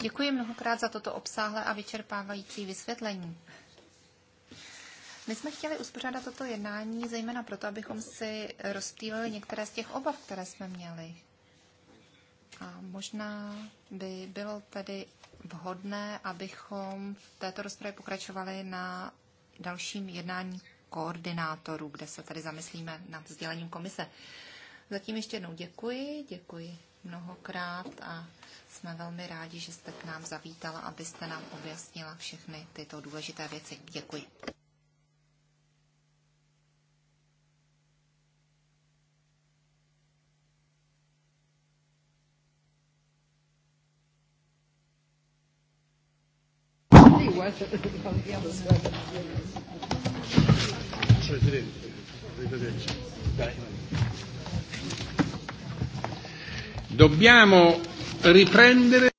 Děkuji mnohokrát za toto obsáhlé a vyčerpávající vysvětlení. My jsme chtěli uspořádat toto jednání zejména proto, abychom si rozptýlili některé z těch obav, které jsme měli. A možná by bylo tedy vhodné, abychom v této rozpravě pokračovali na dalším jednání koordinátorů, kde se tady zamyslíme nad sdělením komise. Zatím ještě jednou děkuji, děkuji mnohokrát a jsme velmi rádi, že jste k nám zavítala, abyste nám objasnila všechny tyto důležité věci. Děkuji. Dobbiamo riprendere.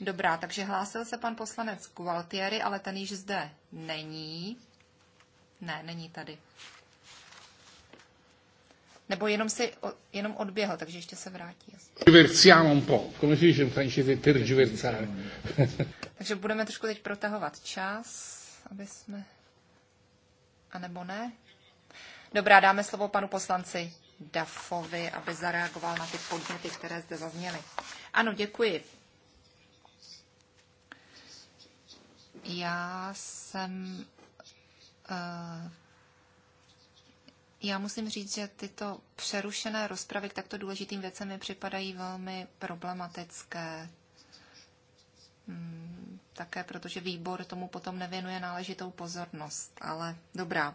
Dobrá, takže hlásil se pan poslanec Gualtieri, ale ten již zde není. Ne, není tady. Nebo jenom si jenom odběhl, takže ještě se vrátí. Diversiamo un po', come si dice in francese tergiversare. takže budeme trošku teď protahovat čas, aby jsme... A nebo ne? Dobrá, dáme slovo panu poslanci Dafovi, aby zareagoval na ty podněty, které zde zazněly. Ano, děkuji. Já jsem. Eh, já musím říct, že tyto přerušené rozpravy k takto důležitým věcem mi připadají velmi problematické. Hmm, také protože výbor tomu potom nevěnuje náležitou pozornost. Ale dobrá.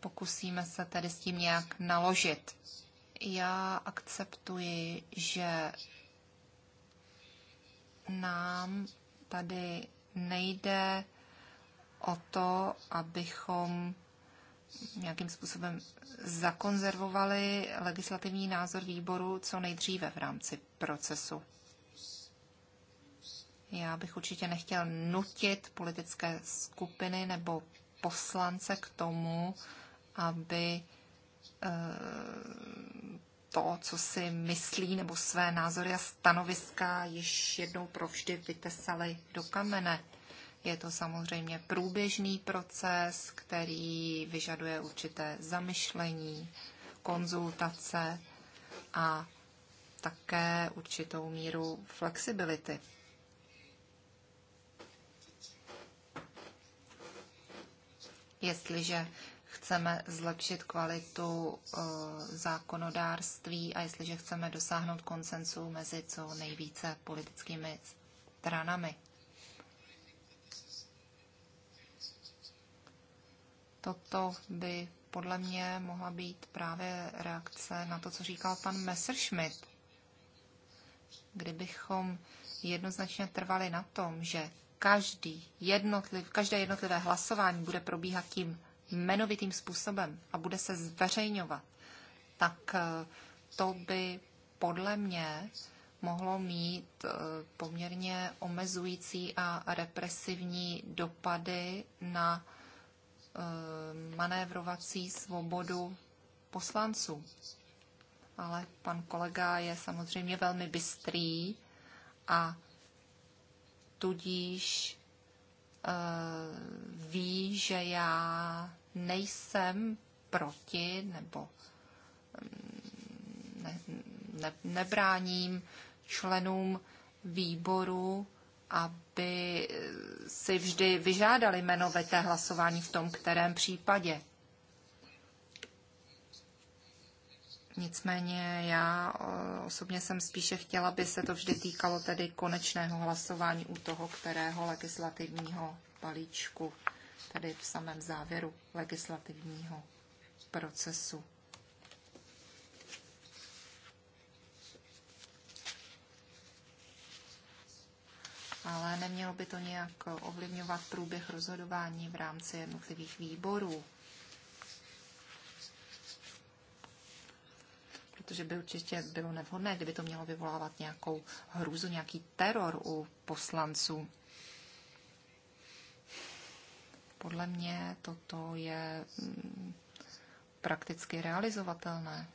Pokusíme se tedy s tím nějak naložit. Já akceptuji, že nám tady nejde o to, abychom nějakým způsobem zakonzervovali legislativní názor výboru co nejdříve v rámci procesu. Já bych určitě nechtěl nutit politické skupiny nebo poslance k tomu, aby eh, to, co si myslí nebo své názory a stanoviska již jednou provždy vytesali do kamene. Je to samozřejmě průběžný proces, který vyžaduje určité zamyšlení, konzultace a také určitou míru flexibility. Jestliže chceme zlepšit kvalitu eh, zákonodárství a jestliže chceme dosáhnout konsensu mezi co nejvíce politickými stranami. Toto by podle mě mohla být právě reakce na to, co říkal pan Messerschmidt. Kdybychom jednoznačně trvali na tom, že každý jednotliv, každé jednotlivé hlasování bude probíhat tím jmenovitým způsobem a bude se zveřejňovat, tak eh, to by podle mě mohlo mít eh, poměrně omezující a represivní dopady na eh, manévrovací svobodu poslanců. Ale pan kolega je samozřejmě velmi bystrý a tudíž ví, že já nejsem proti nebo mm, ne, ne, nebráním členům výboru, aby si vždy vyžádali jmenovité hlasování v tom kterém případě. Nicméně já osobně jsem spíše chtěla, aby se to vždy týkalo tedy konečného hlasování u toho, kterého legislativního balíčku tady v samém závěru legislativního procesu. Ale nemělo by to nějak ovlivňovat průběh rozhodování v rámci jednotlivých výborů. protože by určitě bylo nevhodné, kdyby to mělo vyvolávat nějakou hrůzu, nějaký teror u poslanců. Podle mě toto je mm, prakticky realizovatelné.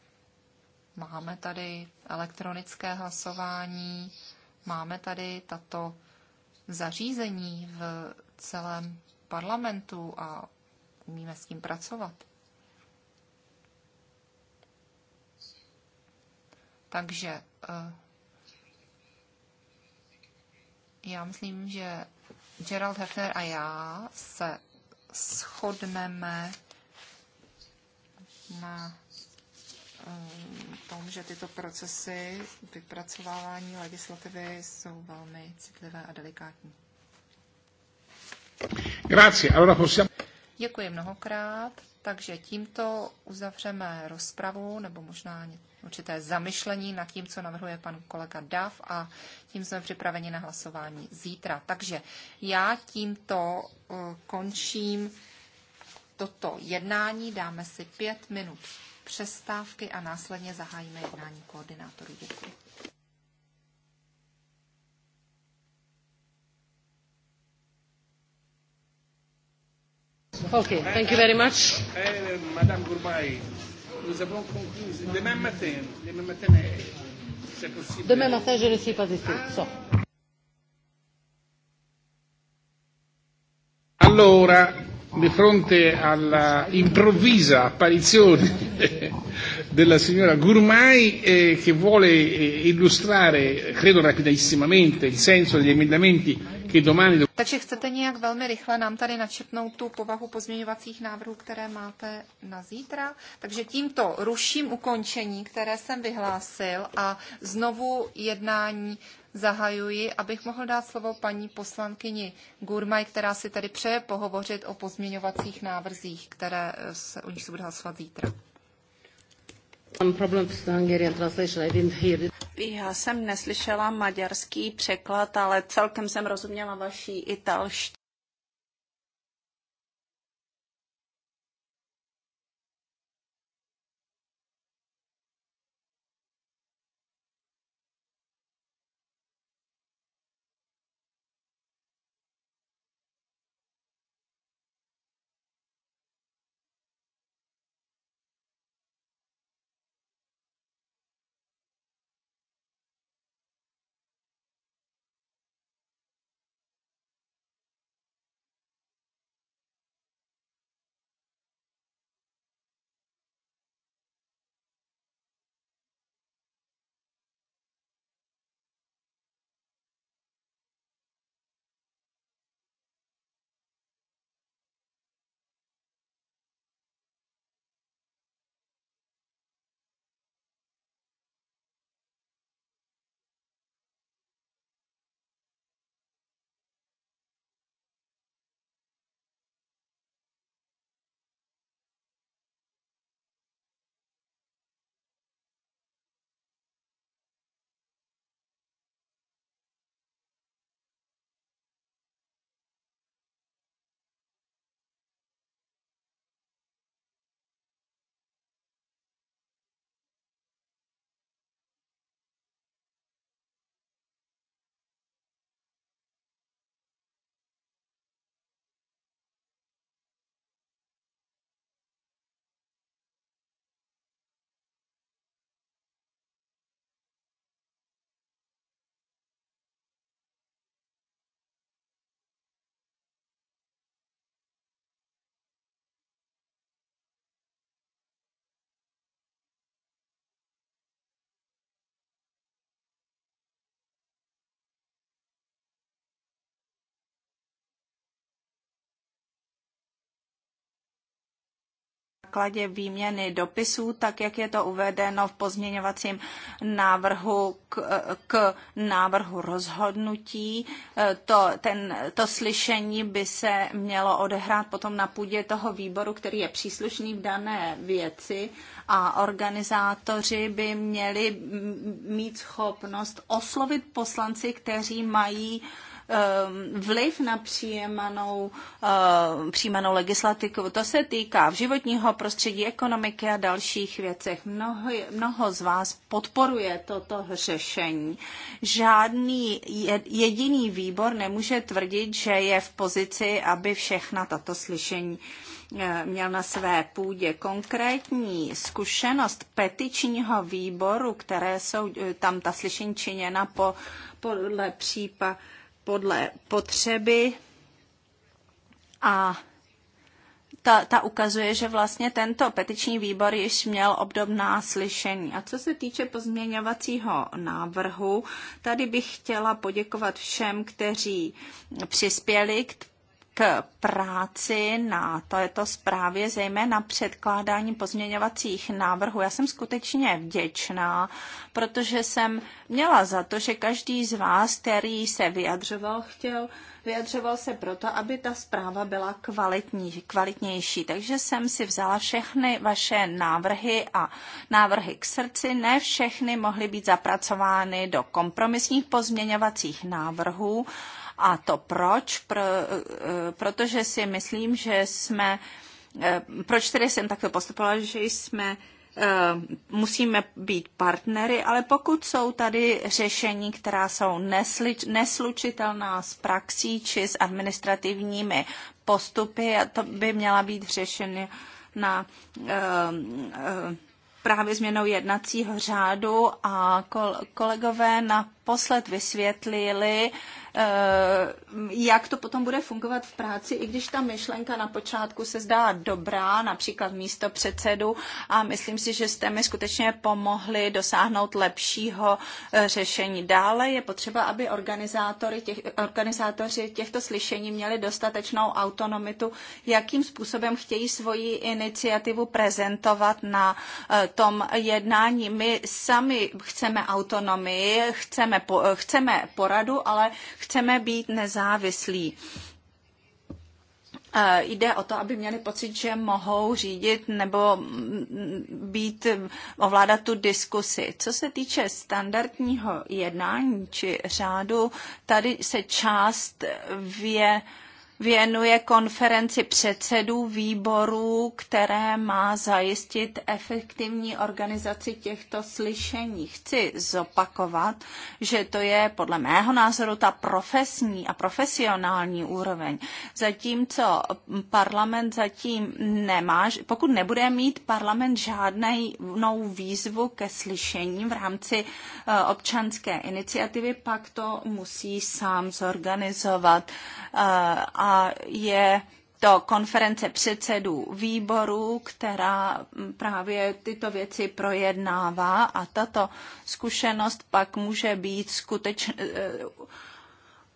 Máme tady elektronické hlasování, máme tady tato zařízení v celém parlamentu a umíme s tím pracovat. Takže eh, já myslím, že Gerald Hefner a já se shodneme na eh, tom, že tyto procesy vypracovávání legislativy jsou velmi citlivé a delikátní. Děkuji mnohokrát. Takže tímto uzavřeme rozpravu, nebo možná určité zamyšlení nad tím, co navrhuje pan kolega Dav a tím jsme připraveni na hlasování zítra. Takže já tímto eh, končím toto jednání, dáme si pět minut přestávky a následně zahájíme jednání koordinátorů. Děkuji. Okay, thank you very much. Eh, Madame Gourmay nous avons conclu demain matin. Demain matin, c'est possible. Demain matin, je ne suis pas ici. Ah. Sors. Allora, di fronte alla improvvisa apparizione della signora Gurmai eh, che vuole eh, illustrare, credo rapidissimamente, il senso degli emendamenti takže chcete nějak velmi rychle nám tady načetnout tu povahu pozměňovacích návrhů, které máte na zítra? Takže tímto ruším ukončení, které jsem vyhlásil a znovu jednání zahajuji, abych mohl dát slovo paní poslankyni Gurmaj, která si tady přeje pohovořit o pozměňovacích návrzích, které se, o nich se bude hlasovat zítra. Já jsem neslyšela maďarský překlad, ale celkem jsem rozuměla vaší italštině základě výměny dopisů, tak jak je to uvedeno v pozměňovacím návrhu k, k návrhu rozhodnutí. To, ten, to slyšení by se mělo odehrát potom na půdě toho výboru, který je příslušný v dané věci a organizátoři by měli mít schopnost oslovit poslanci, kteří mají uh, Eh, vliv na přijímanou, eh, přijímanou legislativu. To se týká v životního prostředí, ekonomiky a dalších věcech. Mnoho, mnoho z vás podporuje toto řešení. Žádný jediný výbor nemůže tvrdit, že je v pozici, aby všechna tato slyšení eh, měl na své půdě konkrétní zkušenost petičního výboru, které jsou tam ta slyšení činěna po, podle případu podle potřeby a ta, ta ukazuje, že vlastně tento petiční výbor již měl obdobná slyšení. A co se týče pozměňovacího návrhu, tady bych chtěla poděkovat všem, kteří přispěli k k práci na této zprávě, zejména předkládání pozměňovacích návrhů. Já jsem skutečně vděčná, protože jsem měla za to, že každý z vás, který se vyjadřoval, chtěl vyjadřoval se proto, aby ta zpráva byla kvalitní, kvalitnější. Takže jsem si vzala všechny vaše návrhy a návrhy k srdci. Ne všechny mohly být zapracovány do kompromisních pozměňovacích návrhů, a to proč? Pro, eh, protože si myslím, že jsme, eh, proč tedy jsem takto postupovala, že jsme eh, musíme být partnery, ale pokud jsou tady řešení, která jsou neslič, neslučitelná s praxí či s administrativními postupy, a to by měla být řešeny na právě změnou jednacího řádu a kolegové naposled vysvětlili, Eh, jak to potom bude fungovat v práci, i když ta myšlenka na počátku se zdá dobrá, například místo předsedu a myslím si, že jste mi skutečně pomohli dosáhnout lepšího eh, řešení. Dále je potřeba, aby organizátory těch, organizátoři těchto slyšení měli dostatečnou autonomitu, jakým způsobem chtějí svoji iniciativu prezentovat na eh, tom jednání. My sami chceme autonomii, chceme, po, chceme poradu, ale Chceme být nezávislí. Eh, jde o to, aby měli pocit, že mohou řídit nebo být, ovládat tu diskusi. Co se týče standardního jednání či řádu, tady se část vě, věnuje konferenci předsedů výborů, které má zajistit efektivní organizaci těchto slyšení. Chci zopakovat, že to je podle mého názoru ta profesní a profesionální úroveň. Zatímco parlament zatím nemá, pokud nebude mít parlament žádnou výzvu ke slyšení v rámci eh, občanské iniciativy, pak to musí sám zorganizovat eh, a je to konference předsedů výborů, která právě tyto věci projednává a tato zkušenost pak může být skutečně eh,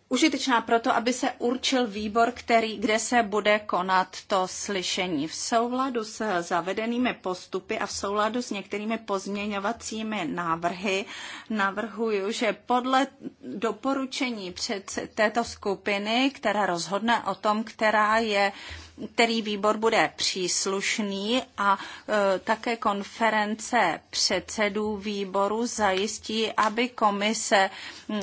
užitečná proto, aby se určil výbor, který, kde se bude konat to slyšení. V souladu s zavedenými postupy a v souladu s některými pozměňovacími návrhy navrhuju, že podle doporučení před této skupiny, která rozhodne o tom, která je uh, který výbor bude příslušný a e, také konference předsedů výboru zajistí, aby komise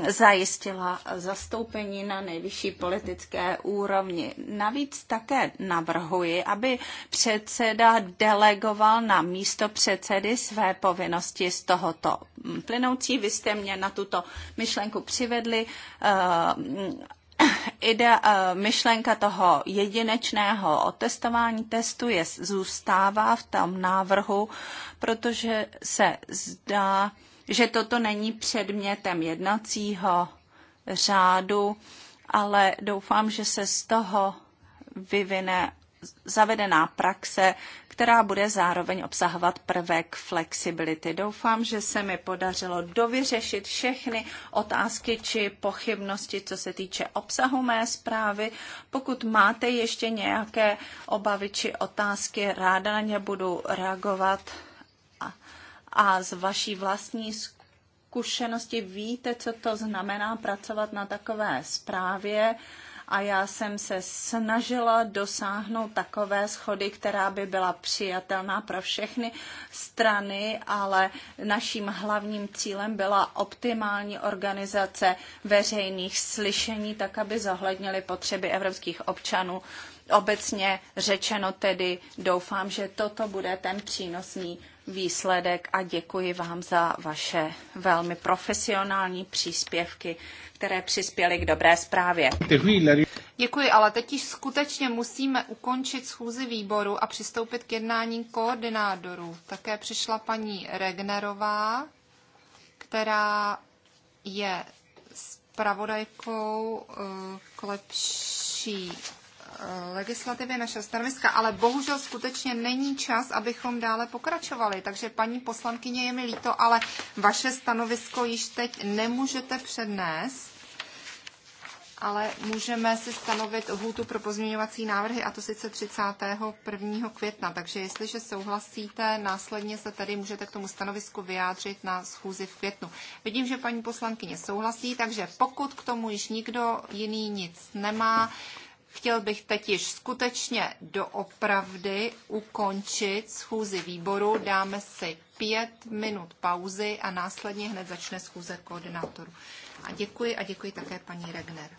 zajistila zastoupení na nejvyšší politické úrovni. Navíc také navrhuji, aby předseda delegoval na místo předsedy své povinnosti z tohoto plynoucí. Vy jste mě na tuto myšlenku přivedli e, ide, eh, myšlenka toho jedinečného otestování testu je, zůstává v tom návrhu, protože se zdá, že toto není předmětem jednacího řádu, ale doufám, že se z toho vyvine zavedená praxe, která bude zároveň obsahovat prvek flexibility. Doufám, že se mi podařilo dovyřešit všechny otázky či pochybnosti, co se týče obsahu mé zprávy. Pokud máte ještě nějaké obavy či otázky, ráda na ně budu reagovat a, a z vaší vlastní zkušenosti víte, co to znamená pracovat na takové zprávě a já jsem se snažila dosáhnout takové schody, která by byla přijatelná pro všechny strany, ale naším hlavním cílem byla optimální organizace veřejných slyšení, tak aby zohlednili potřeby evropských občanů obecně řečeno tedy doufám, že toto bude ten přínosný výsledek a děkuji vám za vaše velmi profesionální příspěvky, které přispěly k dobré zprávě. Děkuji, ale teď již skutečně musíme ukončit schůzi výboru a přistoupit k jednání koordinátorů. Také přišla paní Regnerová, která je spravodajkou eh, k lepší legislativy, naše stanoviska, ale bohužel skutečně není čas, abychom dále pokračovali. Takže paní poslankyně, je mi líto, ale vaše stanovisko již teď nemůžete přednést, ale můžeme si stanovit hůtu pro pozměňovací návrhy, a to sice 31. května. Takže jestliže souhlasíte, následně se tady můžete k tomu stanovisku vyjádřit na schůzi v květnu. Vidím, že paní poslankyně souhlasí, takže pokud k tomu již nikdo jiný nic nemá, Chtěl bych teď již skutečně doopravdy ukončit schůzi výboru. Dáme si pět minut pauzy a následně hned začne schůze koordinátorů. A děkuji a děkuji také paní Regner.